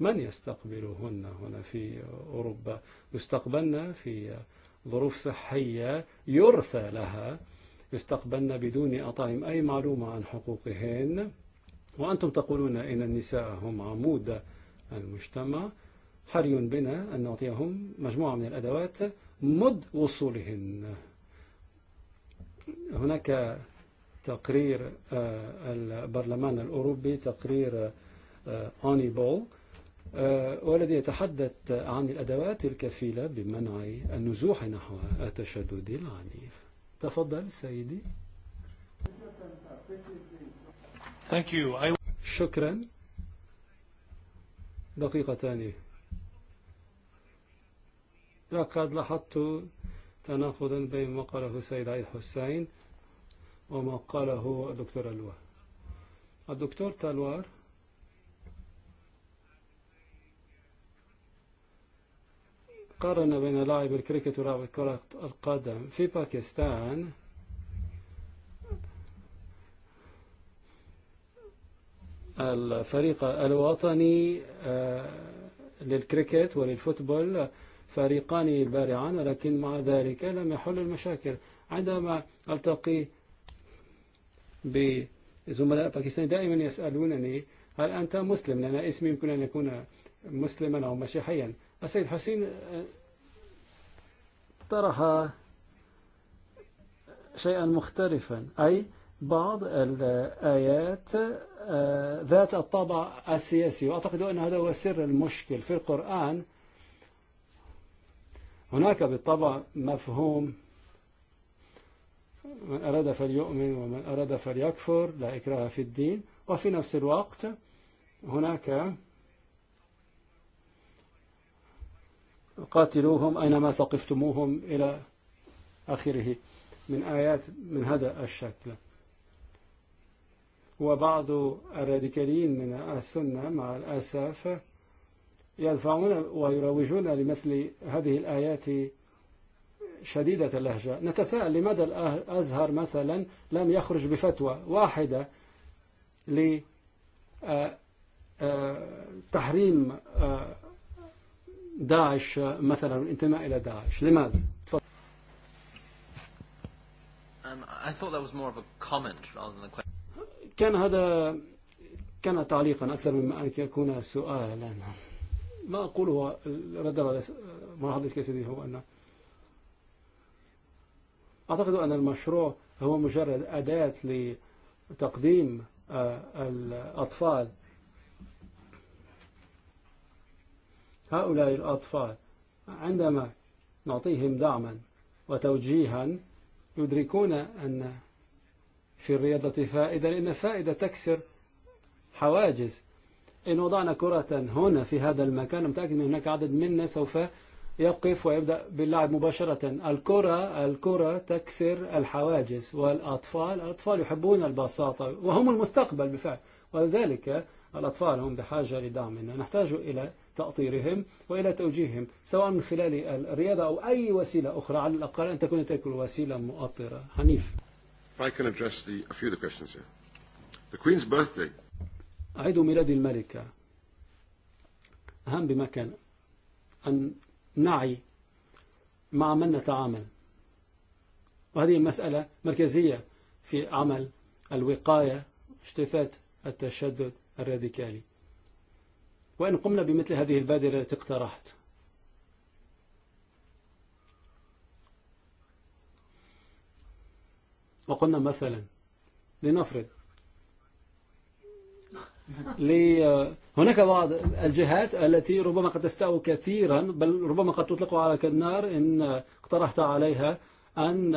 من يستقبلهن هنا في أوروبا يستقبلن في ظروف صحية يرثى لها يستقبلن بدون أطعم أي معلومة عن حقوقهن وأنتم تقولون إن النساء هم عمود المجتمع حري بنا أن نعطيهم مجموعة من الأدوات مد وصولهن هناك تقرير البرلمان الأوروبي تقرير أونيبول والذي يتحدث عن الأدوات الكفيلة بمنع النزوح نحو التشدد العنيف تفضل سيدي Thank you. I... شكرا دقيقتان لقد لاحظت تناقضا بين ما قاله السيد عيد حسين وما قاله الدكتور الوار الدكتور تلوار قارن بين لاعب الكريكت ولاعب كرة القدم في باكستان الفريق الوطني للكريكت وللفوتبول فريقان بارعان ولكن مع ذلك لم يحل المشاكل عندما ألتقي بزملاء باكستاني دائما يسألونني هل أنت مسلم لأن اسمي يمكن أن يكون مسلما أو مسيحيا السيد حسين طرح شيئا مختلفا أي بعض الآيات ذات الطابع السياسي وأعتقد أن هذا هو سر المشكل في القرآن هناك بالطبع مفهوم من أراد فليؤمن ومن أراد فليكفر لا إكراه في الدين وفي نفس الوقت هناك قاتلوهم أينما ثقفتموهم إلى آخره من آيات من هذا الشكل وبعض الراديكاليين من السنة مع الأسف يدفعون ويروجون لمثل هذه الآيات شديدة اللهجة نتساءل لماذا الأزهر مثلا لم يخرج بفتوى واحدة لتحريم داعش مثلا الانتماء إلى داعش لماذا؟ um, كان هذا كان تعليقا أكثر مما أن يكون سؤالا ما أقوله رد على ما حضرتك هو أنه أعتقد أن المشروع هو مجرد أداة لتقديم الأطفال هؤلاء الأطفال عندما نعطيهم دعما وتوجيها يدركون أن في الرياضة فائدة لأن فائدة تكسر حواجز إن وضعنا كرة هنا في هذا المكان متأكد أن هناك عدد منا سوف يقف ويبدأ باللعب مباشرة الكرة الكرة تكسر الحواجز والأطفال الأطفال يحبون البساطة وهم المستقبل بالفعل ولذلك الأطفال هم بحاجة لدعمنا نحتاج إلى تأطيرهم وإلى توجيههم سواء من خلال الرياضة أو أي وسيلة أخرى على الأقل أن تكون تلك الوسيلة مؤطرة حنيف If I can address the, a few of the questions here. The Queen's birthday. عيد ميلاد الملكة أهم بما كان أن معي مع من نتعامل وهذه مسألة مركزية في عمل الوقاية اشتفات التشدد الراديكالي وإن قمنا بمثل هذه البادرة التي اقترحت وقلنا مثلا لنفرض هناك بعض الجهات التي ربما قد تستوي كثيرا بل ربما قد تطلق على النار إن اقترحت عليها أن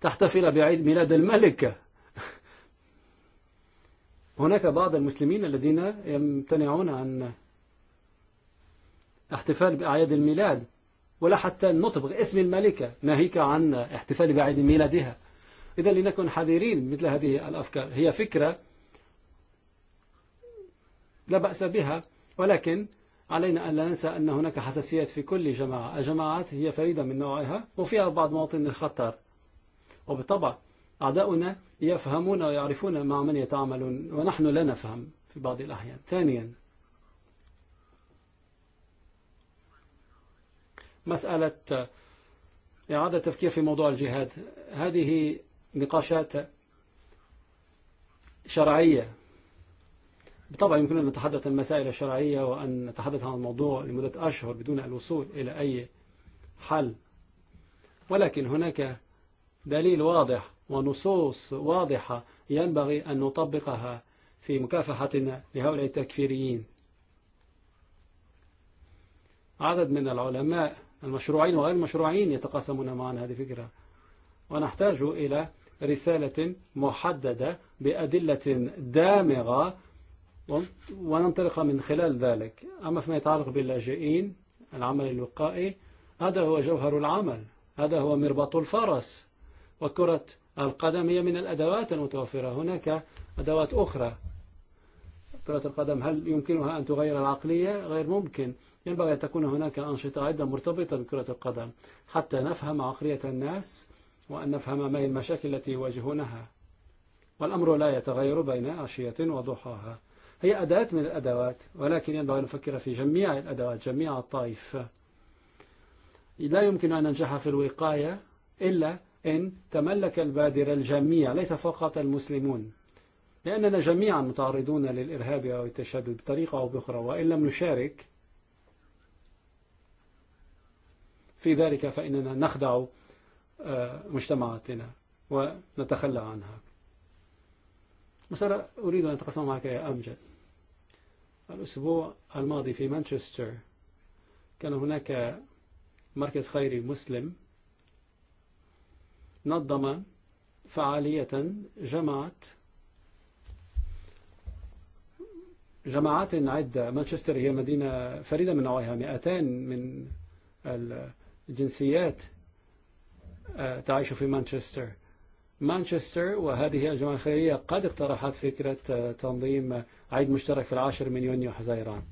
تحتفل بعيد ميلاد الملكة هناك بعض المسلمين الذين يمتنعون عن احتفال بأعياد الميلاد ولا حتى نطبق اسم الملكة ناهيك عن احتفال بعيد ميلادها إذا لنكن حذرين مثل هذه الأفكار هي فكرة لا بأس بها ولكن علينا أن لا ننسى أن هناك حساسيات في كل جماعة الجماعات هي فريدة من نوعها وفيها بعض مواطن الخطر وبالطبع أعداؤنا يفهمون ويعرفون مع من يتعاملون ونحن لا نفهم في بعض الأحيان ثانيا مسألة إعادة تفكير في موضوع الجهاد هذه نقاشات شرعية بالطبع يمكننا أن نتحدث عن المسائل الشرعية وأن نتحدث عن الموضوع لمدة أشهر بدون الوصول إلى أي حل ولكن هناك دليل واضح ونصوص واضحة ينبغي أن نطبقها في مكافحتنا لهؤلاء التكفيريين عدد من العلماء المشروعين وغير المشروعين يتقاسمون معنا هذه الفكرة ونحتاج إلى رسالة محددة بأدلة دامغة وننطلق من خلال ذلك أما فيما يتعلق باللاجئين العمل الوقائي هذا هو جوهر العمل هذا هو مربط الفرس وكرة القدم هي من الأدوات المتوفرة هناك أدوات أخرى كرة القدم هل يمكنها أن تغير العقلية؟ غير ممكن ينبغي أن تكون هناك أنشطة عدة مرتبطة بكرة القدم حتى نفهم عقلية الناس وأن نفهم ما هي المشاكل التي يواجهونها والأمر لا يتغير بين عشية وضحاها هي أداة من الأدوات ولكن ينبغي أن نفكر في جميع الأدوات جميع الطائف لا يمكن أن ننجح في الوقاية إلا إن تملك البادرة الجميع ليس فقط المسلمون لأننا جميعا متعرضون للإرهاب أو التشدد بطريقة أو بأخرى وإن لم نشارك في ذلك فإننا نخدع مجتمعاتنا ونتخلى عنها مسألة أريد أن أتقاسم معك يا أمجد الأسبوع الماضي في مانشستر كان هناك مركز خيري مسلم نظم فعالية جمعت جماعات عدة مانشستر هي مدينة فريدة من نوعها 200 من الجنسيات تعيش في مانشستر مانشستر وهذه الجماعة الخيرية قد اقترحت فكرة تنظيم عيد مشترك في العاشر من يونيو حزيران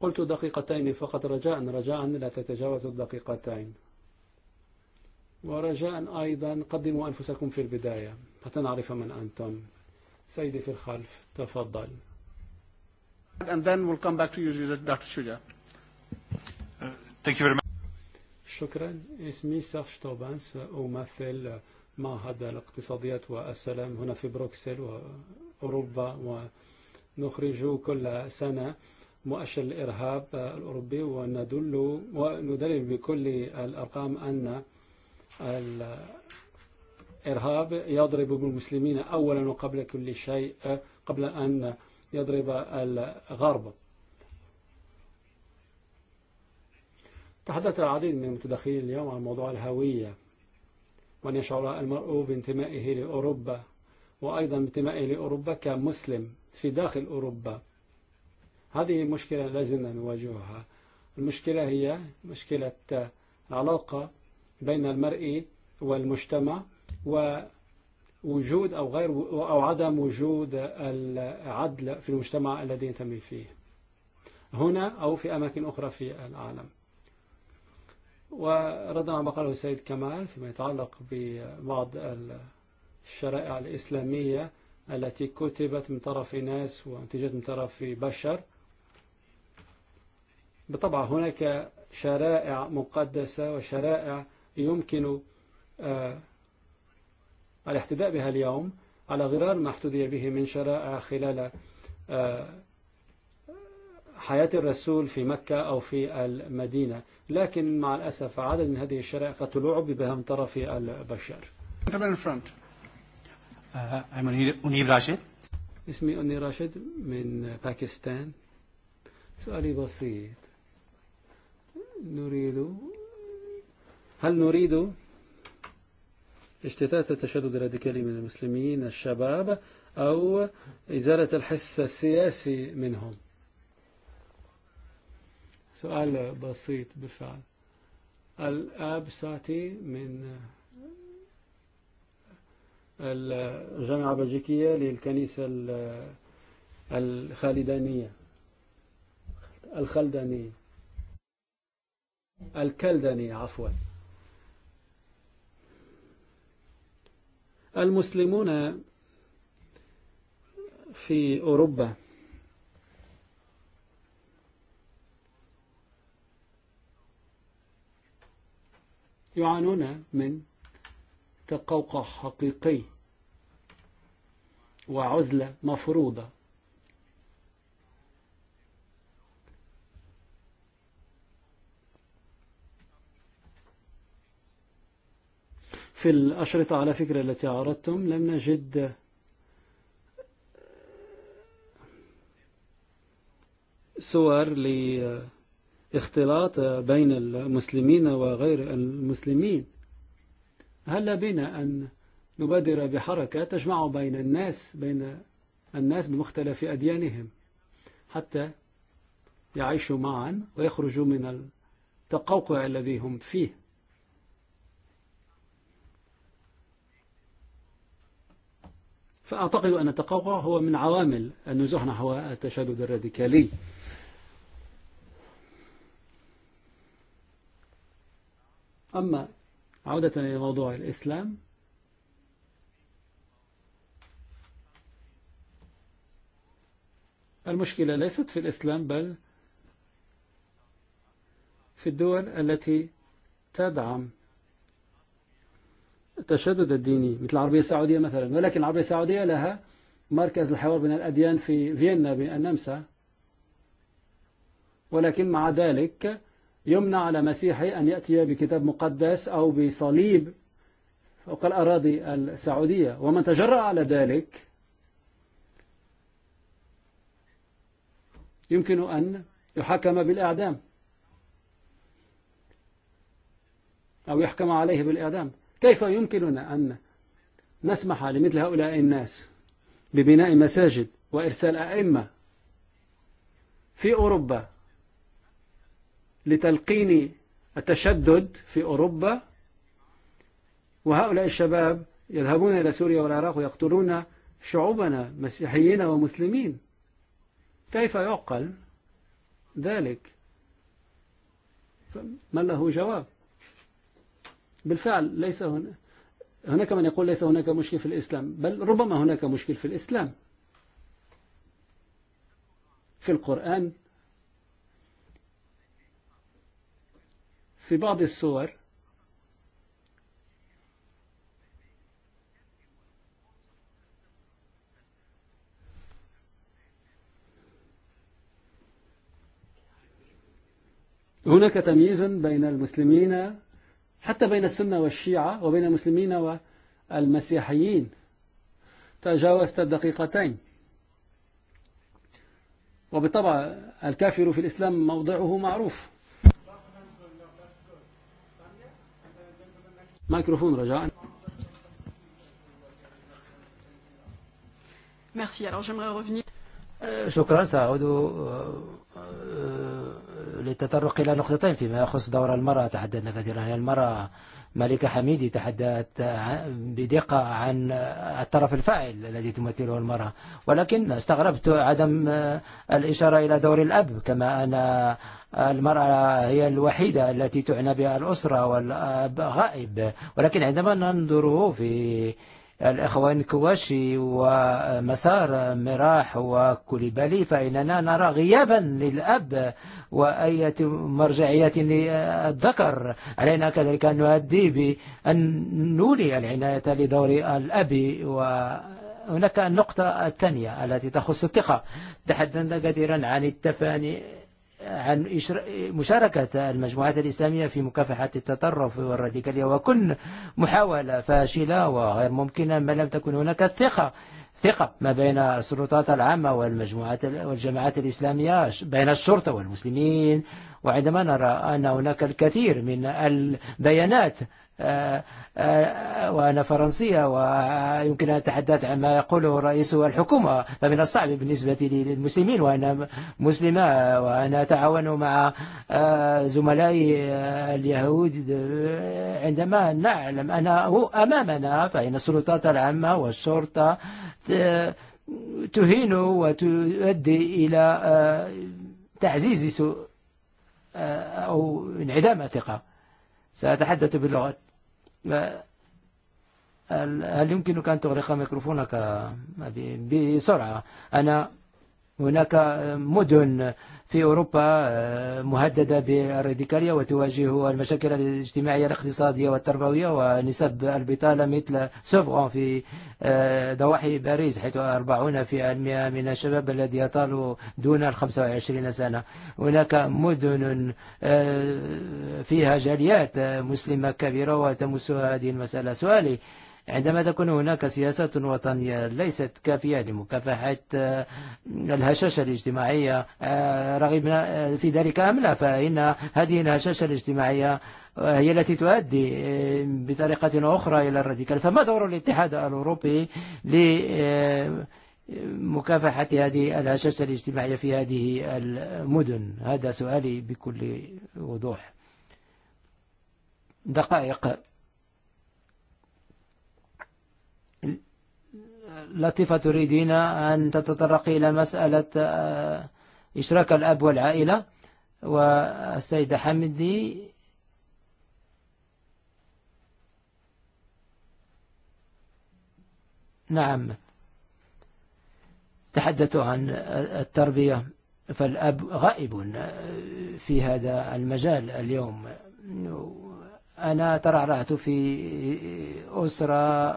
قلت دقيقتين فقط رجاء رجاء لا تتجاوز الدقيقتين ورجاء أيضا قدموا أنفسكم في البداية حتى نعرف من أنتم سيدي في الخلف تفضل And then we'll come back to you, Dr. Shuja. Uh, thank you very much. شكرا اسمي ساف شتوبانس أمثل معهد الاقتصاديات والسلام هنا في بروكسل وأوروبا ونخرج كل سنة مؤشر الإرهاب الأوروبي وندل وندلل بكل الأرقام أن الإرهاب يضرب بالمسلمين أولا وقبل كل شيء قبل أن يضرب الغرب تحدث العديد من المتدخلين اليوم عن موضوع الهوية وأن يشعر المرء بانتمائه لأوروبا وأيضا بانتمائه لأوروبا كمسلم في داخل أوروبا هذه مشكلة لازم نواجهها المشكلة هي مشكلة علاقة بين المرء والمجتمع ووجود أو غير أو عدم وجود العدل في المجتمع الذي ينتمي فيه هنا أو في أماكن أخرى في العالم وردنا ما قاله السيد كمال فيما يتعلق ببعض الشرائع الإسلامية التي كتبت من طرف ناس وانتجت من طرف بشر بطبع هناك شرائع مقدسة وشرائع يمكن الاحتداء بها اليوم على غرار ما احتدي به من شرائع خلال حياة الرسول في مكة أو في المدينة لكن مع الأسف عدد من هذه الشرائع قد تلوع بها طرف البشر اسمي أني راشد من باكستان سؤالي بسيط نريد هل نريد اشتتات التشدد الراديكالي من المسلمين الشباب أو إزالة الحس السياسي منهم سؤال بسيط بالفعل الأب ساتي من الجامعة البلجيكية للكنيسة الخالدانية الخلدانية الكلدانية عفوا المسلمون في أوروبا يعانون من تقوقع حقيقي وعزلة مفروضة في الأشرطة على فكرة التي عرضتم لم نجد صور لأشرطة اختلاط بين المسلمين وغير المسلمين هل بنا أن نبادر بحركة تجمع بين الناس بين الناس بمختلف أديانهم حتى يعيشوا معا ويخرجوا من التقوقع الذي هم فيه فأعتقد أن التقوقع هو من عوامل النزوح نحو التشدد الراديكالي أما عودة إلى موضوع الإسلام المشكلة ليست في الإسلام بل في الدول التي تدعم التشدد الديني مثل العربية السعودية مثلا ولكن العربية السعودية لها مركز الحوار بين الأديان في فيينا بين النمسا ولكن مع ذلك يمنع على مسيحي أن يأتي بكتاب مقدس أو بصليب فوق الأراضي السعودية ومن تجرأ على ذلك يمكن أن يحكم بالإعدام أو يحكم عليه بالإعدام كيف يمكننا أن نسمح لمثل هؤلاء الناس ببناء مساجد وإرسال أئمة في أوروبا لتلقين التشدد في أوروبا وهؤلاء الشباب يذهبون إلى سوريا والعراق ويقتلون شعوبنا مسيحيين ومسلمين كيف يعقل ذلك ما له جواب بالفعل ليس هنا هناك من يقول ليس هناك مشكل في الإسلام بل ربما هناك مشكل في الإسلام في القرآن في بعض الصور هناك تمييز بين المسلمين حتى بين السنة والشيعة وبين المسلمين والمسيحيين تجاوزت الدقيقتين وبالطبع الكافر في الإسلام موضعه معروف Mikrofon raġa. Merci, alors j'aimerais revenir. شكرا سأعود للتطرق إلى نقطتين فيما يخص دور المرأة تحدثنا كثيرا عن المرأة ملكة حميدي تحدثت بدقة عن الطرف الفاعل الذي تمثله المرأة ولكن استغربت عدم الإشارة إلى دور الأب كما أن المرأة هي الوحيدة التي تعنى بها الأسرة والأب غائب ولكن عندما ننظر في الإخوان كواشي ومسار مراح وكوليبالي فإننا نرى غيابا للأب وأية مرجعية للذكر علينا كذلك أن نؤدي بأن نولي العناية لدور الأب و هناك النقطة الثانية التي تخص الثقة تحدثنا كثيرا عن التفاني عن مشاركة المجموعات الإسلامية في مكافحة التطرف والراديكالية وكل محاولة فاشلة وغير ممكنة ما لم تكن هناك ثقة ثقة ما بين السلطات العامة والمجموعات والجماعات الإسلامية بين الشرطة والمسلمين وعندما نرى أن هناك الكثير من البيانات وأنا فرنسية ويمكن أن أتحدث عما يقوله رئيس الحكومة فمن الصعب بالنسبة لي للمسلمين وأنا مسلمة وأنا أتعاون مع زملائي اليهود عندما نعلم أنه أمامنا فإن السلطات العامة والشرطة تهين وتؤدي إلى تعزيز سوء أو انعدام الثقة سأتحدث باللغة هل يمكنك أن تغلق ميكروفونك بسرعة أنا هناك مدن في أوروبا مهددة بالراديكالية وتواجه المشاكل الاجتماعية الاقتصادية والتربوية ونسب البطالة مثل سوفغون في ضواحي باريس حيث أربعون في المئة من الشباب الذي يطال دون الخمسة وعشرين سنة هناك مدن فيها جاليات مسلمة كبيرة وتمس هذه المسألة سؤالي عندما تكون هناك سياسة وطنية ليست كافية لمكافحة الهشاشة الاجتماعية رغبنا في ذلك أم لا فإن هذه الهشاشة الاجتماعية هي التي تؤدي بطريقة أخرى إلى الراديكال فما دور الاتحاد الأوروبي لمكافحة هذه الهشاشة الاجتماعية في هذه المدن هذا سؤالي بكل وضوح دقائق لطيفة تريدين أن تتطرق إلى مسألة إشراك الأب والعائلة والسيدة حمدي نعم تحدثوا عن التربية فالأب غائب في هذا المجال اليوم أنا ترعرعت في أسرة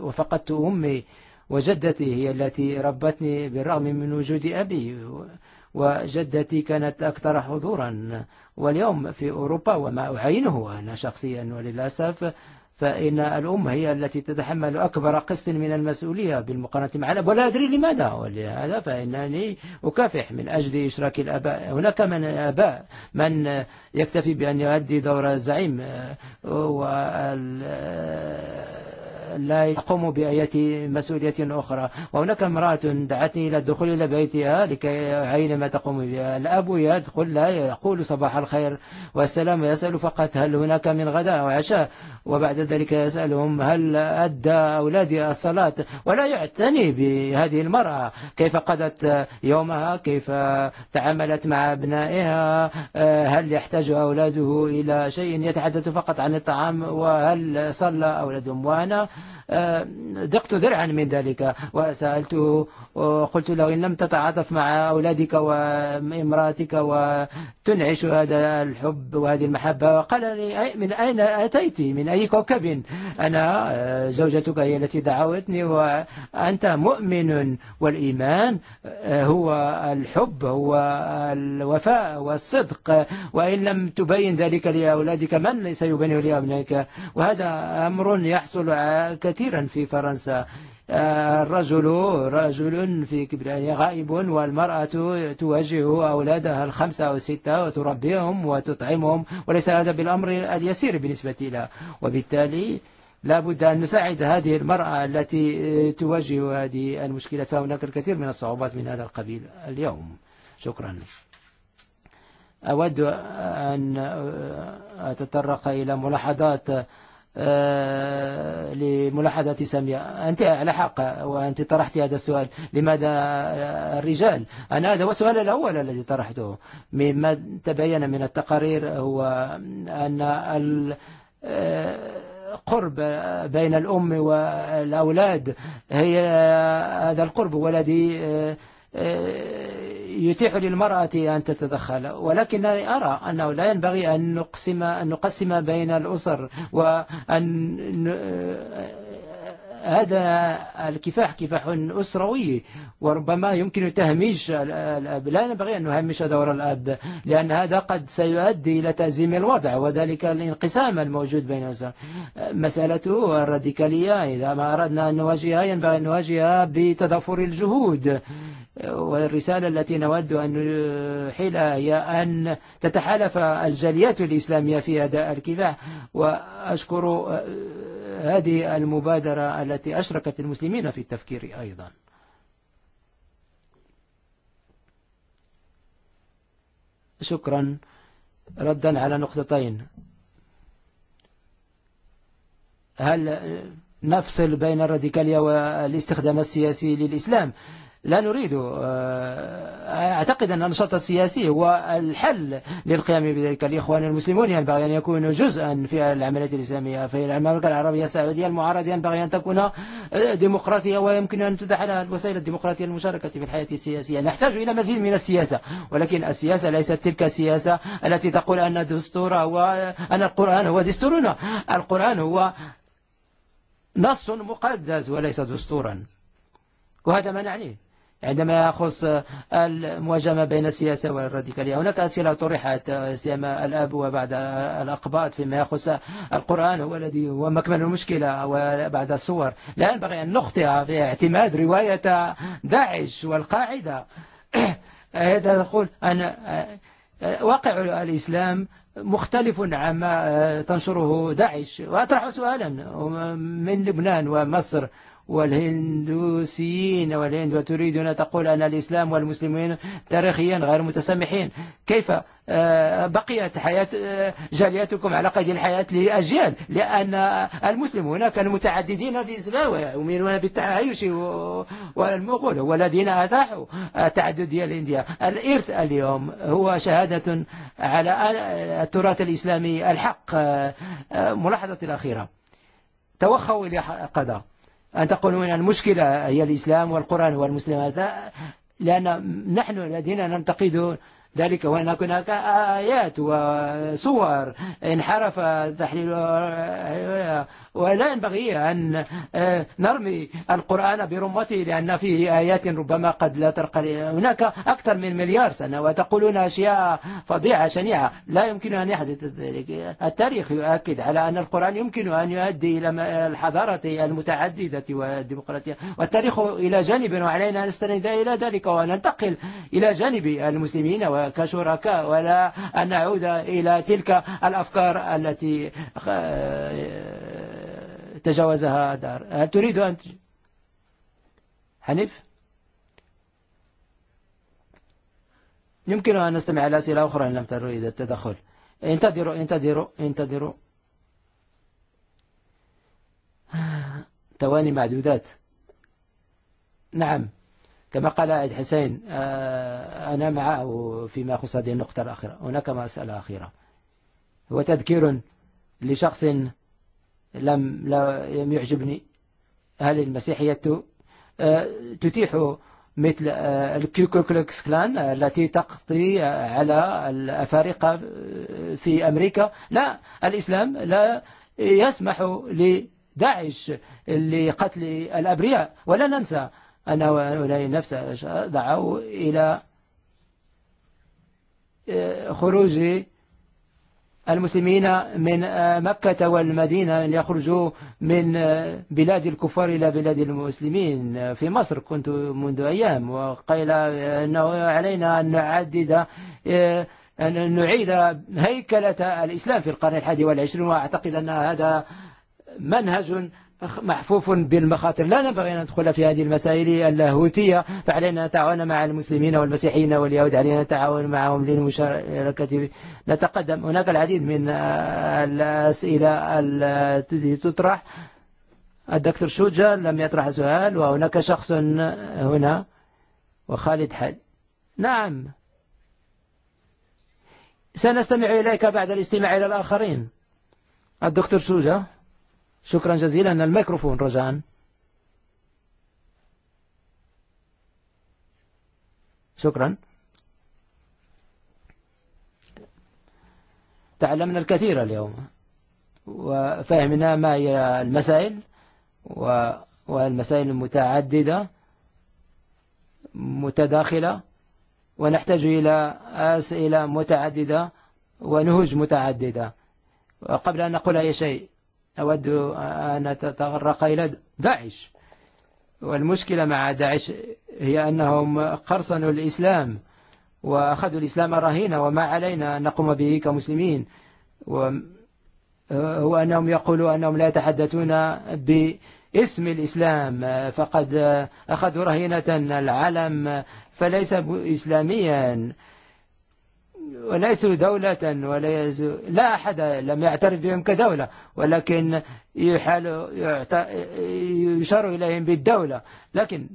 وفقدت أمي وجدتي هي التي ربتني بالرغم من وجود أبي وجدتي كانت أكثر حضورا واليوم في أوروبا وما أعينه أنا شخصيا وللأسف فإن الأم هي التي تتحمل أكبر قسط من المسؤولية بالمقارنة مع الأب ولا أدري لماذا ولهذا فإنني أكافح من أجل إشراك الأباء هناك من الآباء من يكتفي بأن يؤدي دور الزعيم وال لا يقوم بأية مسؤولية أخرى وهناك امرأة دعتني إلى الدخول إلى بيتها لكي أعين ما تقوم بها الأب يدخل لا يقول صباح الخير والسلام يسأل فقط هل هناك من غداء أو عشاء وبعد ذلك يسألهم هل أدى أولادي الصلاة ولا يعتني بهذه المرأة كيف قضت يومها كيف تعاملت مع ابنائها هل يحتاج أولاده إلى شيء يتحدث فقط عن الطعام وهل صلى أولادهم وأنا دقت درعا من ذلك وسألت وقلت له إن لم تتعاطف مع أولادك وامرأتك وتنعش هذا الحب وهذه المحبة وقال لي من أين أتيت من أي كوكب أنا زوجتك هي التي دعوتني وأنت مؤمن والإيمان هو الحب هو الوفاء والصدق وإن لم تبين ذلك لأولادك من سيبينه لأبنائك وهذا أمر يحصل على كثيرا في فرنسا الرجل رجل في كبرياء غائب والمرأة تواجه أولادها الخمسة أو الستة وتربيهم وتطعمهم وليس هذا بالأمر اليسير بالنسبة لها وبالتالي لا بد أن نساعد هذه المرأة التي تواجه هذه المشكلة فهناك الكثير من الصعوبات من هذا القبيل اليوم شكرا أود أن أتطرق إلى ملاحظات لملاحظة سامية أنت على حق وأنت طرحت هذا السؤال لماذا الرجال أنا هذا هو السؤال الأول الذي طرحته مما تبين من التقارير هو أن القرب بين الأم والأولاد هي هذا القرب والذي يتيح للمرأة أن تتدخل ولكن أرى أنه لا ينبغي أن نقسم, أن نقسم بين الأسر وأن هذا الكفاح كفاح أسروي وربما يمكن تهميش الأب لا ينبغي أن نهمش دور الأب لأن هذا قد سيؤدي إلى تأزيم الوضع وذلك الانقسام الموجود بين الأسر مسألة الراديكالية إذا ما أردنا أن نواجهها ينبغي أن نواجهها بتضافر الجهود والرسالة التي نود أن نحيلها هي أن تتحالف الجاليات الإسلامية في أداء الكفاح وأشكر هذه المبادرة التي أشركت المسلمين في التفكير أيضا شكرا ردا على نقطتين هل نفصل بين الراديكالية والاستخدام السياسي للإسلام؟ لا نريد أعتقد أن النشاط السياسي هو الحل للقيام بذلك الإخوان المسلمون ينبغي أن يكونوا جزءا في العملية الإسلامية في المملكة العربية السعودية المعارضة ينبغي أن تكون ديمقراطية ويمكن أن تتاح لها الوسائل الديمقراطية المشاركة في الحياة السياسية نحتاج إلى مزيد من السياسة ولكن السياسة ليست تلك السياسة التي تقول أن الدستور هو أن القرآن هو دستورنا القرآن هو نص مقدس وليس دستورا وهذا ما نعنيه عندما يخص المواجهة بين السياسة والراديكالية هناك أسئلة طرحت سيما الأب وبعد الأقباط فيما يخص القرآن هو الذي هو مكمن المشكلة وبعد الصور لا ينبغي أن نخطئ في اعتماد رواية داعش والقاعدة هذا تقول أن واقع الإسلام مختلف عما تنشره داعش وأطرح سؤالا من لبنان ومصر والهندوسيين والهند وتريدون تقول أن الإسلام والمسلمين تاريخيا غير متسامحين كيف بقيت حياة جاليتكم على قيد الحياة لأجيال لأن المسلمون كانوا متعددين في الإسلام ويؤمنون بالتعايش والمغول والذين أتاحوا تعددية الإنديا الإرث اليوم هو شهادة على التراث الإسلامي الحق ملاحظة الأخيرة توخوا إلى قدر أن تقولوا من المشكلة هي الإسلام والقرآن والمسلمات لأن نحن الذين ننتقدون ذلك وان هناك ايات وصور انحرف تحليل ولا ينبغي ان نرمي القران برمته لان فيه ايات ربما قد لا ترقى هناك اكثر من مليار سنه وتقولون اشياء فظيعه شنيعه لا يمكن ان يحدث ذلك التاريخ يؤكد على ان القران يمكن ان يؤدي الى الحضاره المتعدده والديمقراطيه والتاريخ الى جانب وعلينا ان نستند الى ذلك وننتقل الى جانب المسلمين و كشركاء ولا أن نعود إلى تلك الأفكار التي تجاوزها دار هل تريد أن حنيف يمكن أن نستمع إلى أسئلة أخرى إن لم تريد التدخل انتظروا انتظروا انتظروا ثواني معدودات نعم كما قال الحسين أنا معه فيما يخص هذه النقطة الأخيرة هناك مسألة أخيرة هو تذكير لشخص لم لم يعجبني هل المسيحية تتيح مثل الكيوكلوكس كلان التي تقضي على الأفارقة في أمريكا لا الإسلام لا يسمح لداعش لقتل الأبرياء ولا ننسى أن هؤلاء نفس دعوا إلى خروج المسلمين من مكة والمدينة ليخرجوا من بلاد الكفار إلى بلاد المسلمين في مصر كنت منذ أيام وقيل أنه علينا أن نعدد أن نعيد هيكلة الإسلام في القرن الحادي والعشرين وأعتقد أن هذا منهج محفوف بالمخاطر لا نبغي أن ندخل في هذه المسائل اللاهوتية فعلينا نتعاون مع المسلمين والمسيحيين واليهود علينا نتعاون معهم للمشاركة نتقدم هناك العديد من الأسئلة التي تطرح الدكتور شوجا لم يطرح سؤال وهناك شخص هنا وخالد حد نعم سنستمع إليك بعد الاستماع إلى الآخرين الدكتور شوجا شكرا جزيلا الميكروفون رجاء شكرا تعلمنا الكثير اليوم وفهمنا ما هي المسائل والمسائل المتعددة متداخلة ونحتاج إلى أسئلة متعددة ونهج متعددة وقبل أن نقول أي شيء أود أن أتطرق إلى داعش والمشكلة مع داعش هي أنهم قرصنوا الإسلام وأخذوا الإسلام رهينة وما علينا أن نقوم به كمسلمين هو أنهم يقولوا أنهم لا يتحدثون باسم الإسلام فقد أخذوا رهينة العلم فليس إسلاميا وليسوا دولة ولا لا أحد لم يعترف بهم كدولة ولكن يحال يعت... يشار إليهم بالدولة لكن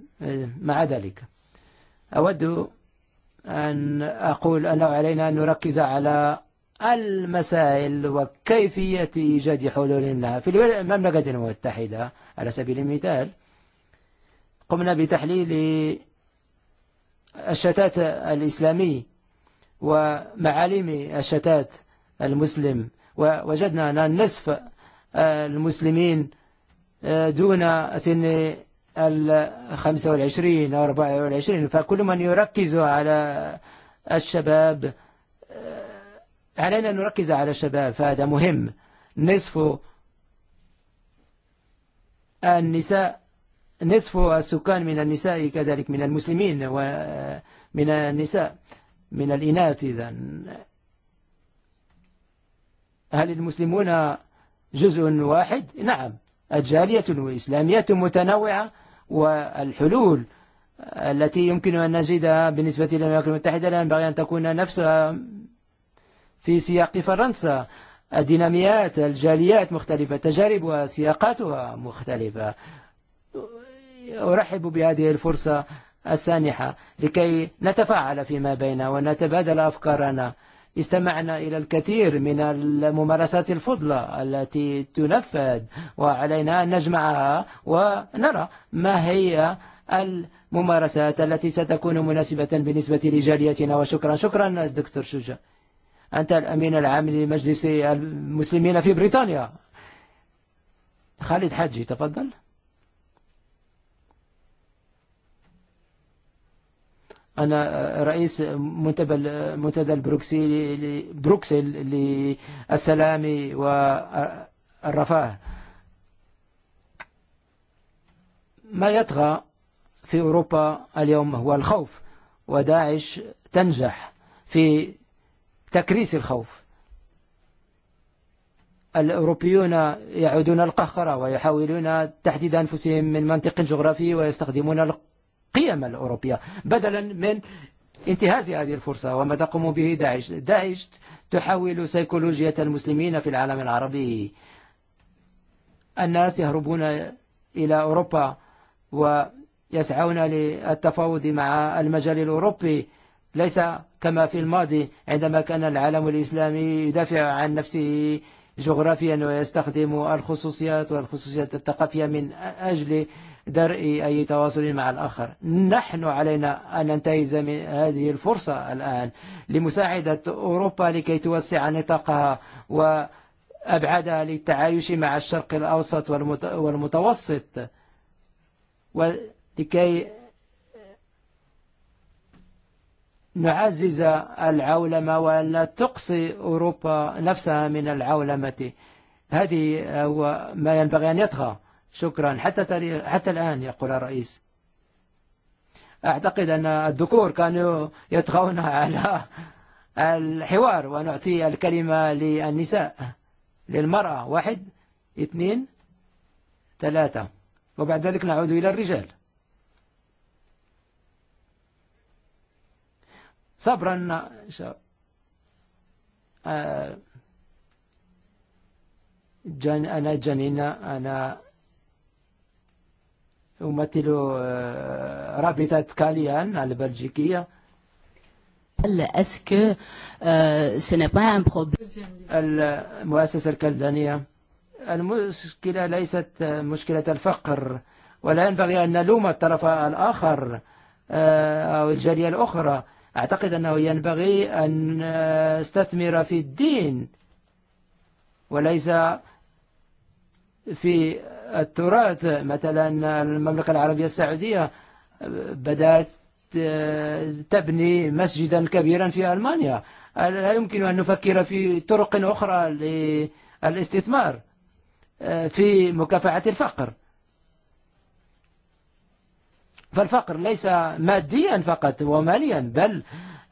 مع ذلك أود أن أقول أنه علينا أن نركز على المسائل وكيفية إيجاد حلول لها في المملكة المتحدة على سبيل المثال قمنا بتحليل الشتات الإسلامي ومعالم الشتات المسلم ووجدنا أن نصف المسلمين دون سن الخمسة والعشرين أو أربعة والعشرين فكل من يركز على الشباب علينا أن نركز على الشباب فهذا مهم نصف النساء نصف السكان من النساء كذلك من المسلمين ومن النساء من الإناث إذا هل المسلمون جزء واحد؟ نعم الجالية وإسلامية متنوعة والحلول التي يمكن أن نجدها بالنسبة للولايات المتحدة لأن بغي أن تكون نفسها في سياق فرنسا الديناميات الجاليات مختلفة تجارب وسياقاتها مختلفة أرحب بهذه الفرصة السانحة لكي نتفاعل فيما بيننا ونتبادل أفكارنا استمعنا إلى الكثير من الممارسات الفضلة التي تنفذ وعلينا أن نجمعها ونرى ما هي الممارسات التي ستكون مناسبة بالنسبة لجاليتنا وشكرا شكرا دكتور شجا أنت الأمين العام لمجلس المسلمين في بريطانيا خالد حجي تفضل أنا رئيس منتدى المنتدى البروكسيلي بروكسل للسلام والرفاه ما يطغى في أوروبا اليوم هو الخوف وداعش تنجح في تكريس الخوف الأوروبيون يعودون القهقرة ويحاولون تحديد أنفسهم من منطق جغرافي ويستخدمون القيم الأوروبية بدلا من انتهاز هذه الفرصة وما تقوم به داعش داعش تحول سيكولوجية المسلمين في العالم العربي الناس يهربون إلى أوروبا ويسعون للتفاوض مع المجال الأوروبي ليس كما في الماضي عندما كان العالم الإسلامي يدافع عن نفسه جغرافيا ويستخدم الخصوصيات والخصوصيات الثقافية من أجل درء أي تواصل مع الآخر نحن علينا أن ننتهز من هذه الفرصة الآن لمساعدة أوروبا لكي توسع نطاقها وأبعدها للتعايش مع الشرق الأوسط والمتوسط ولكي نعزز العولمة ولا تقصي أوروبا نفسها من العولمة هذه هو ما ينبغي أن يطغى شكرا حتى حتى الآن يقول الرئيس أعتقد أن الذكور كانوا يطغون على الحوار ونعطي الكلمة للنساء للمرأة واحد اثنين ثلاثة وبعد ذلك نعود إلى الرجال صبرا جن أنا جنين أنا u matilu eh, rabita tkalijan għal Belġikija. Eske se ne pa Al-Muassas al-Kaldania. Al-Muskila lejset muskila tal-fakr. Wala المؤسسة الكلدانية المشكلة luma مشكلة الفقر ولا ينبغي أن نلوم الطرف الآخر أو الجالية الأخرى أعتقد أنه ينبغي fi d-din. Wala وليس fi التراث مثلا المملكة العربية السعودية بدأت تبني مسجدا كبيرا في ألمانيا لا يمكن أن نفكر في طرق أخرى للاستثمار في مكافحة الفقر فالفقر ليس ماديا فقط وماليا بل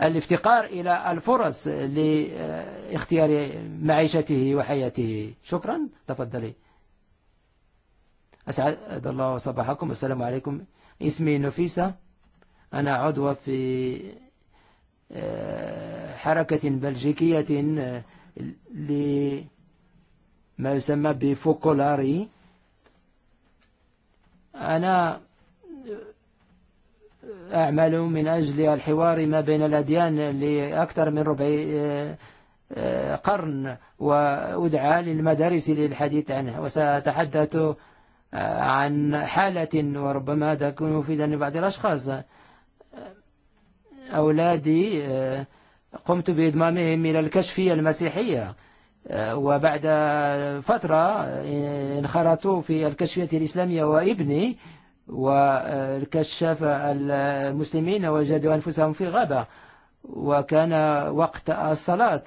الافتقار إلى الفرص لاختيار معيشته وحياته شكرا تفضلي أسعد الله صباحكم السلام عليكم اسمي نفيسة أنا عضوة في حركة بلجيكية لما يسمى بفوكولاري أنا أعمل من أجل الحوار ما بين الأديان لأكثر من ربع قرن وأدعى للمدارس للحديث عنه وستحدث عن حالة وربما تكون مفيدة لبعض الأشخاص أولادي قمت بإدمامهم إلى الكشفية المسيحية وبعد فترة انخرطوا في الكشفية الإسلامية وابني والكشف المسلمين وجدوا أنفسهم في غابة وكان وقت الصلاة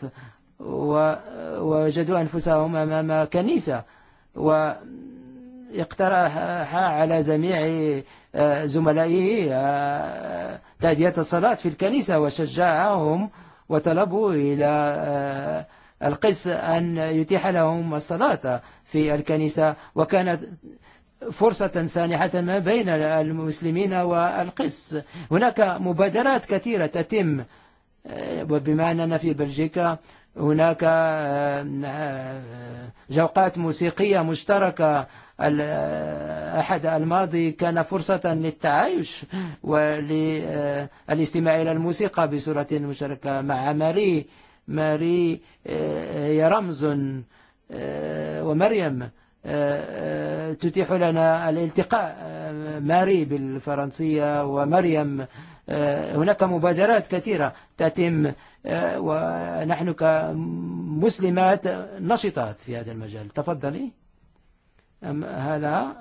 ووجدوا أنفسهم أمام كنيسة و اقترحها على جميع زملائه تأدية الصلاة في الكنيسة وشجعهم وطلبوا إلى القس أن يتيح لهم الصلاة في الكنيسة وكانت فرصة سانحة ما بين المسلمين والقس هناك مبادرات كثيرة تتم وبما أننا في بلجيكا هناك جوقات موسيقية مشتركة الأحد الماضي كان فرصة للتعايش وللاستماع إلى الموسيقى بصورة مشاركة مع ماري ماري هي رمز ومريم تتيح لنا الالتقاء ماري بالفرنسية ومريم هناك مبادرات كثيرة تتم ونحن كمسلمات نشطات في هذا المجال تفضلي هلا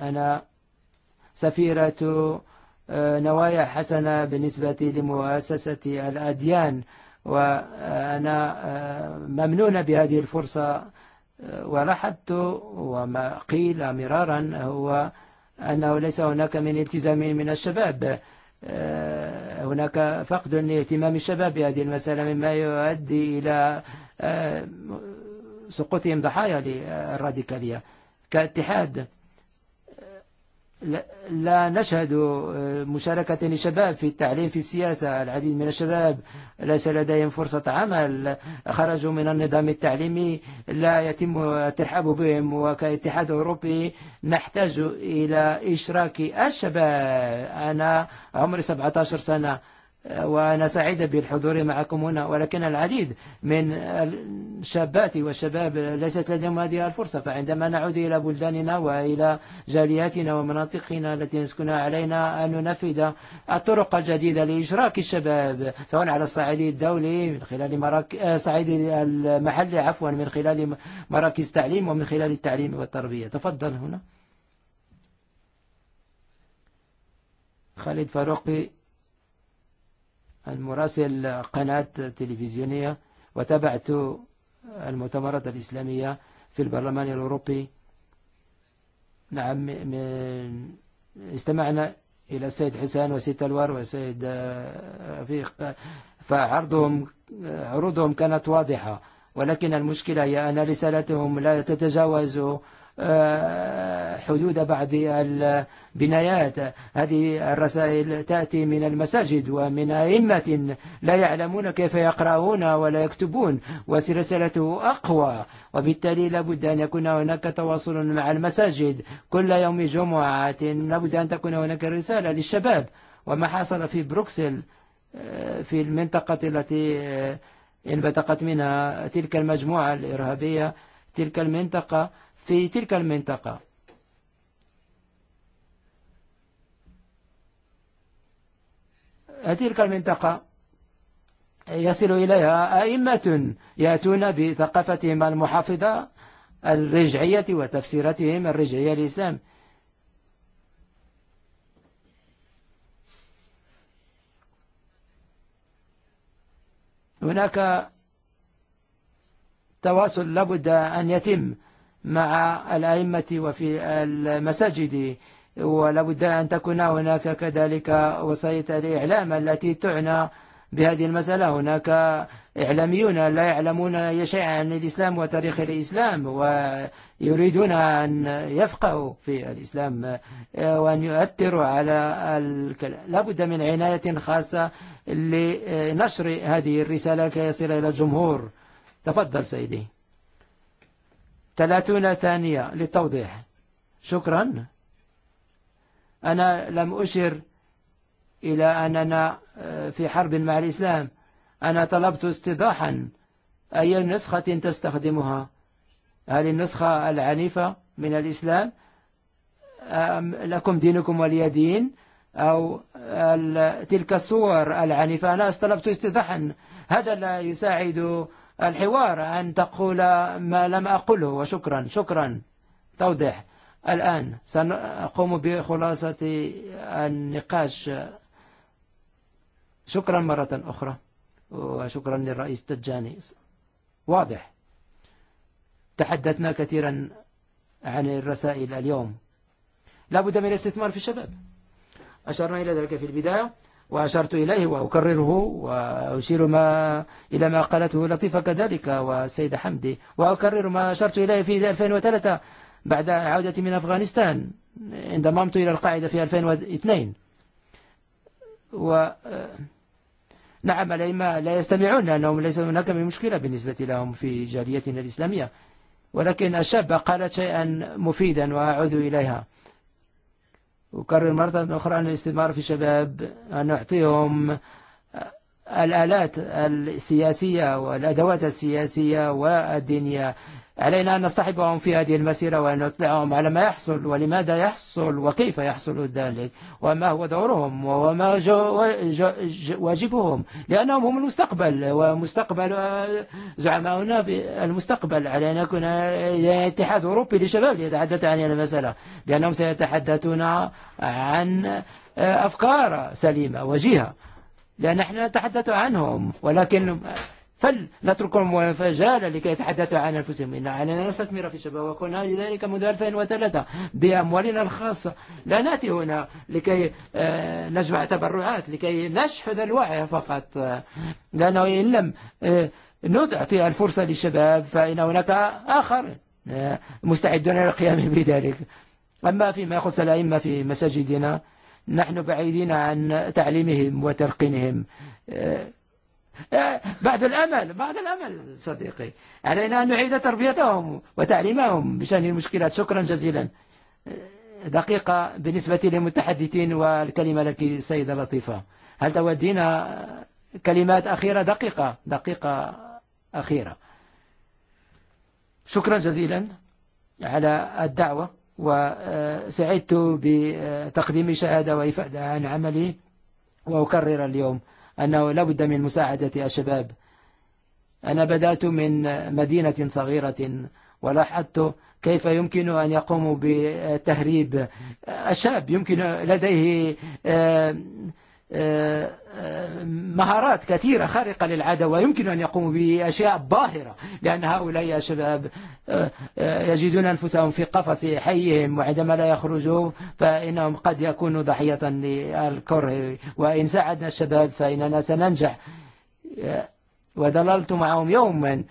أنا سفيرة نوايا حسنة بالنسبة لمؤسسة الأديان وأنا ممنونة بهذه الفرصة ولاحظت وما قيل مرارا هو أنه ليس هناك من التزام من الشباب هناك فقد لاهتمام الشباب بهذه المسألة مما يؤدي إلى سقوطهم ضحايا للراديكالية كاتحاد لا نشهد مشاركة لشباب في التعليم في السياسة العديد من الشباب ليس لديهم فرصة عمل خرجوا من النظام التعليمي لا يتم الترحاب بهم وكاتحاد أوروبي نحتاج إلى إشراك الشباب أنا عمري 17 سنة وأنا سعيد بالحضور معكم هنا ولكن العديد من الشابات والشباب ليست لديهم هذه الفرصة فعندما نعود إلى بلداننا وإلى جالياتنا ومناطقنا التي نسكن علينا أن ننفذ الطرق الجديدة لإشراك الشباب سواء على الصعيد الدولي من خلال مراك... صعيد المحلي عفوا من خلال مراكز تعليم ومن خلال التعليم والتربية تفضل هنا خالد فاروقي المراسل قناة تلفزيونية وتابعت المؤتمرات الإسلامية في البرلمان الأوروبي نعم من استمعنا إلى السيد حسان وسيد تلوار وسيد رفيق فعرضهم عروضهم كانت واضحة ولكن المشكلة هي أن رسالتهم لا تتجاوز حدود بعض البنايات هذه الرسائل تأتي من المساجد ومن أئمة لا يعلمون كيف يقرؤون ولا يكتبون وسلسلته أقوى وبالتالي لابد أن يكون هناك تواصل مع المساجد كل يوم جمعة لابد أن تكون هناك رسالة للشباب وما حصل في بروكسل في المنطقة التي انبثقت منها تلك المجموعة الإرهابية تلك المنطقة في تلك المنطقة تلك المنطقة يصل إليها أئمة يأتون بثقافتهم المحافظة الرجعية وتفسيرتهم الرجعية للإسلام هناك تواصل لابد أن يتم مع الأئمة وفي المساجد ولابد أن تكون هناك كذلك وسائط الإعلام التي تعنى بهذه المسألة هناك إعلاميون لا يعلمون شيئا عن الإسلام وتاريخ الإسلام ويريدون أن يفقهوا في الإسلام وأن يؤثروا على الكلام لابد من عناية خاصة لنشر هذه الرسالة كي يصل إلى الجمهور تفضل سيدي ثلاثون ثانية للتوضيح شكرا أنا لم أشر إلى أننا في حرب مع الإسلام أنا طلبت استضاحا أي نسخة تستخدمها هل النسخة العنيفة من الإسلام أم لكم دينكم واليدين أو تلك الصور العنيفة أنا استلبت استضاحا هذا لا يساعد الحوار أن تقول ما لم أقله وشكرا شكرا توضح الآن سنقوم بخلاصة النقاش شكرا مرة أخرى وشكرا للرئيس تجاني واضح تحدثنا كثيرا عن الرسائل اليوم لا بد من الاستثمار في الشباب أشرنا إلى ذلك في البداية وأشرت إليه وأكرره وأشير ما إلى ما قالته لطيفة كذلك والسيد حمدي وأكرر ما أشرت إليه في 2003 بعد عودتي من أفغانستان انضممت إلى القاعدة في 2002 و نعم لما لا يستمعون لأنهم ليس هناك من مشكلة بالنسبة لهم في جاليتنا الإسلامية ولكن الشابة قالت شيئا مفيدا وأعود إليها أكرر مرة أخرى أن الاستثمار في الشباب أن نعطيهم الآلات السياسية والأدوات السياسية والدينية علينا أن نصطحبهم في هذه المسيرة وأن نطلعهم على ما يحصل ولماذا يحصل وكيف يحصل ذلك وما هو دورهم وما جو جو جو واجبهم لأنهم هم المستقبل ومستقبل زعماؤنا في المستقبل علينا كنا اتحاد أوروبي للشباب ليتحدث عن المسألة لأنهم سيتحدثون عن أفكار سليمة وجيهة لأن نحن نتحدث عنهم ولكن فلنتركهم فجالا لكي يتحدثوا عن أنفسهم إن علينا نستثمر في الشباب وكنا لذلك منذ 2003 بأموالنا الخاصة لا نأتي هنا لكي نجمع تبرعات لكي نشحذ الوعي فقط لأنه إن لم نعطي الفرصة للشباب فإن هناك آخر مستعدون للقيام بذلك أما فيما يخص الأئمة في مساجدنا نحن بعيدين عن تعليمهم وتلقينهم Eh, بعد الأمل بعد الأمل صديقي علينا أن نعيد تربيتهم وتعليمهم بشأن المشكلات شكرا جزيلا دقيقة بالنسبة للمتحدثين والكلمة لك سيدة لطيفة هل تودينا كلمات أخيرة دقيقة دقيقة أخيرة شكرا جزيلا على الدعوة وسعدت بتقديم شهادة وإفادة عن عملي وأكرر اليوم أنه لابد من مساعدة الشباب أنا بدأت من مدينة صغيرة ولاحظت كيف يمكن أن يقوموا بتهريب الشاب يمكن لديه مهارات كثيرة خارقة للعادة ويمكن أن يقوموا بأشياء باهرة لأن هؤلاء يا شباب يجدون أنفسهم في قفص حيهم وعندما لا يخرجوا فإنهم قد يكونوا ضحية للكره وإن ساعدنا الشباب فإننا سننجح وظللت معهم يوما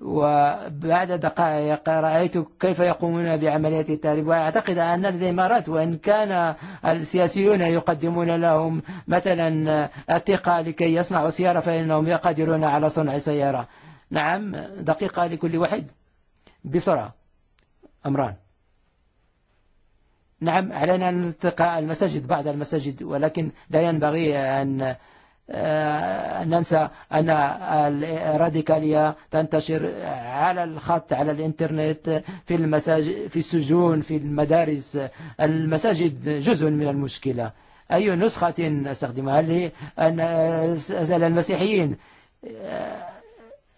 وبعد دقائق رأيت كيف يقومون بعمليات التهريب وأعتقد أن الإمارات وإن كان السياسيون يقدمون لهم مثلا الثقة لكي يصنعوا سيارة فإنهم يقدرون على صنع سيارة نعم دقيقة لكل واحد بسرعة أمران نعم علينا أن نلتقى المساجد بعد المساجد ولكن لا ينبغي أن ننسى أن الراديكالية تنتشر على الخط على الإنترنت في المساجد في السجون في المدارس المساجد جزء من المشكلة أي نسخة أستخدمها لي أن أسأل المسيحيين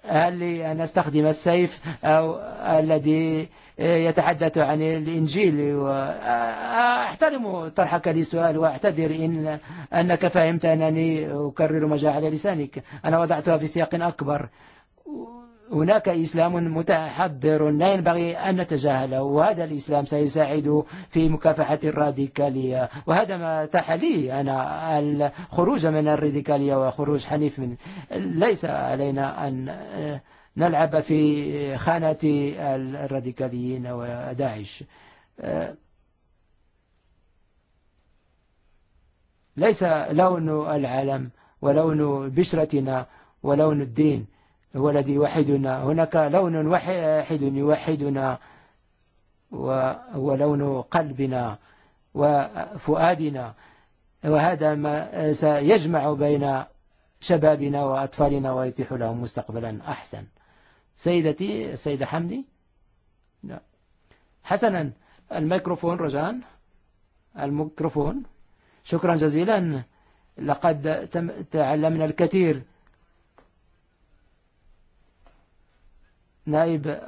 هل أن أستخدم السيف أو الذي يتحدث عن الإنجيل وأحترم طرحك للسؤال وأعتذر إن أنك فهمت أنني أكرر ما جاء على لسانك أنا وضعتها في سياق أكبر هناك إسلام متحضر لا ينبغي أن نتجاهله وهذا الإسلام سيساعد في مكافحة الراديكالية وهذا ما تاح لي أنا الخروج من الراديكالية وخروج حنيف من ليس علينا أن نلعب في خانة الراديكاليين وداعش ليس لون العالم ولون بشرتنا ولون الدين هو الذي يوحدنا هناك لون واحد يوحدنا وهو لون قلبنا وفؤادنا وهذا ما سيجمع بين شبابنا وأطفالنا ويتيح لهم مستقبلا أحسن سيدتي السيدة حمدي لا حسنا الميكروفون رجان الميكروفون شكرا جزيلا لقد تعلمنا الكثير نائب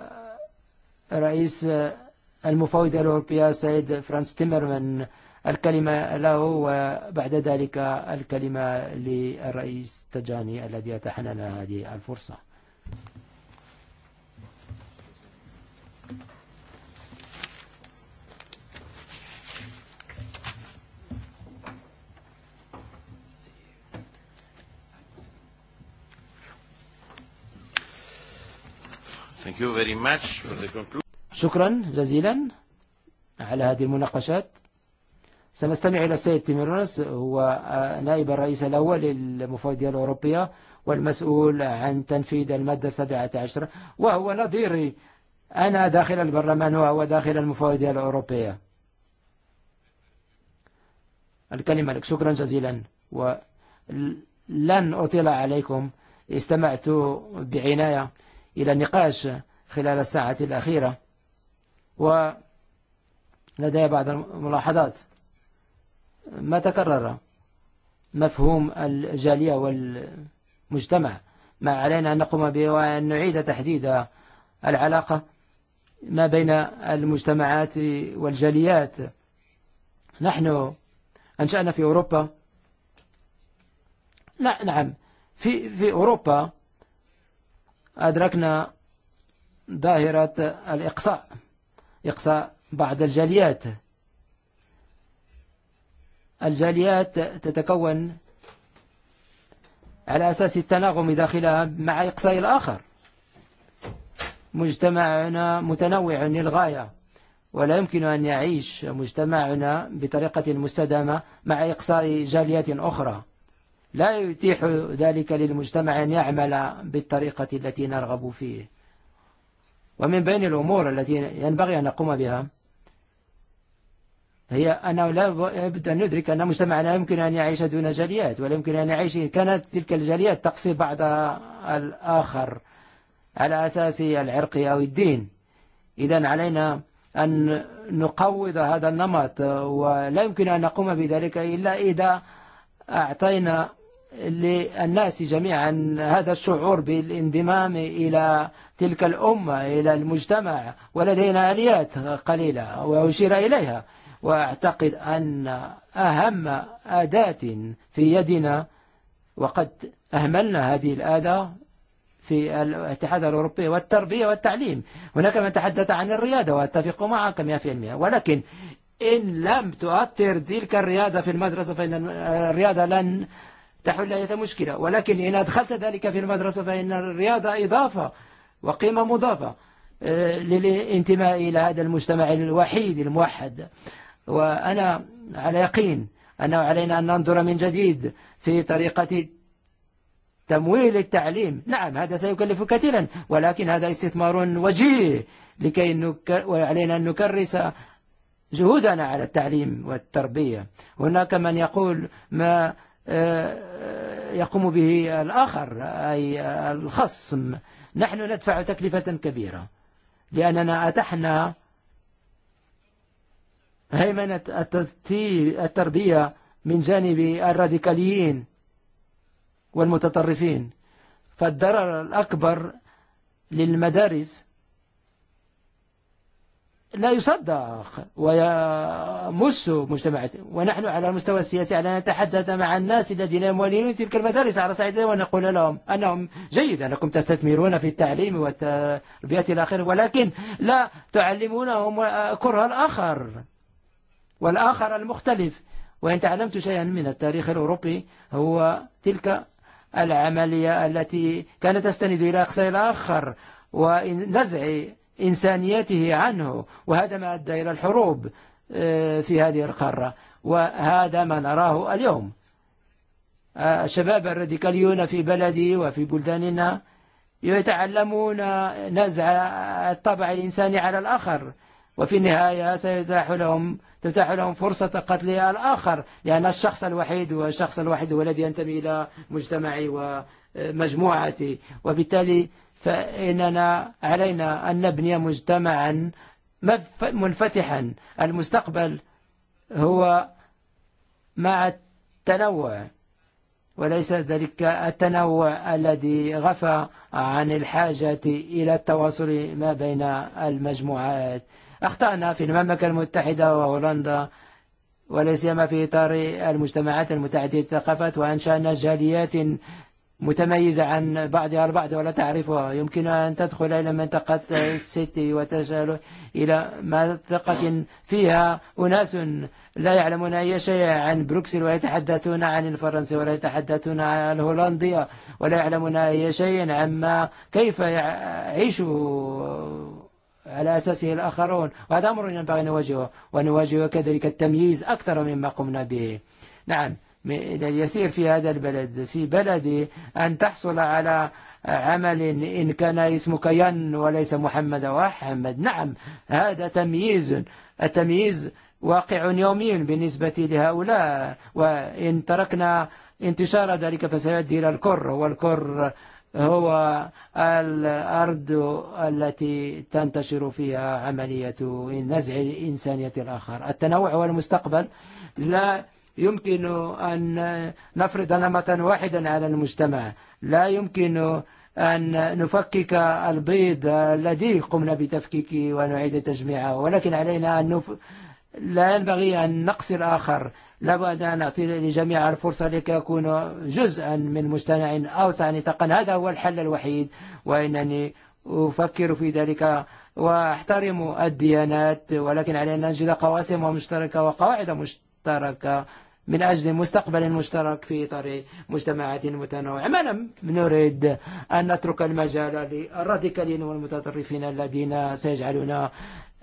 رئيس المفاوضة الأوروبية سيد فرانس تيمرمان الكلمة له وبعد ذلك الكلمة للرئيس تجاني الذي يتحنن هذه الفرصة Thank you very much for the conclusion. شكرا جزيلا على هذه المناقشات سنستمع إلى السيد تيميرونس هو نائب الرئيس الأول للمفوضية الأوروبية والمسؤول عن تنفيذ المادة 17 وهو نظيري أنا داخل البرلمان وهو داخل المفوضية الأوروبية الكلمة لك شكرا جزيلا ولن أطيل عليكم استمعت بعناية إلى نقاش خلال الساعة الأخيرة ولدي بعض الملاحظات ما تكرر مفهوم الجالية والمجتمع ما علينا أن نقوم به وأن نعيد تحديد العلاقة ما بين المجتمعات والجاليات نحن أنشأنا في أوروبا لا نعم في في أوروبا أدركنا ظاهرة الإقصاء إقصاء بعض الجاليات الجاليات تتكون على أساس التناغم داخلها مع إقصاء الآخر مجتمعنا متنوع للغاية ولا يمكن أن يعيش مجتمعنا بطريقة مستدامة مع إقصاء جاليات أخرى لا يتيح ذلك للمجتمع أن يعمل بالطريقة التي نرغب فيه ومن بين الأمور التي ينبغي أن نقوم بها هي أنه لا بد أن ندرك أن مجتمعنا يمكن أن يعيش دون جاليات ولا يمكن أن يعيش إن كانت تلك الجاليات تقصي بعضها الآخر على أساس العرق أو الدين إذا علينا أن نقوض هذا النمط ولا يمكن أن نقوم بذلك إلا إذا أعطينا للناس جميعا هذا الشعور بالاندمام إلى تلك الأمة إلى المجتمع ولدينا آليات قليلة وأشير إليها وأعتقد أن أهم أداة في يدنا وقد أهملنا هذه الأداة في الاتحاد الأوروبي والتربية والتعليم هناك من تحدث عن الرياضة وأتفق معك 100% ولكن إن لم تؤثر تلك الرياضة في المدرسة فإن الرياضة لن تحل أي مشكلة ولكن إن أدخلت ذلك في المدرسة فإن الرياضة إضافة وقيمة مضافة للانتماء إلى هذا المجتمع الوحيد الموحد وأنا على يقين أنه علينا أن ننظر من جديد في طريقة تمويل التعليم نعم هذا سيكلف كثيرا ولكن هذا استثمار وجيه لكي نكر... وعلينا أن نكرس جهودنا على التعليم والتربية هناك من يقول ما يقوم به الآخر أي الخصم نحن ندفع تكلفة كبيرة لأننا أتحنا هيمنة التربية من جانب الراديكاليين والمتطرفين فالضرر الأكبر للمدارس لا يصدق ويمس مجتمعاتهم ونحن على المستوى السياسي على أن نتحدث مع الناس الذين يمولون تلك المدارس على صعيدها ونقول لهم أنهم جيد أنكم تستثمرون في التعليم والتربية إلى ولكن لا تعلمونهم كره الآخر والآخر المختلف وإن تعلمت شيئا من التاريخ الأوروبي هو تلك العملية التي كانت تستند إلى أقصى الآخر ونزع إنسانيته عنه وهذا ما أدى إلى الحروب في هذه القارة وهذا ما نراه اليوم الشباب الراديكاليون في بلدي وفي بلداننا يتعلمون نزع الطبع الإنساني على الآخر وفي النهاية سيتاح لهم تتاح لهم فرصة قتل الآخر لأن الشخص الوحيد هو الشخص الوحيد هو الذي ينتمي إلى مجتمعي ومجموعتي وبالتالي فإننا علينا أن نبني مجتمعا منفتحا المستقبل هو مع التنوع وليس ذلك التنوع الذي غفى عن الحاجة إلى التواصل ما بين المجموعات أخطأنا في المملكة المتحدة وهولندا وليس ما في إطار المجتمعات المتعددة الثقافات وأنشأنا جاليات متميزة عن بعضها البعض ولا تعرفها يمكن أن تدخل إلى منطقة السيتي وتسأل إلى منطقة فيها أناس لا يعلمون أي شيء عن بروكسل ويتحدثون عن الفرنسي ولا يتحدثون عن الهولندية ولا يعلمون أي شيء عما كيف يعيش على أساسه الآخرون وهذا أمر ينبغي نواجهه ونواجهه كذلك التمييز أكثر مما قمنا به نعم الذي يسير في هذا البلد في بلدي أن تحصل على عمل إن كان اسمك ين وليس محمد وأحمد نعم هذا تمييز التمييز واقع يومي بالنسبة لهؤلاء وإن تركنا انتشار ذلك فسيؤدي إلى الكر والكر هو الأرض التي تنتشر فيها عملية نزع الإنسانية الآخر التنوع هو المستقبل لا يمكن أن نفرض نمطا واحدا على المجتمع لا يمكن أن نفكك البيض الذي قمنا بتفكيكه ونعيد تجميعه ولكن علينا أن نف... لا ينبغي أن نقصر آخر لابد أن نعطي لجميع الفرصة لكي يكونوا جزءا من مجتمع أوسع نطاقا هذا هو الحل الوحيد وإنني أفكر في ذلك واحترم الديانات ولكن علينا أن نجد قواسم مشتركة وقواعد مشتركة من أجل مستقبل مشترك في إطار مجتمعات متنوعة ما نريد أن نترك المجال للراديكالين والمتطرفين الذين سيجعلنا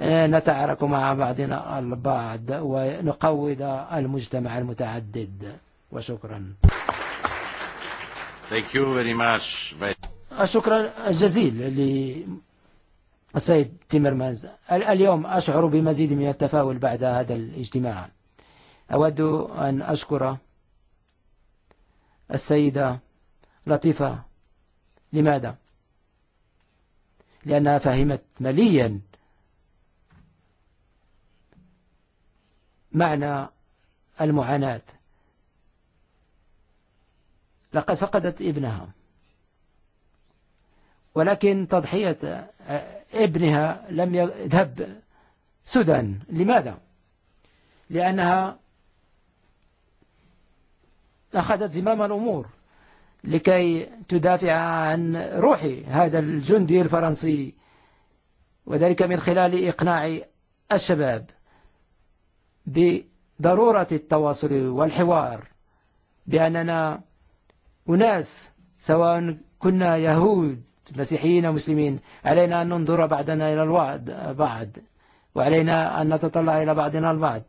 نتعارك مع بعضنا البعض ونقود المجتمع المتعدد وشكرا Thank you very much. شكرا جزيلا للسيد تيمرمانز اليوم أشعر بمزيد من التفاؤل بعد هذا الاجتماع أود أن أشكر السيدة لطيفة لماذا؟ لأنها فهمت مليا معنى المعاناة لقد فقدت ابنها ولكن تضحية ابنها لم يذهب سدى لماذا؟ لأنها أخذت زمام الأمور لكي تدافع عن روحي هذا الجندي الفرنسي وذلك من خلال إقناع الشباب بضرورة التواصل والحوار بأننا أناس سواء كنا يهود مسيحيين أو مسلمين علينا أن ننظر بعدنا إلى البعض وعلينا أن نتطلع إلى بعضنا البعض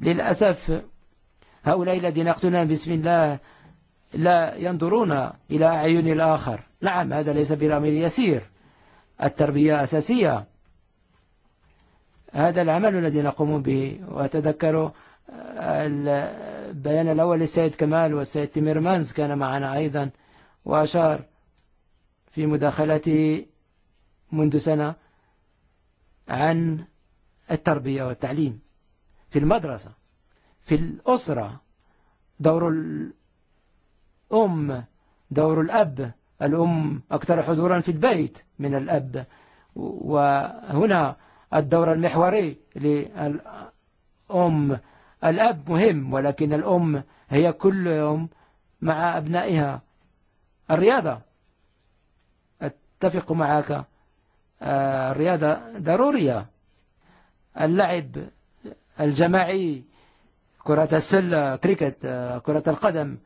للأسف هؤلاء الذين يقتلون بسم الله لا ينظرون إلى عيون الآخر نعم هذا ليس برامل يسير التربية أساسية هذا العمل الذي نقوم به وتذكروا البيان الأول للسيد كمال والسيد تيميرمانز كان معنا أيضا وأشار في مداخلته منذ سنة عن التربية والتعليم في المدرسة fil-osra, dawru l-um, dawru l-ab, l-um aktar ħuduran fil bayt minn l-ab. U huna għad l-mihwari li l-um, l-ab muhim, walakin l-um hija kullu jom ma'a abnaiha. Ar-rijada, attafiqu ma'aka, ar-rijada darurija. Al-la'ib, al-ġama'i, كرة السلة كريكت كرة القدم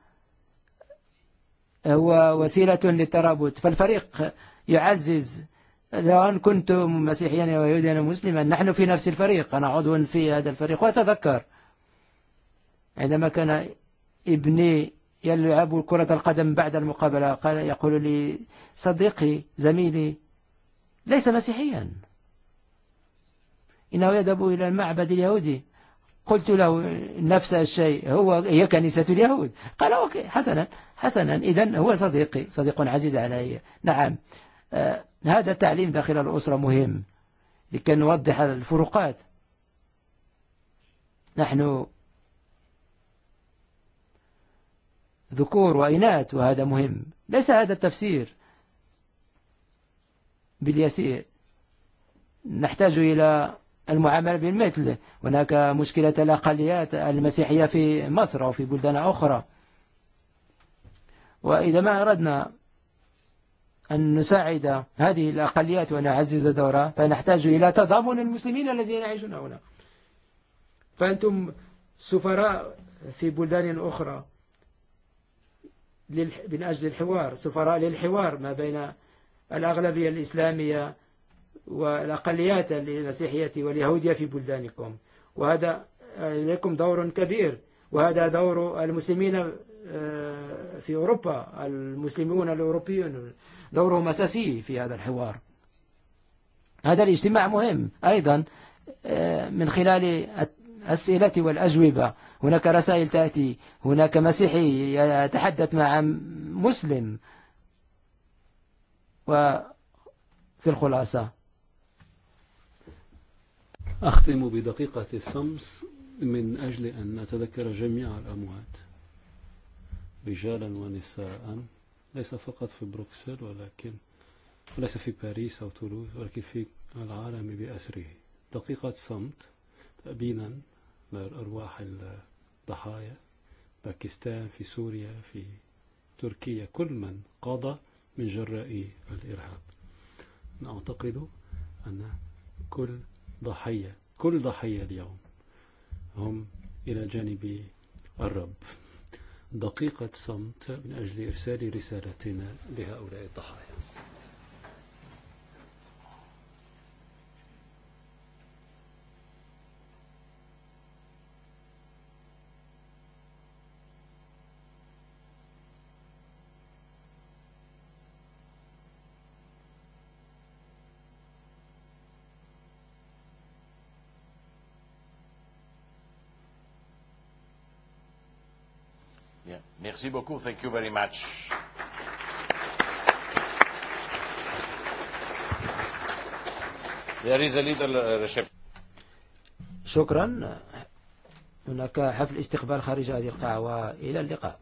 هو وسيلة للترابط فالفريق يعزز لو أن كنت مسيحيا ويهوديا مسلما نحن في نفس الفريق أنا عضو في هذا الفريق وأتذكر عندما كان ابني يلعب كرة القدم بعد المقابلة قال يقول لي صديقي زميلي ليس مسيحيا إنه يذهب إلى المعبد اليهودي قلت له نفس الشيء هو هي كنيسة اليهود قال أوكي حسنا حسنا إذا هو صديقي صديق عزيز علي نعم هذا التعليم داخل الأسرة مهم لكي نوضح الفروقات نحن ذكور وإناث وهذا مهم ليس هذا التفسير باليسير نحتاج إلى المعاملة بالمثل هناك مشكلة الأقليات المسيحية في مصر في بلدان أخرى وإذا ما أردنا أن نساعد هذه الأقليات ونعزز دورها فنحتاج إلى تضامن المسلمين الذين يعيشون هنا فأنتم سفراء في بلدان أخرى من أجل الحوار سفراء للحوار ما بين الأغلبية الإسلامية والأقليات المسيحية واليهودية في بلدانكم وهذا لكم دور كبير وهذا دور المسلمين في أوروبا المسلمون الأوروبيون دورهم أساسي في هذا الحوار هذا الاجتماع مهم أيضا من خلال أسئلة والأجوبة هناك رسائل تأتي هناك مسيحي يتحدث مع مسلم وفي الخلاصة أختم بدقيقة الصمس من أجل أن نتذكر جميع الأموات رجالا ونساء ليس فقط في بروكسل ولكن وليس في باريس أو تولوز ولكن في العالم بأسره دقيقة صمت تأبينا لأرواح الضحايا باكستان في سوريا في تركيا كل من قضى من جراء الإرهاب نعتقد أن كل ضحية كل ضحية اليوم هم إلى جانب الرب دقيقة صمت من أجل إرسال رسالتنا لهؤلاء الضحايا Merci beaucoup. Thank you very much. There is a little uh, reception. شكرا هناك حفل استقبال خارج هذه القاعة وإلى اللقاء